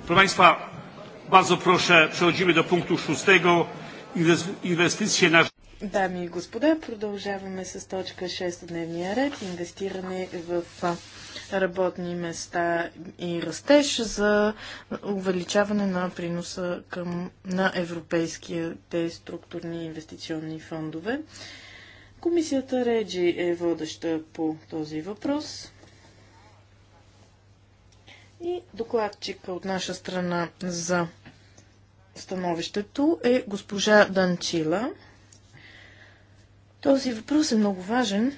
Proszę Państwa, bardzo proszę, przechodzimy do punktu szóstego. Inwestycje na... Дами и господа, продължаваме с точка 6 от дневния ред. Инвестиране в работни места и растеж за увеличаване на приноса към, на европейските структурни инвестиционни фондове. Комисията Реджи е водеща по този въпрос. И докладчика от наша страна за становището е госпожа Данчила. Този въпрос е много важен.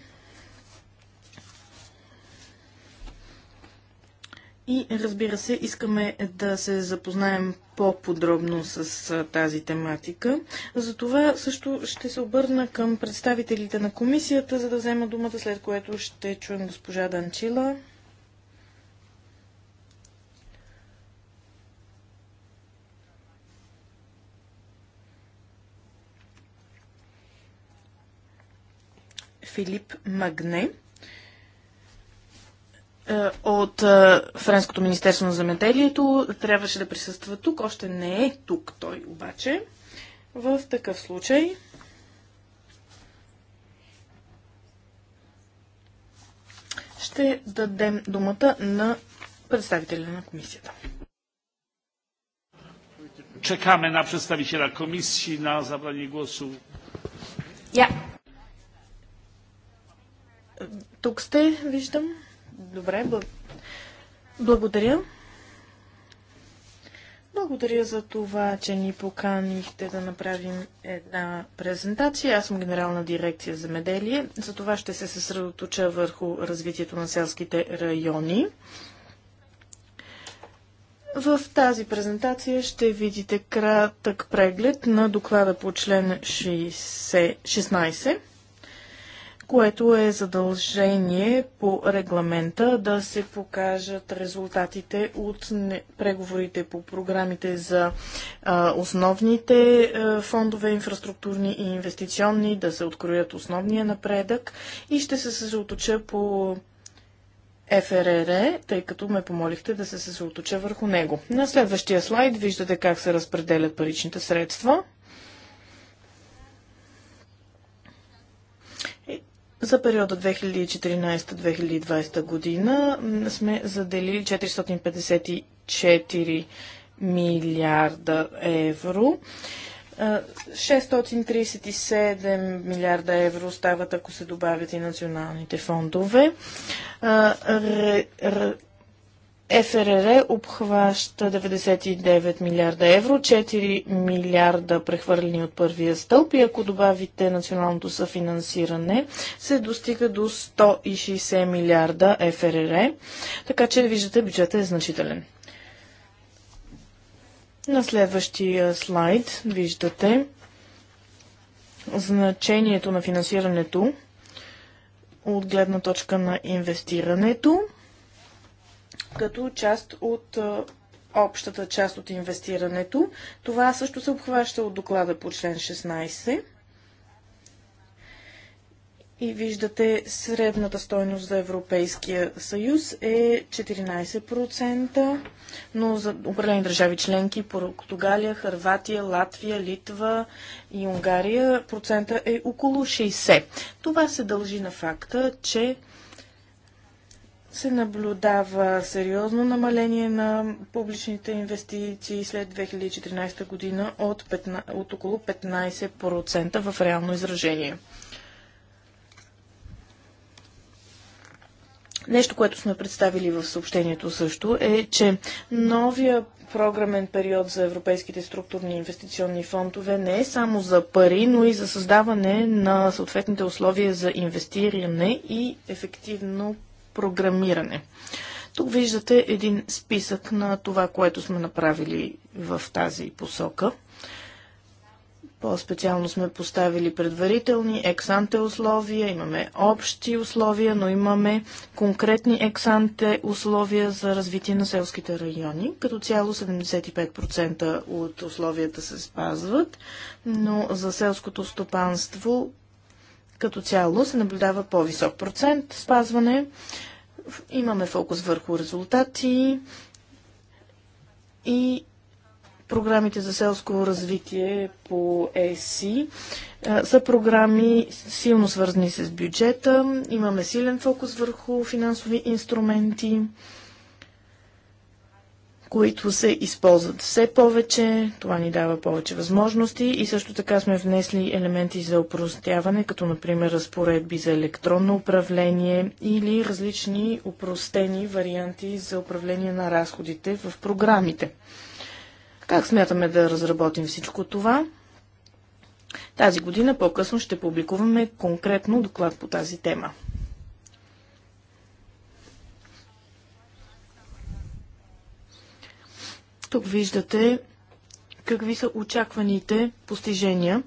И разбира се, искаме да се запознаем по-подробно с тази тематика. Затова също ще се обърна към представителите на комисията, за да взема думата, след което ще чуем госпожа Данчила. Филип Магне е, от е, Френското министерство на земеделието. Трябваше да присъства тук. Още не е тук той обаче. В такъв случай ще дадем думата на представителя на комисията. Чекаме на представителя комисии на забрани гласу. Yeah. Тук сте, виждам. Добре, благодаря. Благодаря за това, че ни поканихте да направим една презентация. Аз съм генерална дирекция за меделие. За това ще се съсредоточа върху развитието на селските райони. В тази презентация ще видите кратък преглед на доклада по член 16 което е задължение по регламента да се покажат резултатите от преговорите по програмите за основните фондове, инфраструктурни и инвестиционни, да се откроят основния напредък и ще се съсредоточа по ФРР, тъй като ме помолихте да се съсредоточа върху него. На следващия слайд виждате как се разпределят паричните средства. За периода 2014-2020 година сме заделили 454 милиарда евро. 637 милиарда евро стават, ако се добавят и националните фондове. ФРР обхваща 99 милиарда евро, 4 милиарда прехвърлени от първия стълб и ако добавите националното съфинансиране, се достига до 160 милиарда ФРР, така че виждате бюджетът е значителен. На следващия слайд виждате значението на финансирането от гледна точка на инвестирането като част от общата част от инвестирането. Това също се обхваща от доклада по член 16. И виждате, средната стойност за Европейския съюз е 14%, но за определени държави членки, Португалия, Харватия, Латвия, Литва и Унгария, процента е около 60%. Това се дължи на факта, че се наблюдава сериозно намаление на публичните инвестиции след 2014 година от, 15, от около 15% в реално изражение. Нещо, което сме представили в съобщението също е, че новия програмен период за европейските структурни инвестиционни фондове не е само за пари, но и за създаване на съответните условия за инвестиране и ефективно програмиране. Тук виждате един списък на това, което сме направили в тази посока. По-специално сме поставили предварителни ексанте условия, имаме общи условия, но имаме конкретни ексанте условия за развитие на селските райони. Като цяло 75% от условията се спазват, но за селското стопанство като цяло се наблюдава по-висок процент спазване. Имаме фокус върху резултати и програмите за селско развитие по ЕСИ е, са програми силно свързани с бюджета. Имаме силен фокус върху финансови инструменти които се използват все повече. Това ни дава повече възможности и също така сме внесли елементи за упростяване, като например разпоредби за електронно управление или различни упростени варианти за управление на разходите в програмите. Как смятаме да разработим всичко това? Тази година по-късно ще публикуваме конкретно доклад по тази тема. Тук виждате какви са очакваните постижения,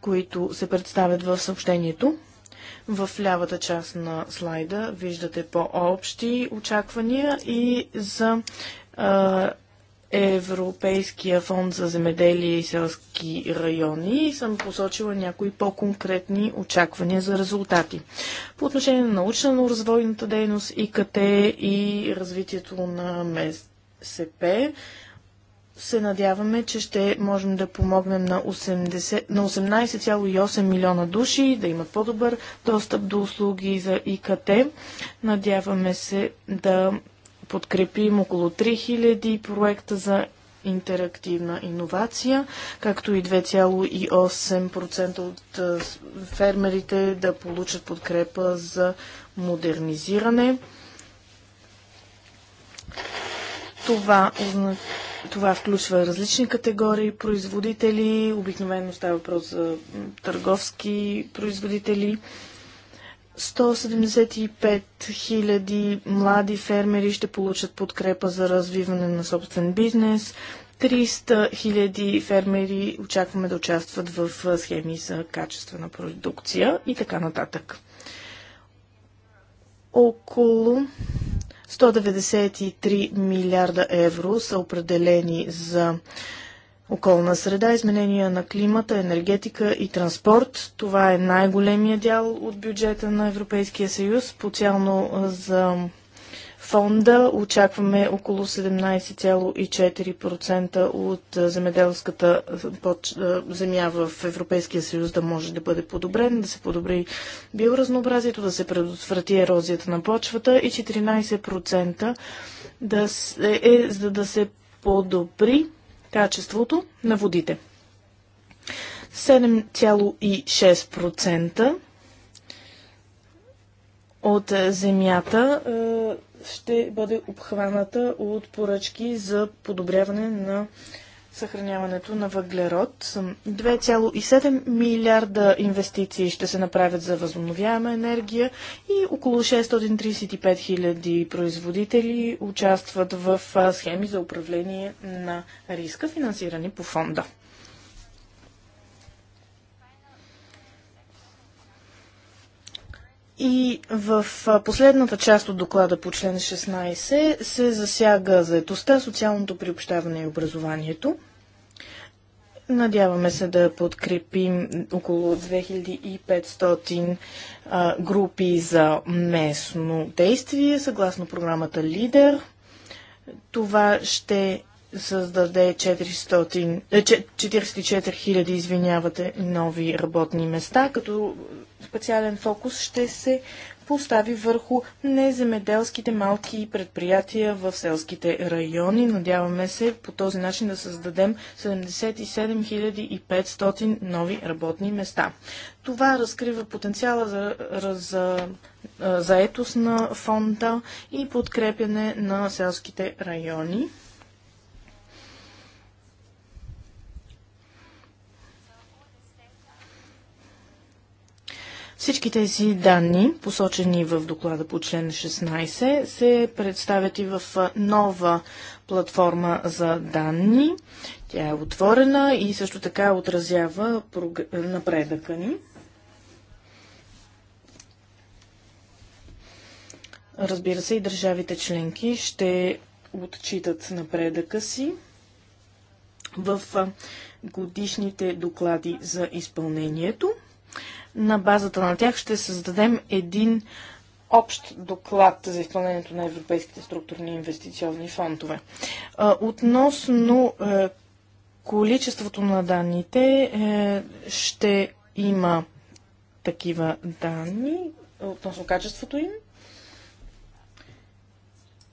които се представят в съобщението. В лявата част на слайда виждате по-общи очаквания и за а, Европейския фонд за земеделие и селски райони съм посочила някои по-конкретни очаквания за резултати. По отношение на научна-развойната дейност, ИКТ и развитието на мест пее. се надяваме, че ще можем да помогнем на, 80, на 18,8 милиона души да имат по-добър достъп до услуги за ИКТ. Надяваме се да подкрепим около 3000 проекта за интерактивна иновация, както и 2,8% от фермерите да получат подкрепа за модернизиране. Това, това включва различни категории производители, обикновено става въпрос за търговски производители. 175 000 млади фермери ще получат подкрепа за развиване на собствен бизнес. 300 000 фермери очакваме да участват в схеми за качествена продукция и така нататък. Около 193 милиарда евро са определени за околна среда, изменения на климата, енергетика и транспорт. Това е най-големия дял от бюджета на Европейския съюз, специално за фонда. Очакваме около 17,4% от земеделската земя в Европейския съюз да може да бъде подобрен, да се подобри биоразнообразието, да се предотврати ерозията на почвата и 14% да се, е за да се подобри качеството на водите. 7,6% от земята е, ще бъде обхваната от поръчки за подобряване на съхраняването на въглерод. 2,7 милиарда инвестиции ще се направят за възобновяема енергия и около 635 хиляди производители участват в схеми за управление на риска, финансирани по фонда. И в последната част от доклада по член 16 се засяга заетостта, социалното приобщаване и образованието. Надяваме се да подкрепим около 2500 групи за местно действие, съгласно програмата Лидер. Това ще създаде 400, 44 000 извинявате, нови работни места, като специален фокус ще се постави върху неземеделските малки предприятия в селските райони. Надяваме се по този начин да създадем 77 500 нови работни места. Това разкрива потенциала за, за заетост на фонда и подкрепяне на селските райони. Всички тези данни, посочени в доклада по член 16, се представят и в нова платформа за данни. Тя е отворена и също така отразява напредъка ни. Разбира се, и държавите членки ще отчитат напредъка си в годишните доклади за изпълнението. На базата на тях ще създадем един общ доклад за изпълнението на европейските структурни инвестиционни фондове. Относно е, количеството на данните, е, ще има такива данни относно качеството им.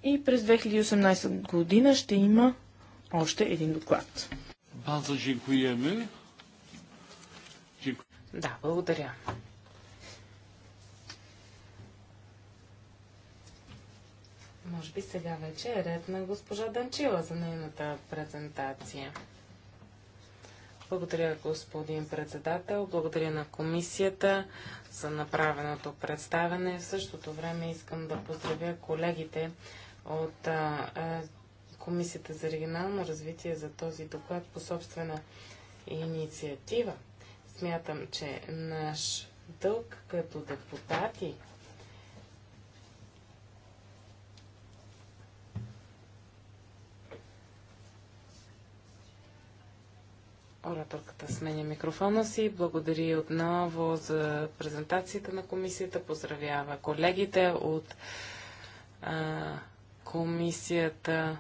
И през 2018 година ще има още един доклад. Bardzo dziękujemy. Да, благодаря. Може би сега вече е ред на госпожа Данчила за нейната презентация. Благодаря, господин председател. Благодаря на комисията за направеното представяне. В същото време искам да поздравя колегите от а, а, Комисията за регионално развитие за този доклад по собствена инициатива. Смятам, че наш дълг като депутати Ораторката сменя микрофона си. Благодари отново за презентацията на комисията. Поздравява колегите от а, комисията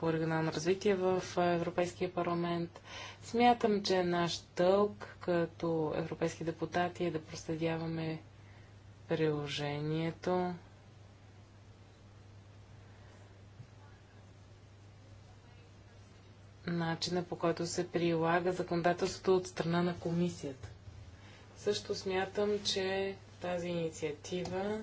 по регионално развитие в Европейския парламент. Смятам, че наш дълг като европейски депутати е да проследяваме приложението. начина по който се прилага законодателството от страна на комисията. Също смятам, че тази инициатива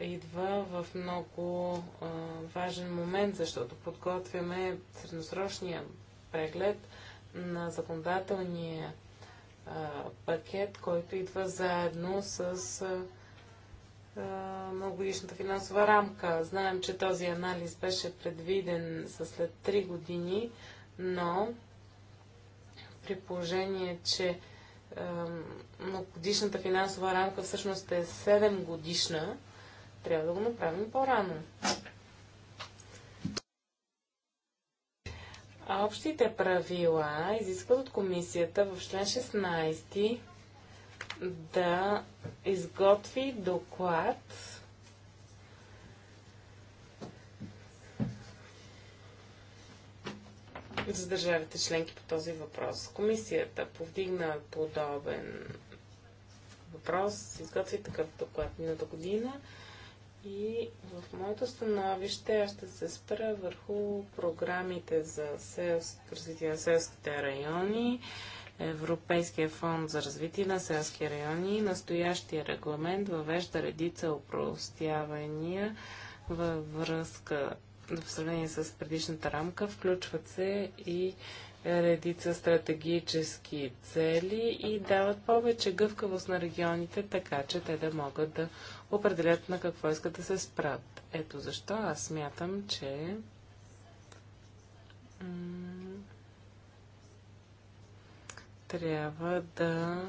идва в много а, важен момент, защото подготвяме средносрочния преглед на законодателния а, пакет, който идва заедно с а, многогодишната финансова рамка. Знаем, че този анализ беше предвиден за след 3 години, но при положение, че многогодишната финансова рамка всъщност е 7 годишна, трябва да го направим по-рано. общите правила изискват от комисията в член 16 да изготви доклад за държавите членки по този въпрос. Комисията повдигна подобен въпрос, изготви такъв доклад миналата година. И в моето становище аз ще се спра върху програмите за развитие на селските райони, Европейския фонд за развитие на селски райони. Настоящия регламент въвежда редица упростявания във връзка в сравнение с предишната рамка. Включват се и редица стратегически цели и дават повече гъвкавост на регионите, така че те да могат да определят на какво искат да се спрат. Ето защо аз смятам, че трябва да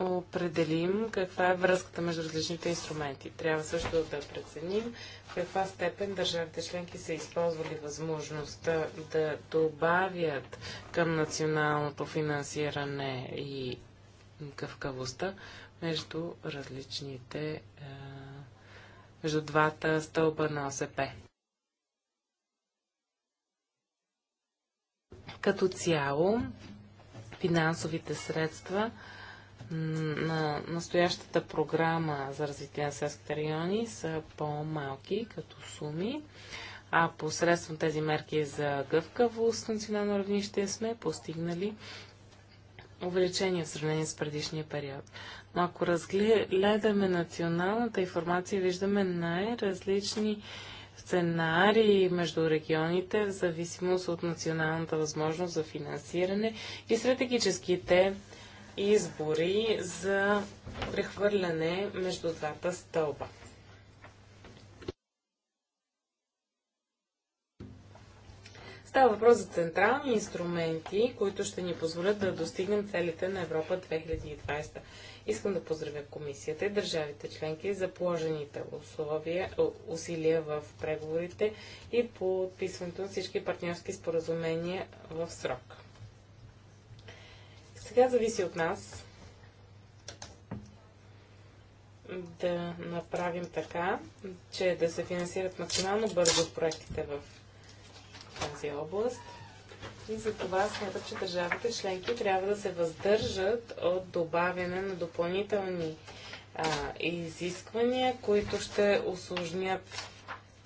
определим каква е връзката между различните инструменти. Трябва също да преценим в каква степен държавите членки са използвали възможността да добавят към националното финансиране и гъвкавостта, между различните, е, между двата стълба на ОСП. Като цяло, финансовите средства на настоящата програма за развитие на селските райони са по-малки като суми, а посредством тези мерки за гъвкавост национално равнище сме постигнали увеличение в сравнение с предишния период. Но ако разгледаме националната информация, виждаме най-различни сценарии между регионите в зависимост от националната възможност за финансиране и стратегическите избори за прехвърляне между двата стълба. Става въпрос за централни инструменти, които ще ни позволят да достигнем целите на Европа 2020. Искам да поздравя комисията и държавите членки за положените условия, е, усилия в преговорите и подписването на всички партньорски споразумения в срок. Сега зависи от нас да направим така, че да се финансират максимално бързо проектите в тази област. И за това смятам, че държавите членки трябва да се въздържат от добавяне на допълнителни а, изисквания, които ще осложнят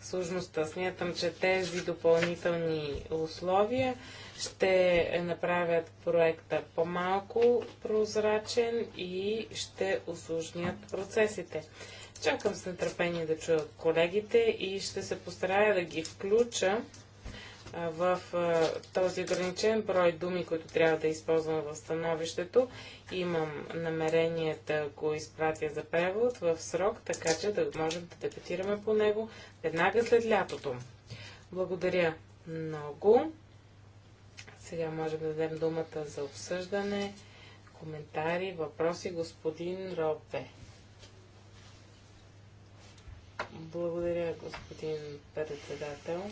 сложността. Смятам, че тези допълнителни условия ще направят проекта по-малко прозрачен и ще осложнят процесите. Чакам с нетърпение да чуя колегите и ще се постарая да ги включа в този ограничен брой думи, които трябва да използвам в становището. Имам намерение да го изпратя за превод в срок, така че да можем да дебатираме по него веднага след лятото. Благодаря много. Сега можем да дадем думата за обсъждане, коментари, въпроси. Господин Робе. Благодаря, господин председател.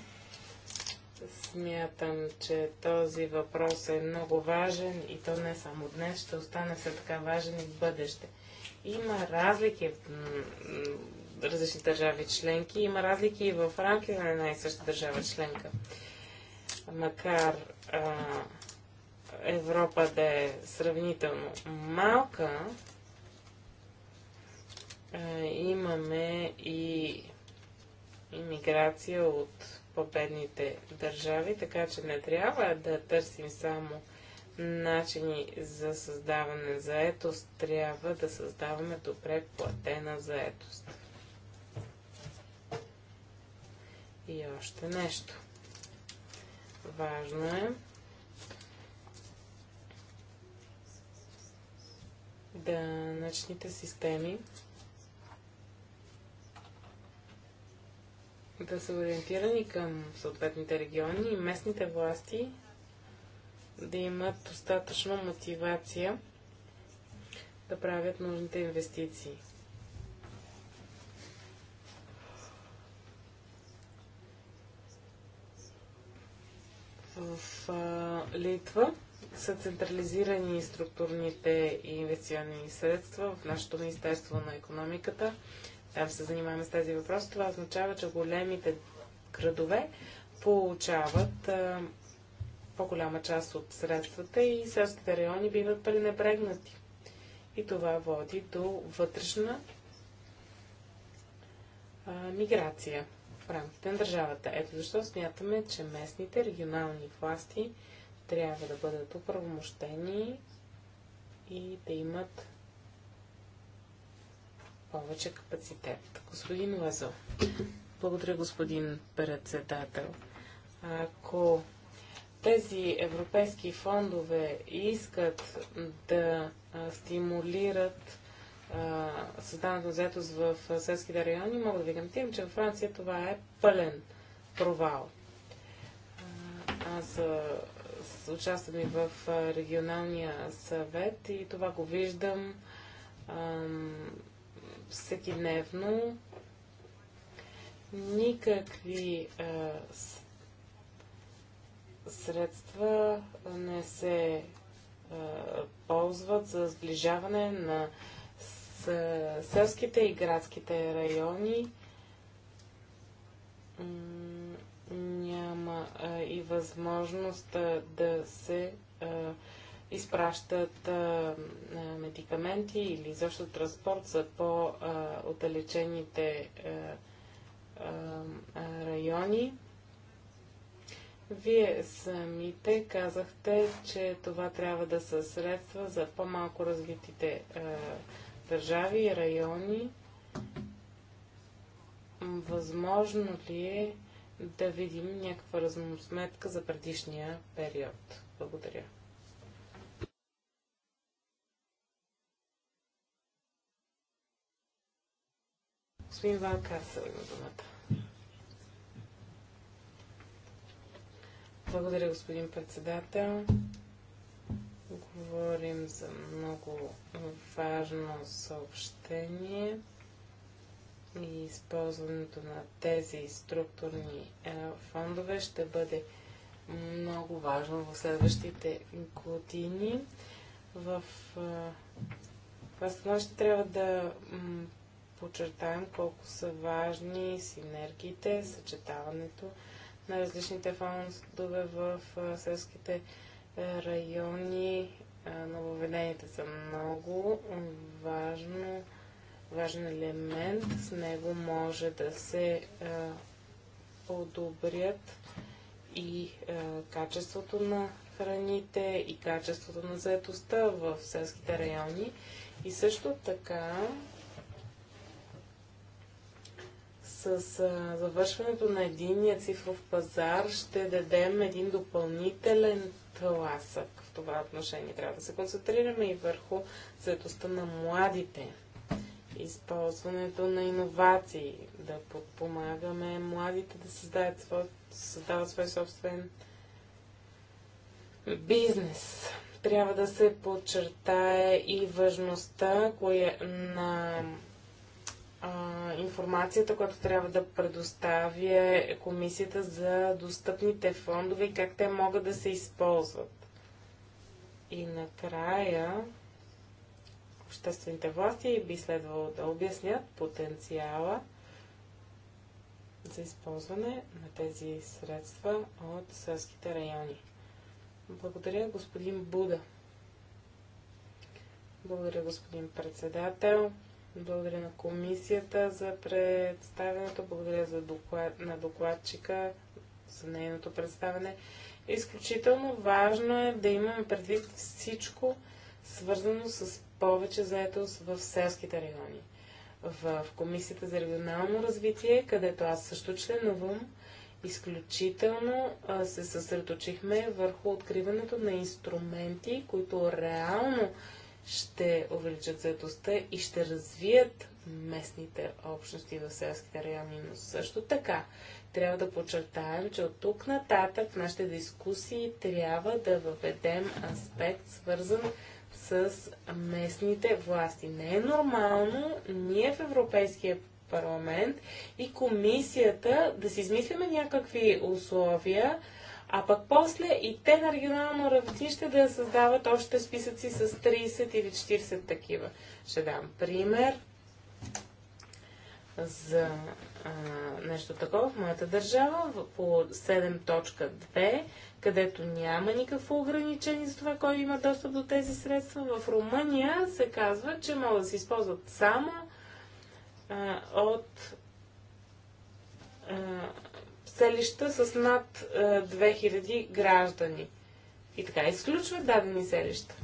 Смятам, че този въпрос е много важен и то не само днес, ще остане все така важен и в бъдеще. Има разлики в различни държави членки, има разлики и в рамките на една и съща държава членка. Макар а, Европа да е сравнително малка, а, имаме и иммиграция от по-бедните държави, така че не трябва да търсим само начини за създаване на заетост, трябва да създаваме добре платена заетост. И още нещо. Важно е да начните системи да са ориентирани към съответните региони и местните власти да имат достатъчно мотивация да правят нужните инвестиции. В Литва са централизирани структурните и инвестиционни средства в нашето Министерство на економиката там се занимаваме с тези въпроси. Това означава, че големите градове получават по-голяма част от средствата и селските райони биват пренебрегнати. И това води до вътрешна а, миграция в рамките на държавата. Ето защо смятаме, че местните регионални власти трябва да бъдат оправомощени и да имат повече капацитет. Господин Лазов. Благодаря, господин председател. Ако тези европейски фондове искат да стимулират създаването на заетост в селските райони, мога да ви гарантирам, че във Франция това е пълен провал. Аз участвам и в регионалния съвет и това го виждам всекидневно. Никакви а, средства не се а, ползват за сближаване на с, селските и градските райони. Няма а, и възможност а, да се а, изпращат а, медикаменти или защо транспорт за по-отдалечените райони. Вие самите казахте, че това трябва да са средства за по-малко развитите а, държави и райони. Възможно ли е да видим някаква разносметка за предишния период? Благодаря. Господин Ван Касел има думата. Благодаря, господин председател. Говорим за много важно съобщение и използването на тези структурни е, фондове ще бъде много важно в следващите години. В е, това становище трябва да подчертаем колко са важни синергиите, съчетаването на различните фондове в селските е, райони. Нововведенията са много важно, важен елемент. С него може да се подобрят и качеството на храните и качеството на заетостта в селските райони. И също така с завършването на единния цифров пазар ще дадем един допълнителен тласък в това отношение. Трябва да се концентрираме и върху заедостта на младите, използването на иновации, да подпомагаме младите да създават свой, създават свой собствен бизнес. Трябва да се подчертае и важността коя на информацията, която трябва да предоставя комисията за достъпните фондове и как те могат да се използват. И накрая обществените власти би следвало да обяснят потенциала за използване на тези средства от селските райони. Благодаря, господин Буда. Благодаря, господин председател. Благодаря на комисията за представянето, благодаря за доклад, на докладчика за нейното представяне. Изключително важно е да имаме предвид всичко свързано с повече заетост в селските райони. В Комисията за регионално развитие, където аз също членувам, изключително се съсредоточихме върху откриването на инструменти, които реално ще увеличат заедостта и ще развият местните общности в селските райони. Но също така трябва да подчертаем, че от тук нататък в нашите дискусии трябва да въведем аспект, свързан с местните власти. Не е нормално ние в Европейския парламент и комисията да си измисляме някакви условия, а пък после и те на регионално равнище да създават още списъци с 30 или 40 такива. Ще дам пример за а, нещо такова в моята държава по 7.2, където няма никакво ограничение за това, кой има достъп до тези средства. В Румъния се казва, че могат да се използват само а, от а, селища с над 2000 е, граждани. И така изключват дадени селища.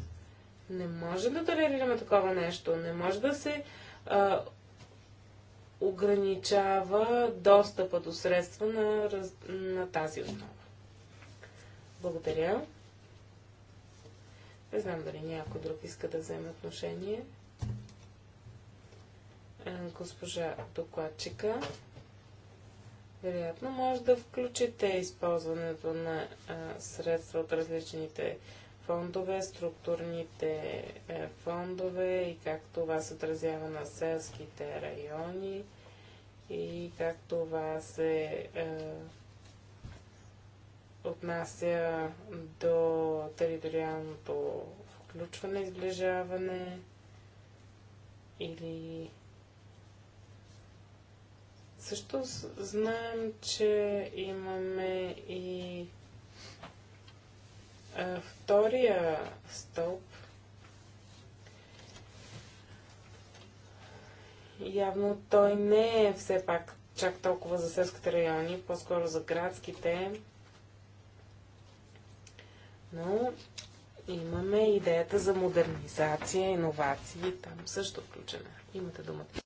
Не може да толерираме такова нещо. Не може да се а, ограничава достъпа до средства на, на тази основа. Благодаря. Не знам дали някой друг иска да вземе отношение. Е, госпожа докладчика вероятно може да включите използването на а, средства от различните фондове, структурните е, фондове и как това се отразява на селските райони и как това се е, отнася до териториалното включване, изближаване или също знаем, че имаме и втория стълб. Явно той не е все пак чак толкова за селските райони, по-скоро за градските. Но имаме идеята за модернизация, иновации, там също включена. Имате думата.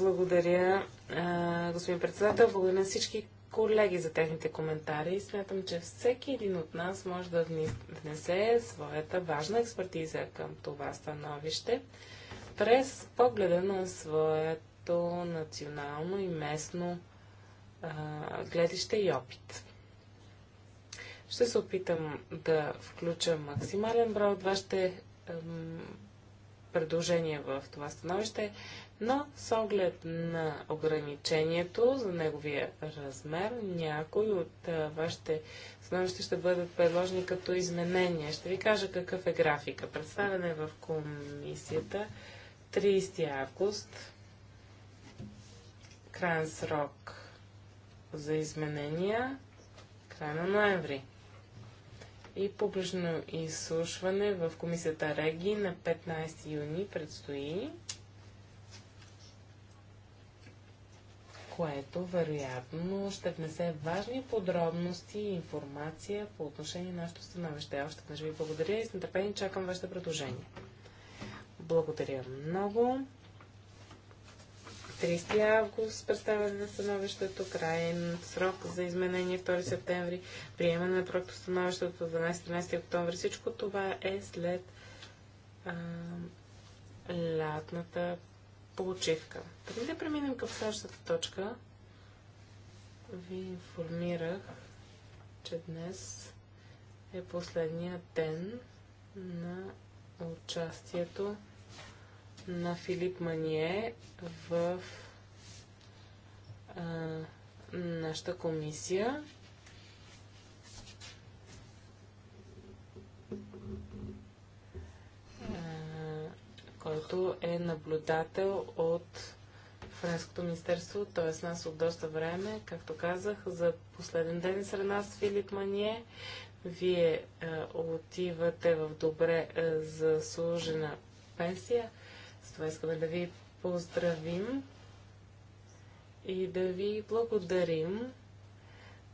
Благодаря, господин председател. Благодаря на всички колеги за техните коментари. Смятам, че всеки един от нас може да внесе своята важна експертиза към това становище през погледа на своето национално и местно гледище и опит. Ще се опитам да включа максимален брой от вашите предложения в това становище но с оглед на ограничението за неговия размер, някои от вашите становища ще бъдат предложени като изменения. Ще ви кажа какъв е графика. Представяне в комисията 30 август. Крайен срок за изменения края на ноември. И публично изслушване в комисията Реги на 15 юни предстои. което вероятно ще внесе важни подробности и информация по отношение на нашето становище. Още веднъж ви благодаря и с нетърпение чакам вашето предложение. Благодаря много. 30 август представяне на становището, крайен срок за изменение 2 септември, приемане на проекто становището 12-13 октомври. Всичко това е след а, лятната почивка. Преди да преминем към следващата точка, ви информирах, че днес е последния ден на участието на Филип Мание в а, нашата комисия. който е наблюдател от Френското министерство. т.е. нас от доста време, както казах, за последен ден е сред нас Филип Мание. Вие е, отивате в добре е, заслужена пенсия. С това искаме да ви поздравим и да ви благодарим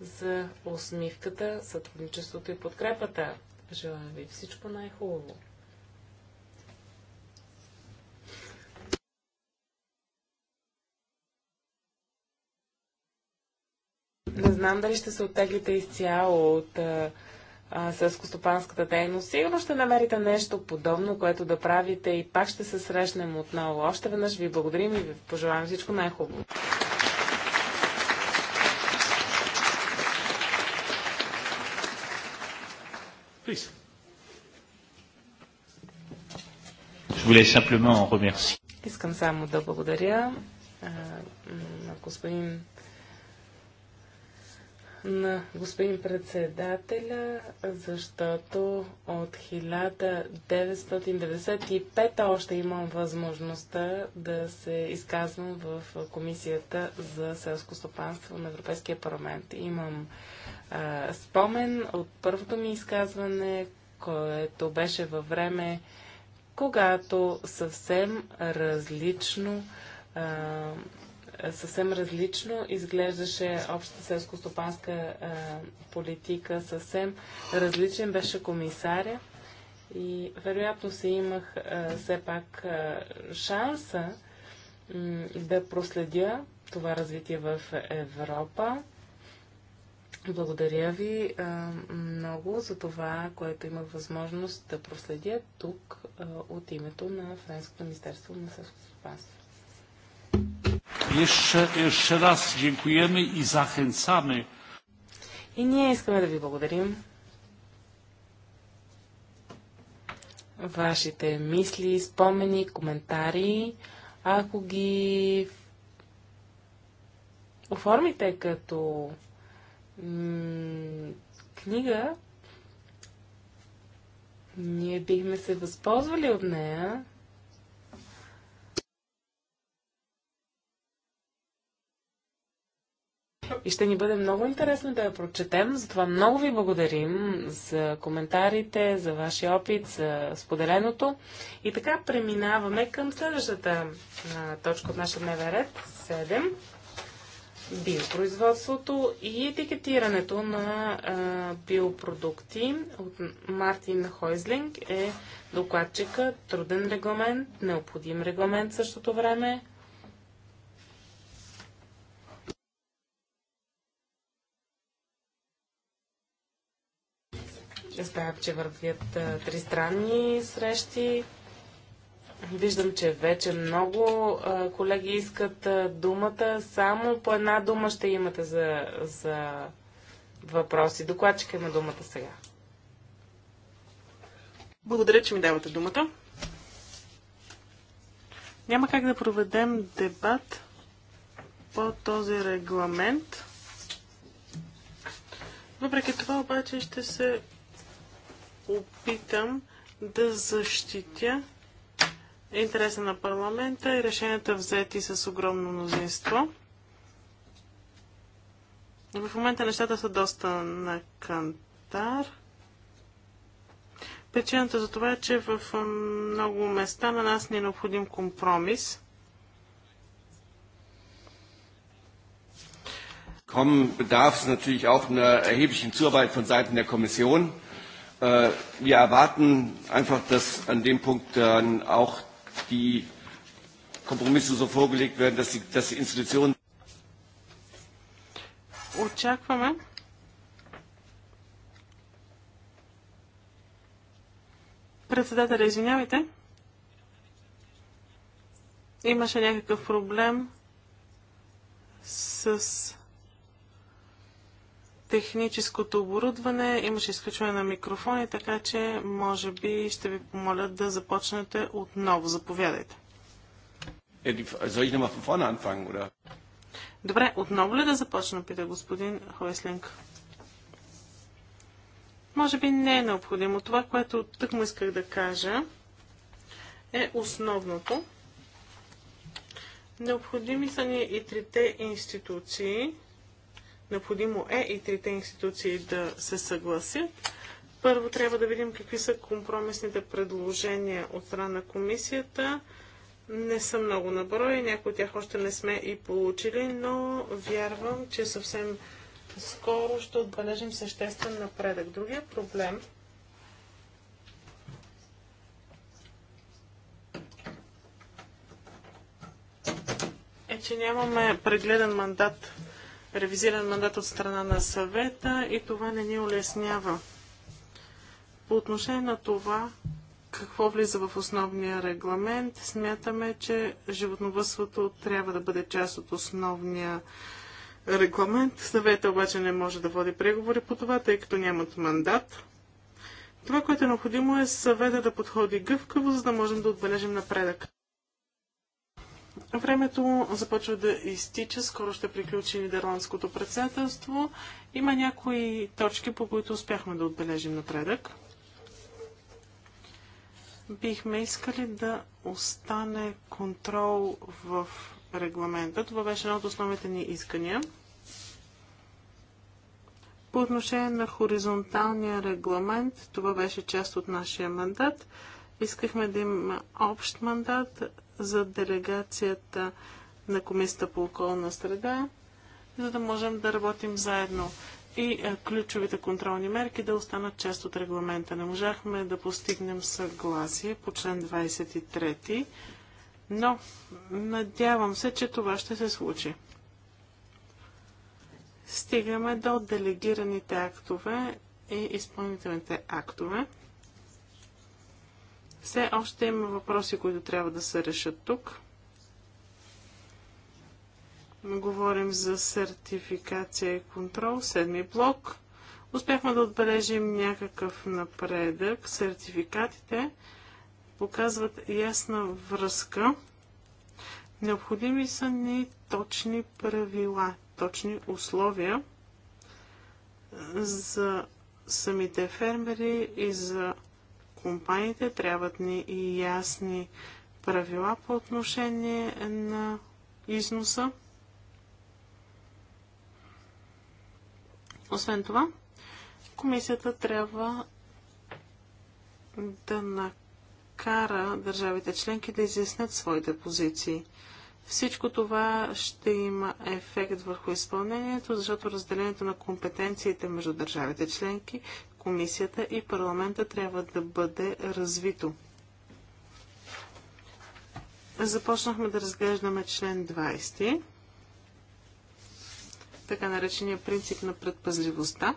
за усмивката, сътрудничеството и подкрепата. Желая ви всичко най-хубаво. Не знам дали ще се оттеглите изцяло от селскостопанската дейност. Сигурно ще намерите нещо подобно, което да правите и пак ще се срещнем отново. Още веднъж ви благодарим и ви пожелавам всичко най-хубаво. Искам само да благодаря на господин на господин председателя, защото от 1995 още имам възможността да се изказвам в Комисията за селско стопанство на Европейския парламент. Имам а, спомен от първото ми изказване, което беше във време, когато съвсем различно а, е, съвсем различно изглеждаше общата селско-стопанска е, политика, съвсем различен беше комисаря и вероятно си имах е, все пак шанса да проследя това развитие в Европа. Благодаря ви много за това, което имах възможност да проследя тук от името на Френското министерство на селското стопанство. Jeszcze, jeszcze raz dziękujemy i zachęcamy. И ние искаме да ви благодарим. Вашите мисли, спомени, коментари, ако ги оформите като книга, ние бихме се възползвали от нея И ще ни бъде много интересно да я прочетем. Затова много ви благодарим за коментарите, за вашия опит, за споделеното. И така преминаваме към следващата а, точка от нашия дневен ред 7 биопроизводството и етикетирането на а, биопродукти от Мартин Хойзлинг е докладчика, труден регламент, необходим регламент в същото време, Знаем, че вървят тристранни срещи. Виждам, че вече много колеги искат думата. Само по една дума ще имате за, за въпроси. Докладчика има думата сега. Благодаря, че ми давате думата. Няма как да проведем дебат по този регламент. Въпреки това обаче ще се опитам да защитя интереса на парламента и решенията взети с огромно мнозинство. В момента нещата са доста на кантар. Причината за това е, че в много места на нас не е необходим компромис. Kommen bedarf es natürlich auch einer erheblichen Zuarbeit von Seiten der Kommission. Wir erwarten einfach, dass an dem Punkt dann auch die Kompromisse so vorgelegt werden, dass die, dass die Institutionen. Председателя, извинявайте. Имаше някакъв проблем с техническото оборудване, имаше изключване на микрофони, така че може би ще ви помоля да започнете отново. Заповядайте. Е, Добре, отново ли да започна, пита господин Хойслинг? Може би не е необходимо. Това, което тък му исках да кажа, е основното. Необходими са ни и трите институции – Необходимо е и трите институции да се съгласят. Първо трябва да видим какви са компромисните предложения от страна на комисията. Не са много на брой, някои от тях още не сме и получили, но вярвам, че съвсем скоро ще отбележим съществен напредък. Другия проблем е, че нямаме прегледан мандат ревизиран мандат от страна на съвета и това не ни улеснява. По отношение на това, какво влиза в основния регламент, смятаме, че животновътството трябва да бъде част от основния регламент. Съвета обаче не може да води преговори по това, тъй като нямат мандат. Това, което е необходимо е съвета да подходи гъвкаво, за да можем да отбележим напредък. Времето започва да изтича, скоро ще приключи Нидерландското председателство. Има някои точки, по които успяхме да отбележим напредък. Бихме искали да остане контрол в регламента. Това беше едно от основните ни искания. По отношение на хоризонталния регламент, това беше част от нашия мандат. Искахме да има общ мандат за делегацията на Комисията по околна среда, за да можем да работим заедно и е, ключовите контролни мерки да останат част от регламента. Не можахме да постигнем съгласие по член 23, но надявам се, че това ще се случи. Стигаме до делегираните актове и изпълнителните актове. Все още има въпроси, които трябва да се решат тук. Говорим за сертификация и контрол, седми блок. Успяхме да отбележим някакъв напредък. Сертификатите показват ясна връзка. Необходими са ни точни правила, точни условия за самите фермери и за компаниите, трябват ни и ясни правила по отношение на износа. Освен това, комисията трябва да накара държавите членки да изяснят своите позиции. Всичко това ще има ефект върху изпълнението, защото разделението на компетенциите между държавите членки, комисията и парламента трябва да бъде развито. Започнахме да разглеждаме член 20, така наречения принцип на предпазливостта.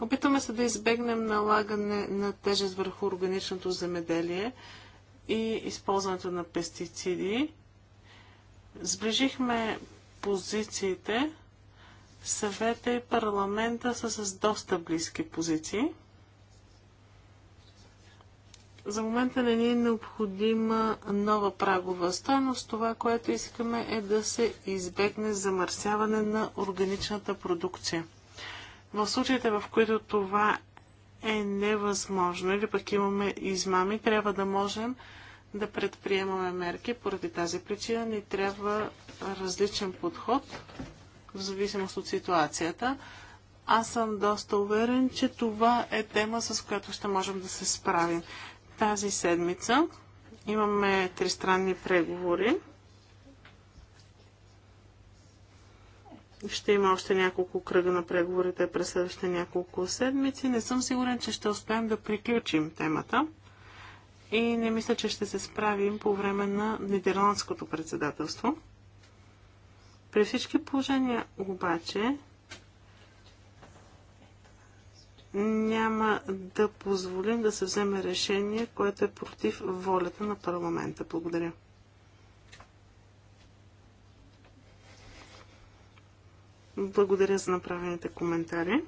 Опитваме се да избегнем налагане на тежест върху органичното земеделие и използването на пестициди. Сближихме позициите Съвета и парламента са с доста близки позиции. За момента не ни е необходима нова прагова стойност. Това, което искаме е да се избегне замърсяване на органичната продукция. В случаите, в които това е невъзможно или пък имаме измами, трябва да можем да предприемаме мерки. Поради тази причина ни трябва различен подход в зависимост от ситуацията. Аз съм доста уверен, че това е тема, с която ще можем да се справим. Тази седмица имаме тристранни преговори. ще има още няколко кръга на преговорите през следващите няколко седмици. Не съм сигурен, че ще успеем да приключим темата и не мисля, че ще се справим по време на нидерландското председателство. При всички положения обаче няма да позволим да се вземе решение, което е против волята на парламента. Благодаря. Благодаря за направените коментари.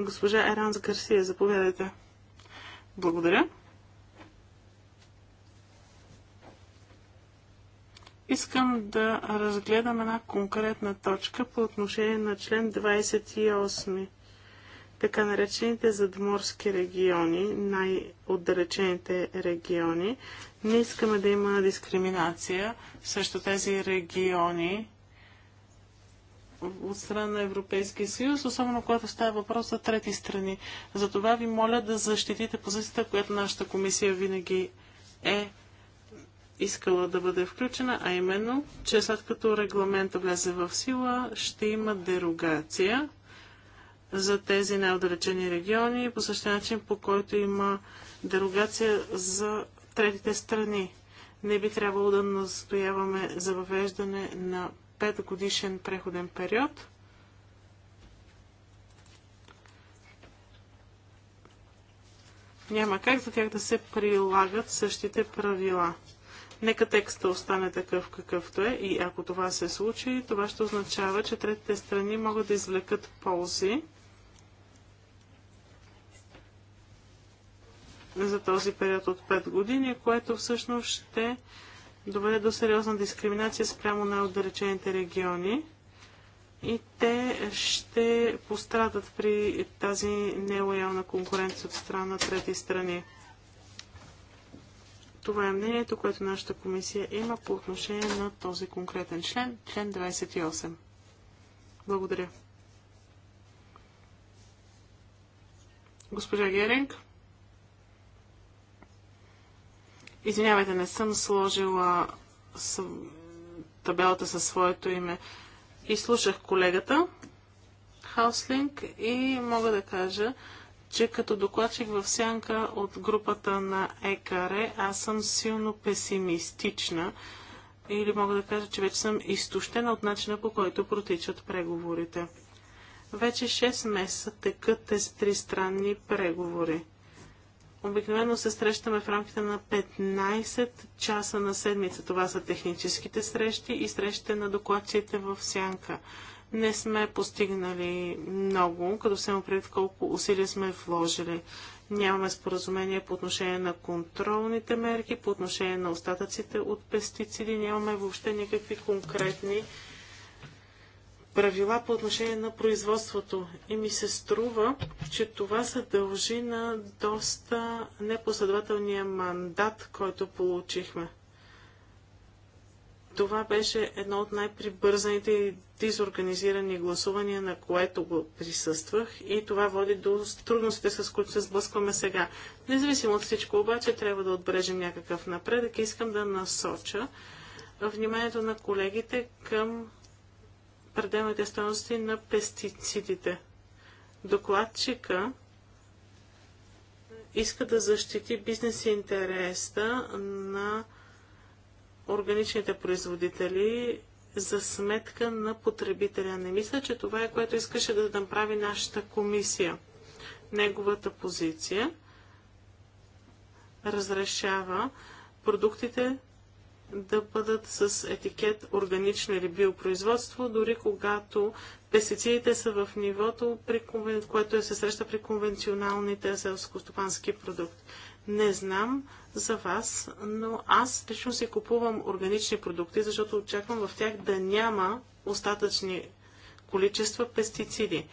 Госпожа Еранс Гарсия, заповядайте. Благодаря. Искам да разгледам една конкретна точка по отношение на член 28. Така наречените задморски региони, най-отдалечените региони, не искаме да има дискриминация срещу тези региони от страна на Европейския съюз, особено когато става въпрос за трети страни. Затова ви моля да защитите позицията, която нашата комисия винаги е искала да бъде включена, а именно, че след като регламента влезе в сила, ще има дерогация за тези най-отдалечени региони, по същия начин, по който има дерогация за третите страни. Не би трябвало да настояваме за въвеждане на 5 годишен преходен период. Няма как за тях да се прилагат същите правила. Нека текста остане такъв какъвто е и ако това се случи, това ще означава, че третите страни могат да извлекат ползи за този период от 5 години, което всъщност ще доведе до сериозна дискриминация спрямо на отдалечените региони и те ще пострадат при тази нелоялна конкуренция от страна на трети страни. Това е мнението, което нашата комисия има по отношение на този конкретен член, член 28. Благодаря. Госпожа Геринг. Извинявайте, не съм сложила табелата със своето име. И слушах колегата Хауслинг и мога да кажа, че като докладчик в сянка от групата на ЕКАРЕ, аз съм силно песимистична или мога да кажа, че вече съм изтощена от начина по който протичат преговорите. Вече 6 месеца текат тези тристранни преговори. Обикновено се срещаме в рамките на 15 часа на седмица. Това са техническите срещи и срещите на докладчите в сянка не сме постигнали много, като се предвид колко усилия сме вложили. Нямаме споразумение по отношение на контролните мерки, по отношение на остатъците от пестициди, нямаме въобще никакви конкретни правила по отношение на производството. И ми се струва, че това се дължи на доста непоследователния мандат, който получихме. Това беше едно от най-прибързаните и дезорганизирани гласувания, на което го присъствах и това води до трудностите, с които се сблъскваме сега. Независимо от всичко, обаче, трябва да отбележим някакъв напредък. Искам да насоча вниманието на колегите към пределните стоености на пестицидите. Докладчика иска да защити бизнес интереса на органичните производители за сметка на потребителя. Не мисля, че това е което искаше да направи нашата комисия. Неговата позиция разрешава продуктите да бъдат с етикет органично или биопроизводство, дори когато пестицидите са в нивото, което се среща при конвенционалните селско-стопански продукти. Не знам за вас, но аз лично си купувам органични продукти, защото очаквам в тях да няма остатъчни количества пестициди.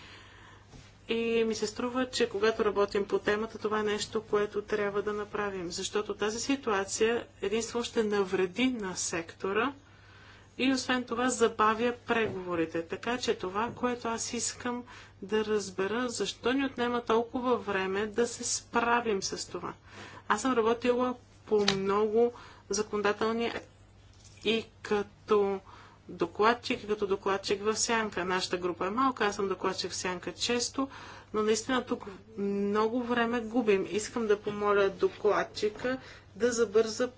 И ми се струва, че когато работим по темата, това е нещо, което трябва да направим, защото тази ситуация единствено ще навреди на сектора, и освен това забавя преговорите. Така че това, което аз искам да разбера, защо ни отнема толкова време да се справим с това. Аз съм работила по много законодателни и като докладчик, и като докладчик в сянка. Нашата група е малка, аз съм докладчик в сянка често, но наистина тук много време губим. Искам да помоля докладчика да забърза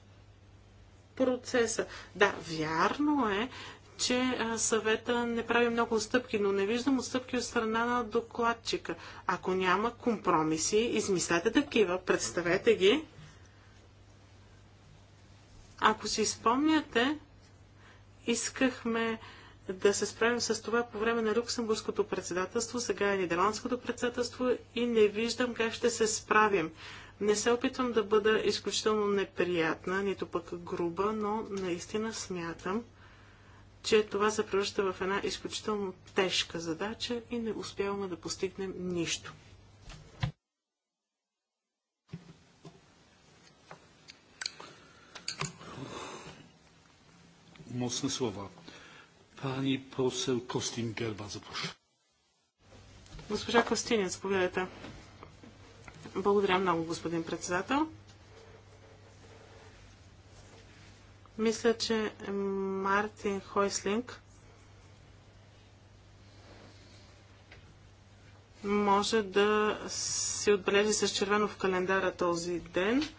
процеса. Да, вярно е, че съвета не прави много стъпки, но не виждам отстъпки от страна на докладчика. Ако няма компромиси, измислете такива, представете ги. Ако си спомняте, искахме да се справим с това по време на Люксембургското председателство, сега е Нидерландското председателство и не виждам как ще се справим. Не се опитвам да бъда изключително неприятна, нито пък груба, но наистина смятам, че това се превръща в една изключително тежка задача и не успяваме да постигнем нищо. Мощни слова. Пани посел Костин Герба zapraszam. Госпожа Костиня, заповядайте. Благодаря много, господин председател. Мисля, че Мартин Хойслинг може да си отбележи с червено в календара този ден.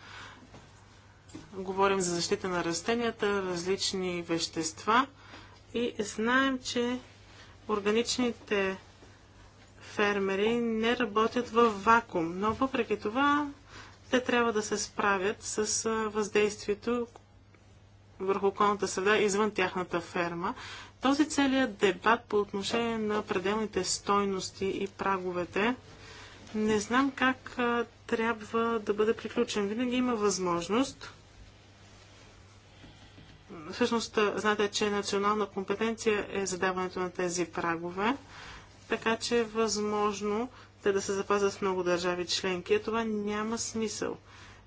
Говорим за защита на растенията, различни вещества и знаем, че органичните фермери не работят в вакуум, но въпреки това те трябва да се справят с въздействието върху околната среда извън тяхната ферма. Този целият дебат по отношение на пределните стойности и праговете не знам как трябва да бъде приключен. Винаги има възможност. Всъщност, знаете, че национална компетенция е задаването на тези прагове така че е възможно те да се запазят в много държави членки. А това няма смисъл.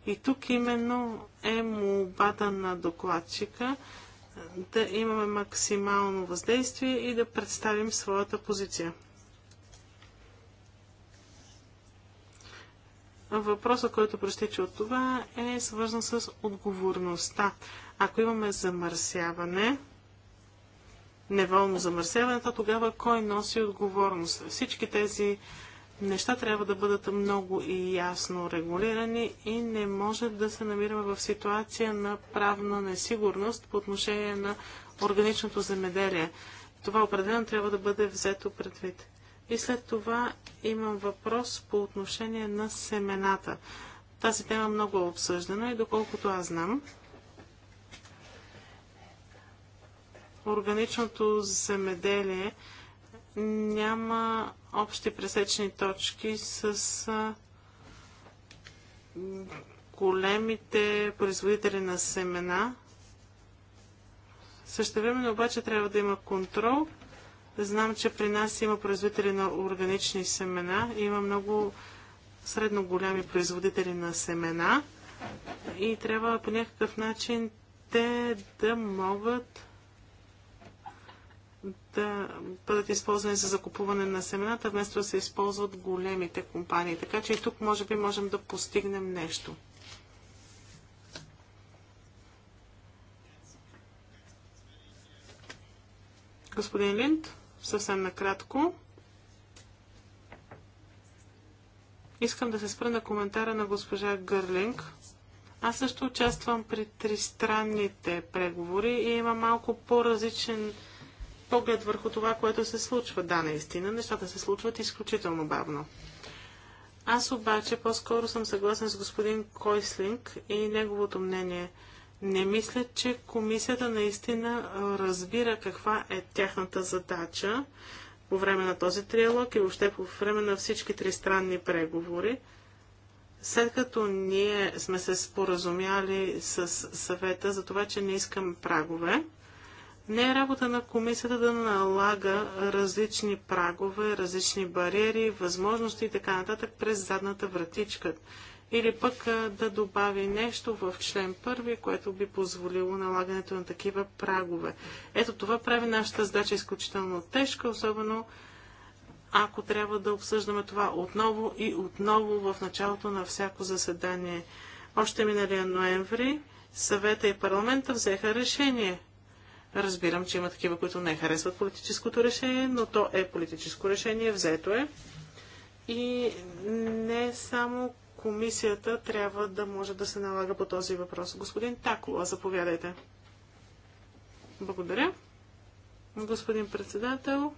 И тук именно е молбата на докладчика е, да имаме максимално въздействие и да представим своята позиция. Въпросът, който престича от това, е свързан с отговорността. Ако имаме замърсяване, неволно замърсяване, замърсяването, тогава кой носи отговорност? Всички тези неща трябва да бъдат много и ясно регулирани и не може да се намираме в ситуация на правна несигурност по отношение на органичното земеделие. Това определено трябва да бъде взето предвид. И след това имам въпрос по отношение на семената. Тази тема е много е обсъждана и доколкото аз знам, органичното земеделие няма общи пресечни точки с големите производители на семена. време обаче трябва да има контрол. Знам, че при нас има производители на органични семена. Има много средно големи производители на семена. И трябва по някакъв начин те да могат да бъдат използвани за закупуване на семената, вместо да се използват големите компании. Така че и тук може би можем да постигнем нещо. Господин Линд, съвсем накратко. Искам да се спра на коментара на госпожа Гърлинг. Аз също участвам при тристранните преговори и има малко по-различен поглед върху това, което се случва. Да, наистина, нещата се случват изключително бавно. Аз обаче по-скоро съм съгласен с господин Койслинг и неговото мнение. Не мисля, че комисията наистина разбира каква е тяхната задача по време на този триалог и въобще по време на всички тристранни преговори. След като ние сме се споразумяли с съвета за това, че не искам прагове, не е работа на комисията да налага различни прагове, различни бариери, възможности и така нататък през задната вратичка. Или пък да добави нещо в член първи, което би позволило налагането на такива прагове. Ето това прави нашата задача изключително тежка, особено ако трябва да обсъждаме това отново и отново в началото на всяко заседание. Още миналия ноември съвета и парламента взеха решение Разбирам, че има такива, които не харесват политическото решение, но то е политическо решение, взето е. И не само комисията трябва да може да се налага по този въпрос. Господин Такова, заповядайте. Благодаря. Господин председател,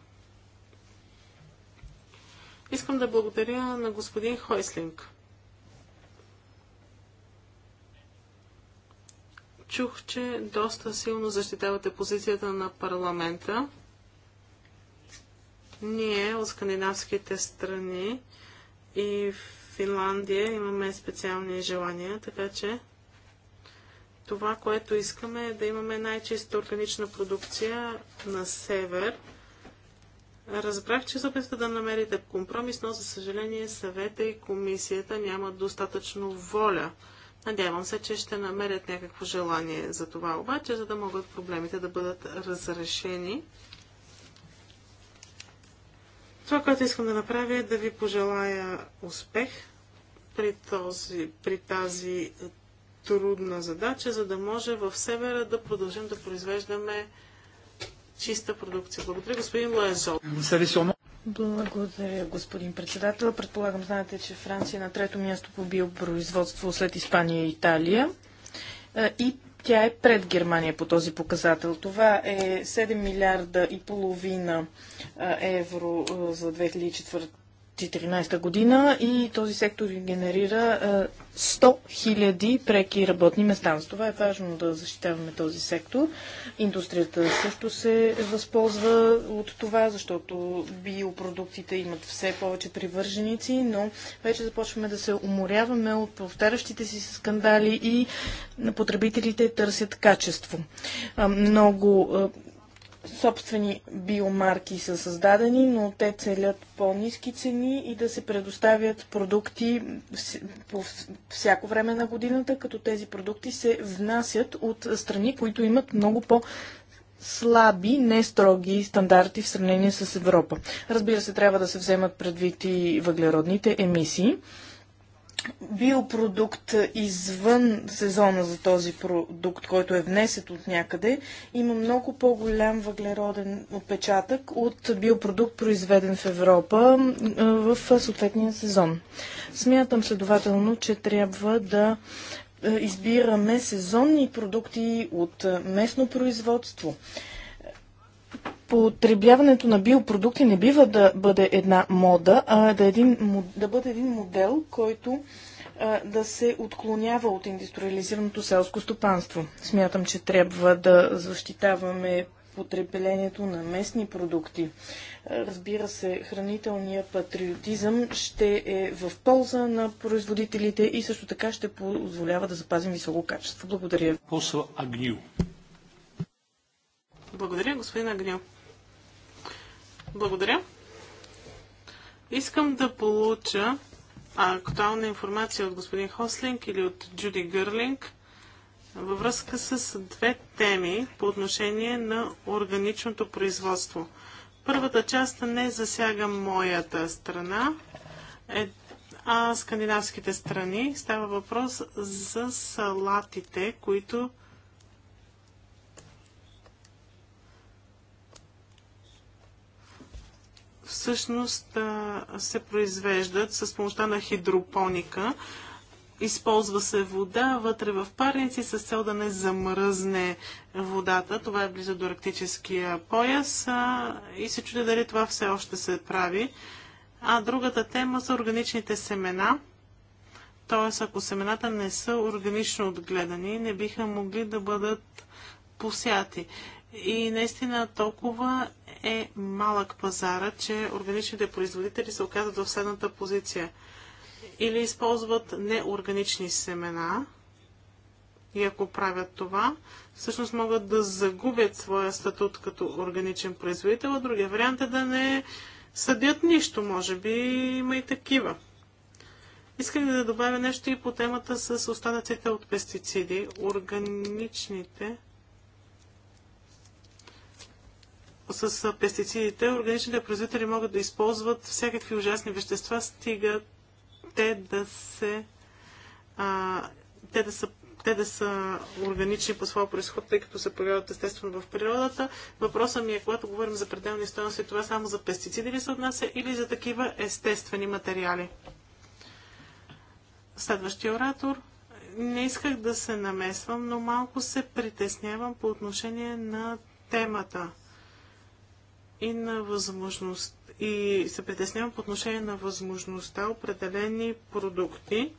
искам да благодаря на господин Хойслинг. Чух, че доста силно защитавате позицията на парламента. Ние от скандинавските страни и Финландия имаме специални желания, така че това, което искаме е да имаме най-чиста органична продукция на север. Разбрах, че се опитвате да намерите компромис, но за съжаление съвета и комисията нямат достатъчно воля Надявам се, че ще намерят някакво желание за това обаче, за да могат проблемите да бъдат разрешени. Това, което искам да направя е да ви пожелая успех при, този, при тази трудна задача, за да може в севера да продължим да произвеждаме чиста продукция. Благодаря, господин Лоезо. Благодаря, господин председател. Предполагам, знаете, че Франция е на трето място по биопроизводство след Испания и Италия. Е, и тя е пред Германия по този показател. Това е 7 милиарда и половина е, евро е, за 2004 2014 година и този сектор генерира 100 е, 000 преки работни места. С това е важно да защитаваме този сектор. Индустрията също се възползва от това, защото биопродуктите имат все повече привърженици, но вече започваме да се уморяваме от повтарящите си скандали и потребителите търсят качество. Е, много е, собствени биомарки са създадени, но те целят по-низки цени и да се предоставят продукти по всяко време на годината, като тези продукти се внасят от страни, които имат много по- слаби, не строги стандарти в сравнение с Европа. Разбира се, трябва да се вземат предвид и въглеродните емисии биопродукт извън сезона за този продукт, който е внесен от някъде, има много по-голям въглероден отпечатък от биопродукт, произведен в Европа в съответния сезон. Смятам следователно, че трябва да избираме сезонни продукти от местно производство. Потребяването на биопродукти не бива да бъде една мода, а да, един, да бъде един модел, който да се отклонява от индустриализираното селско стопанство. Смятам, че трябва да защитаваме потреблението на местни продукти. Разбира се, хранителният патриотизъм ще е в полза на производителите и също така ще позволява да запазим високо качество. Благодаря. Посла Благодаря, господин Агню. Благодаря. Искам да получа актуална информация от господин Хослинг или от Джуди Гърлинг във връзка с две теми по отношение на органичното производство. Първата част не засяга моята страна, е, а скандинавските страни. Става въпрос за салатите, които всъщност се произвеждат с помощта на хидропоника. Използва се вода вътре в парници с цел да не замръзне водата. Това е близо до арктическия пояс и се чуди дали това все още се прави. А другата тема са органичните семена. Т.е. ако семената не са органично отгледани, не биха могли да бъдат посяти. И наистина толкова е малък пазара, че органичните производители се оказват в следната позиция. Или използват неорганични семена, и ако правят това, всъщност могат да загубят своя статут като органичен производител, а другия вариант е да не съдят нищо, може би има и такива. Искам да добавя нещо и по темата с остатъците от пестициди. Органичните с пестицидите, органичните производители могат да използват всякакви ужасни вещества, стига те да се а, те да са те да са органични по своя происход, тъй като се появяват естествено в природата. Въпросът ми е, когато говорим за пределни стоености, това само за пестициди ли се отнася или за такива естествени материали? Следващия оратор. Не исках да се намесвам, но малко се притеснявам по отношение на темата и на възможност и се притеснявам по отношение на възможността определени продукти,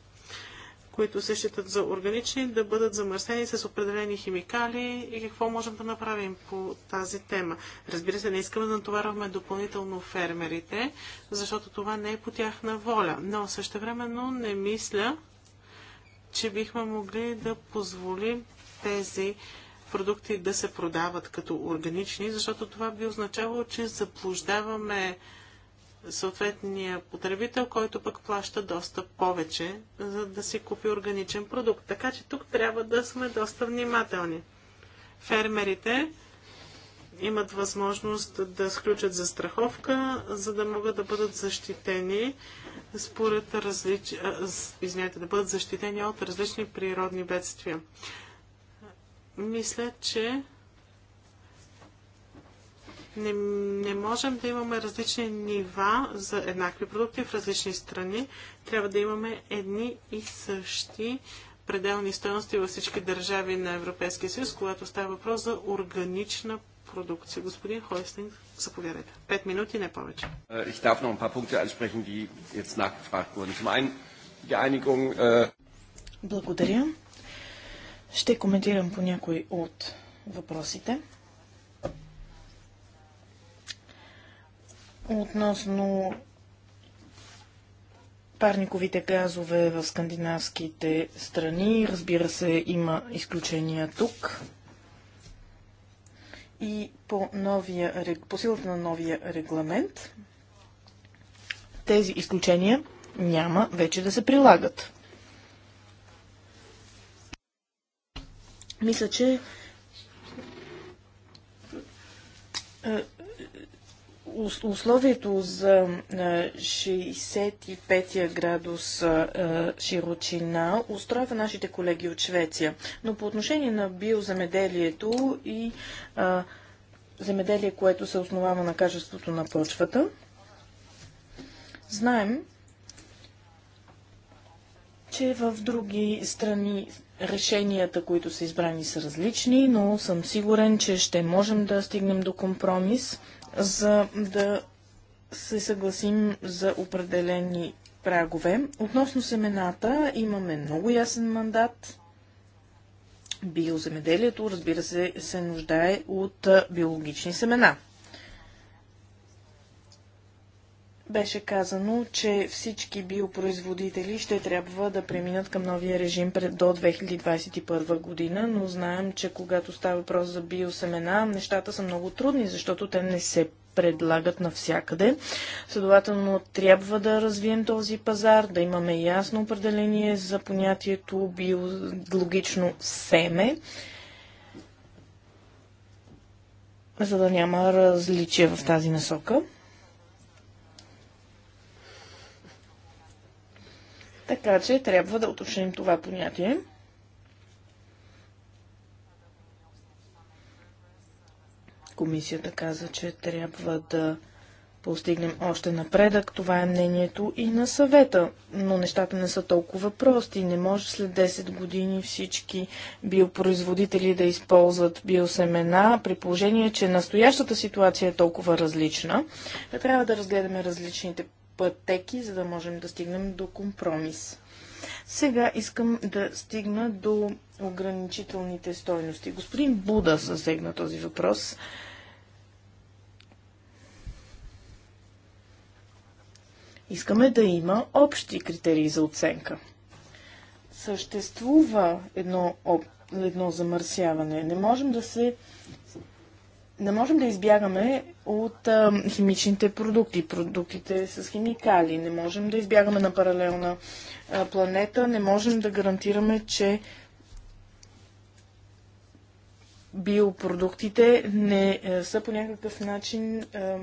които се считат за органични, да бъдат замърсени с определени химикали и какво можем да направим по тази тема. Разбира се, не искаме да натоварваме допълнително фермерите, защото това не е по тяхна воля. Но същевременно не мисля, че бихме могли да позволим тези продукти да се продават като органични, защото това би означавало, че заблуждаваме съответния потребител, който пък плаща доста повече, за да си купи органичен продукт. Така че тук трябва да сме доста внимателни. Фермерите имат възможност да сключат застраховка, за да могат да бъдат защитени според различ... извинете, да бъдат защитени от различни природни бедствия мисля, че не, не можем да имаме различни нива за еднакви продукти в различни страни. Трябва да имаме едни и същи пределни стоености във всички държави на Европейския съюз, когато става въпрос за органична продукция. Господин Хойстинг, заповядайте. Пет минути, не повече. Äh, ich darf noch ein paar Punkte ansprechen, die jetzt nachgefragt wurden. Zum einen die Einigung. Äh, Благодаря. Ще коментирам по някои от въпросите. Относно парниковите газове в скандинавските страни, разбира се, има изключения тук. И по, новия, по силата на новия регламент тези изключения няма вече да се прилагат. Мисля, че е, е, условието за 65 е, я градус широчина устроява нашите колеги от Швеция. Но по отношение на биоземеделието и земеделие, което се основава на качеството на почвата, знаем, че в други страни Решенията, които са избрани, са различни, но съм сигурен, че ще можем да стигнем до компромис, за да се съгласим за определени прагове. Относно семената имаме много ясен мандат. Биоземеделието, разбира се, се нуждае от биологични семена. Беше казано, че всички биопроизводители ще трябва да преминат към новия режим до 2021 година, но знаем, че когато става въпрос за биосемена, нещата са много трудни, защото те не се предлагат навсякъде. Следователно, трябва да развием този пазар, да имаме ясно определение за понятието биологично семе, за да няма различия в тази насока. Така че трябва да уточним това понятие. Комисията каза, че трябва да постигнем още напредък. Това е мнението и на съвета. Но нещата не са толкова прости. Не може след 10 години всички биопроизводители да използват биосемена, при положение, че настоящата ситуация е толкова различна. Трябва да разгледаме различните пътеки, за да можем да стигнем до компромис. Сега искам да стигна до ограничителните стойности. Господин Буда засегна този въпрос. Искаме да има общи критерии за оценка. Съществува едно, едно замърсяване. Не можем да се не можем да избягаме от а, химичните продукти, продуктите с химикали. Не можем да избягаме на паралелна а, планета. Не можем да гарантираме, че биопродуктите не а, е, са по някакъв начин. А,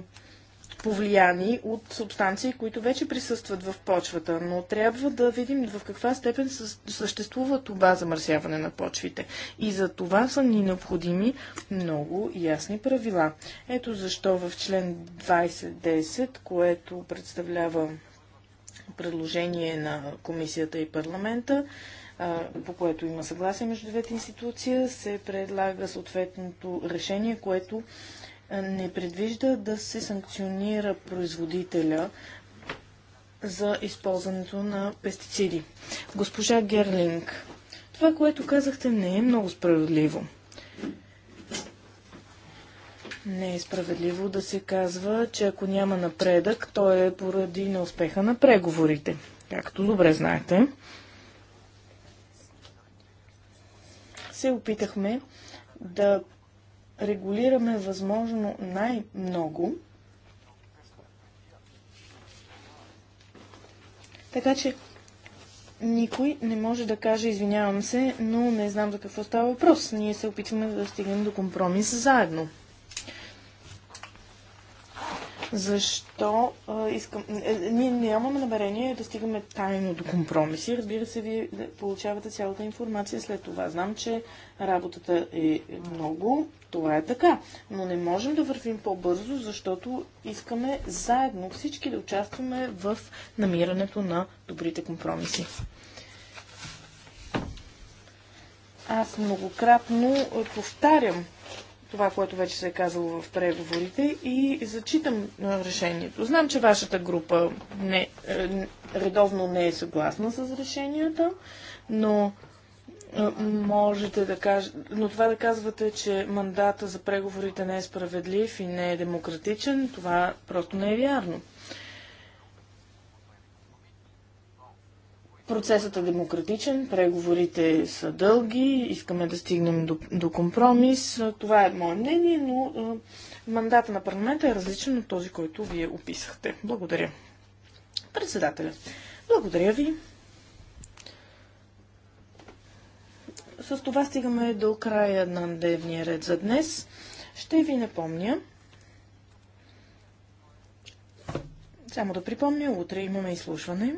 повлияни от субстанции, които вече присъстват в почвата, но трябва да видим в каква степен съществува това замърсяване на почвите. И за това са ни необходими много ясни правила. Ето защо в член 2010, което представлява предложение на комисията и парламента, по което има съгласие между двете институции, се предлага съответното решение, което не предвижда да се санкционира производителя за използването на пестициди. Госпожа Герлинг, това, което казахте, не е много справедливо. Не е справедливо да се казва, че ако няма напредък, то е поради неуспеха на преговорите, както добре знаете. Се опитахме да регулираме възможно най-много, така че никой не може да каже, извинявам се, но не знам за какво става въпрос. Ние се опитваме да стигнем до компромис заедно. Защо а, искам... Е, е ние нямаме намерение да стигаме тайно до компромиси. Разбира се, вие получавате цялата информация след това. Знам, че работата е много това е така. Но не можем да вървим по-бързо, защото искаме заедно всички да участваме в намирането на добрите компромиси. Аз многократно повтарям това, което вече се е казало в преговорите и зачитам решението. Знам, че вашата група не, е, редовно не е съгласна с решенията, но е, можете да кажете, но това да казвате, че мандата за преговорите не е справедлив и не е демократичен, това просто не е вярно. Процесът е демократичен, преговорите са дълги, искаме да стигнем до, до компромис. Е, това е мое мнение, но е, мандата на парламента е различен от този, който вие описахте. Благодаря. Председателя, благодаря ви. С това стигаме до края на дневния ред за днес. Ще ви напомня, само да припомня, утре имаме изслушване.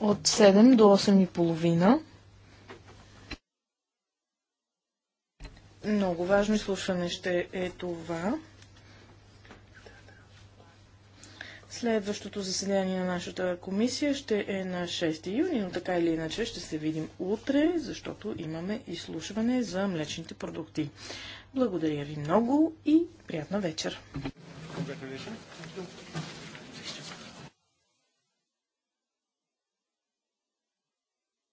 От 7 до 8 и половина. Много важно изслушване ще е това. Следващото заседание на нашата комисия ще е на 6 юни, но така или иначе ще се видим утре, защото имаме изслушване за млечните продукти. Благодаря ви много и приятна вечер!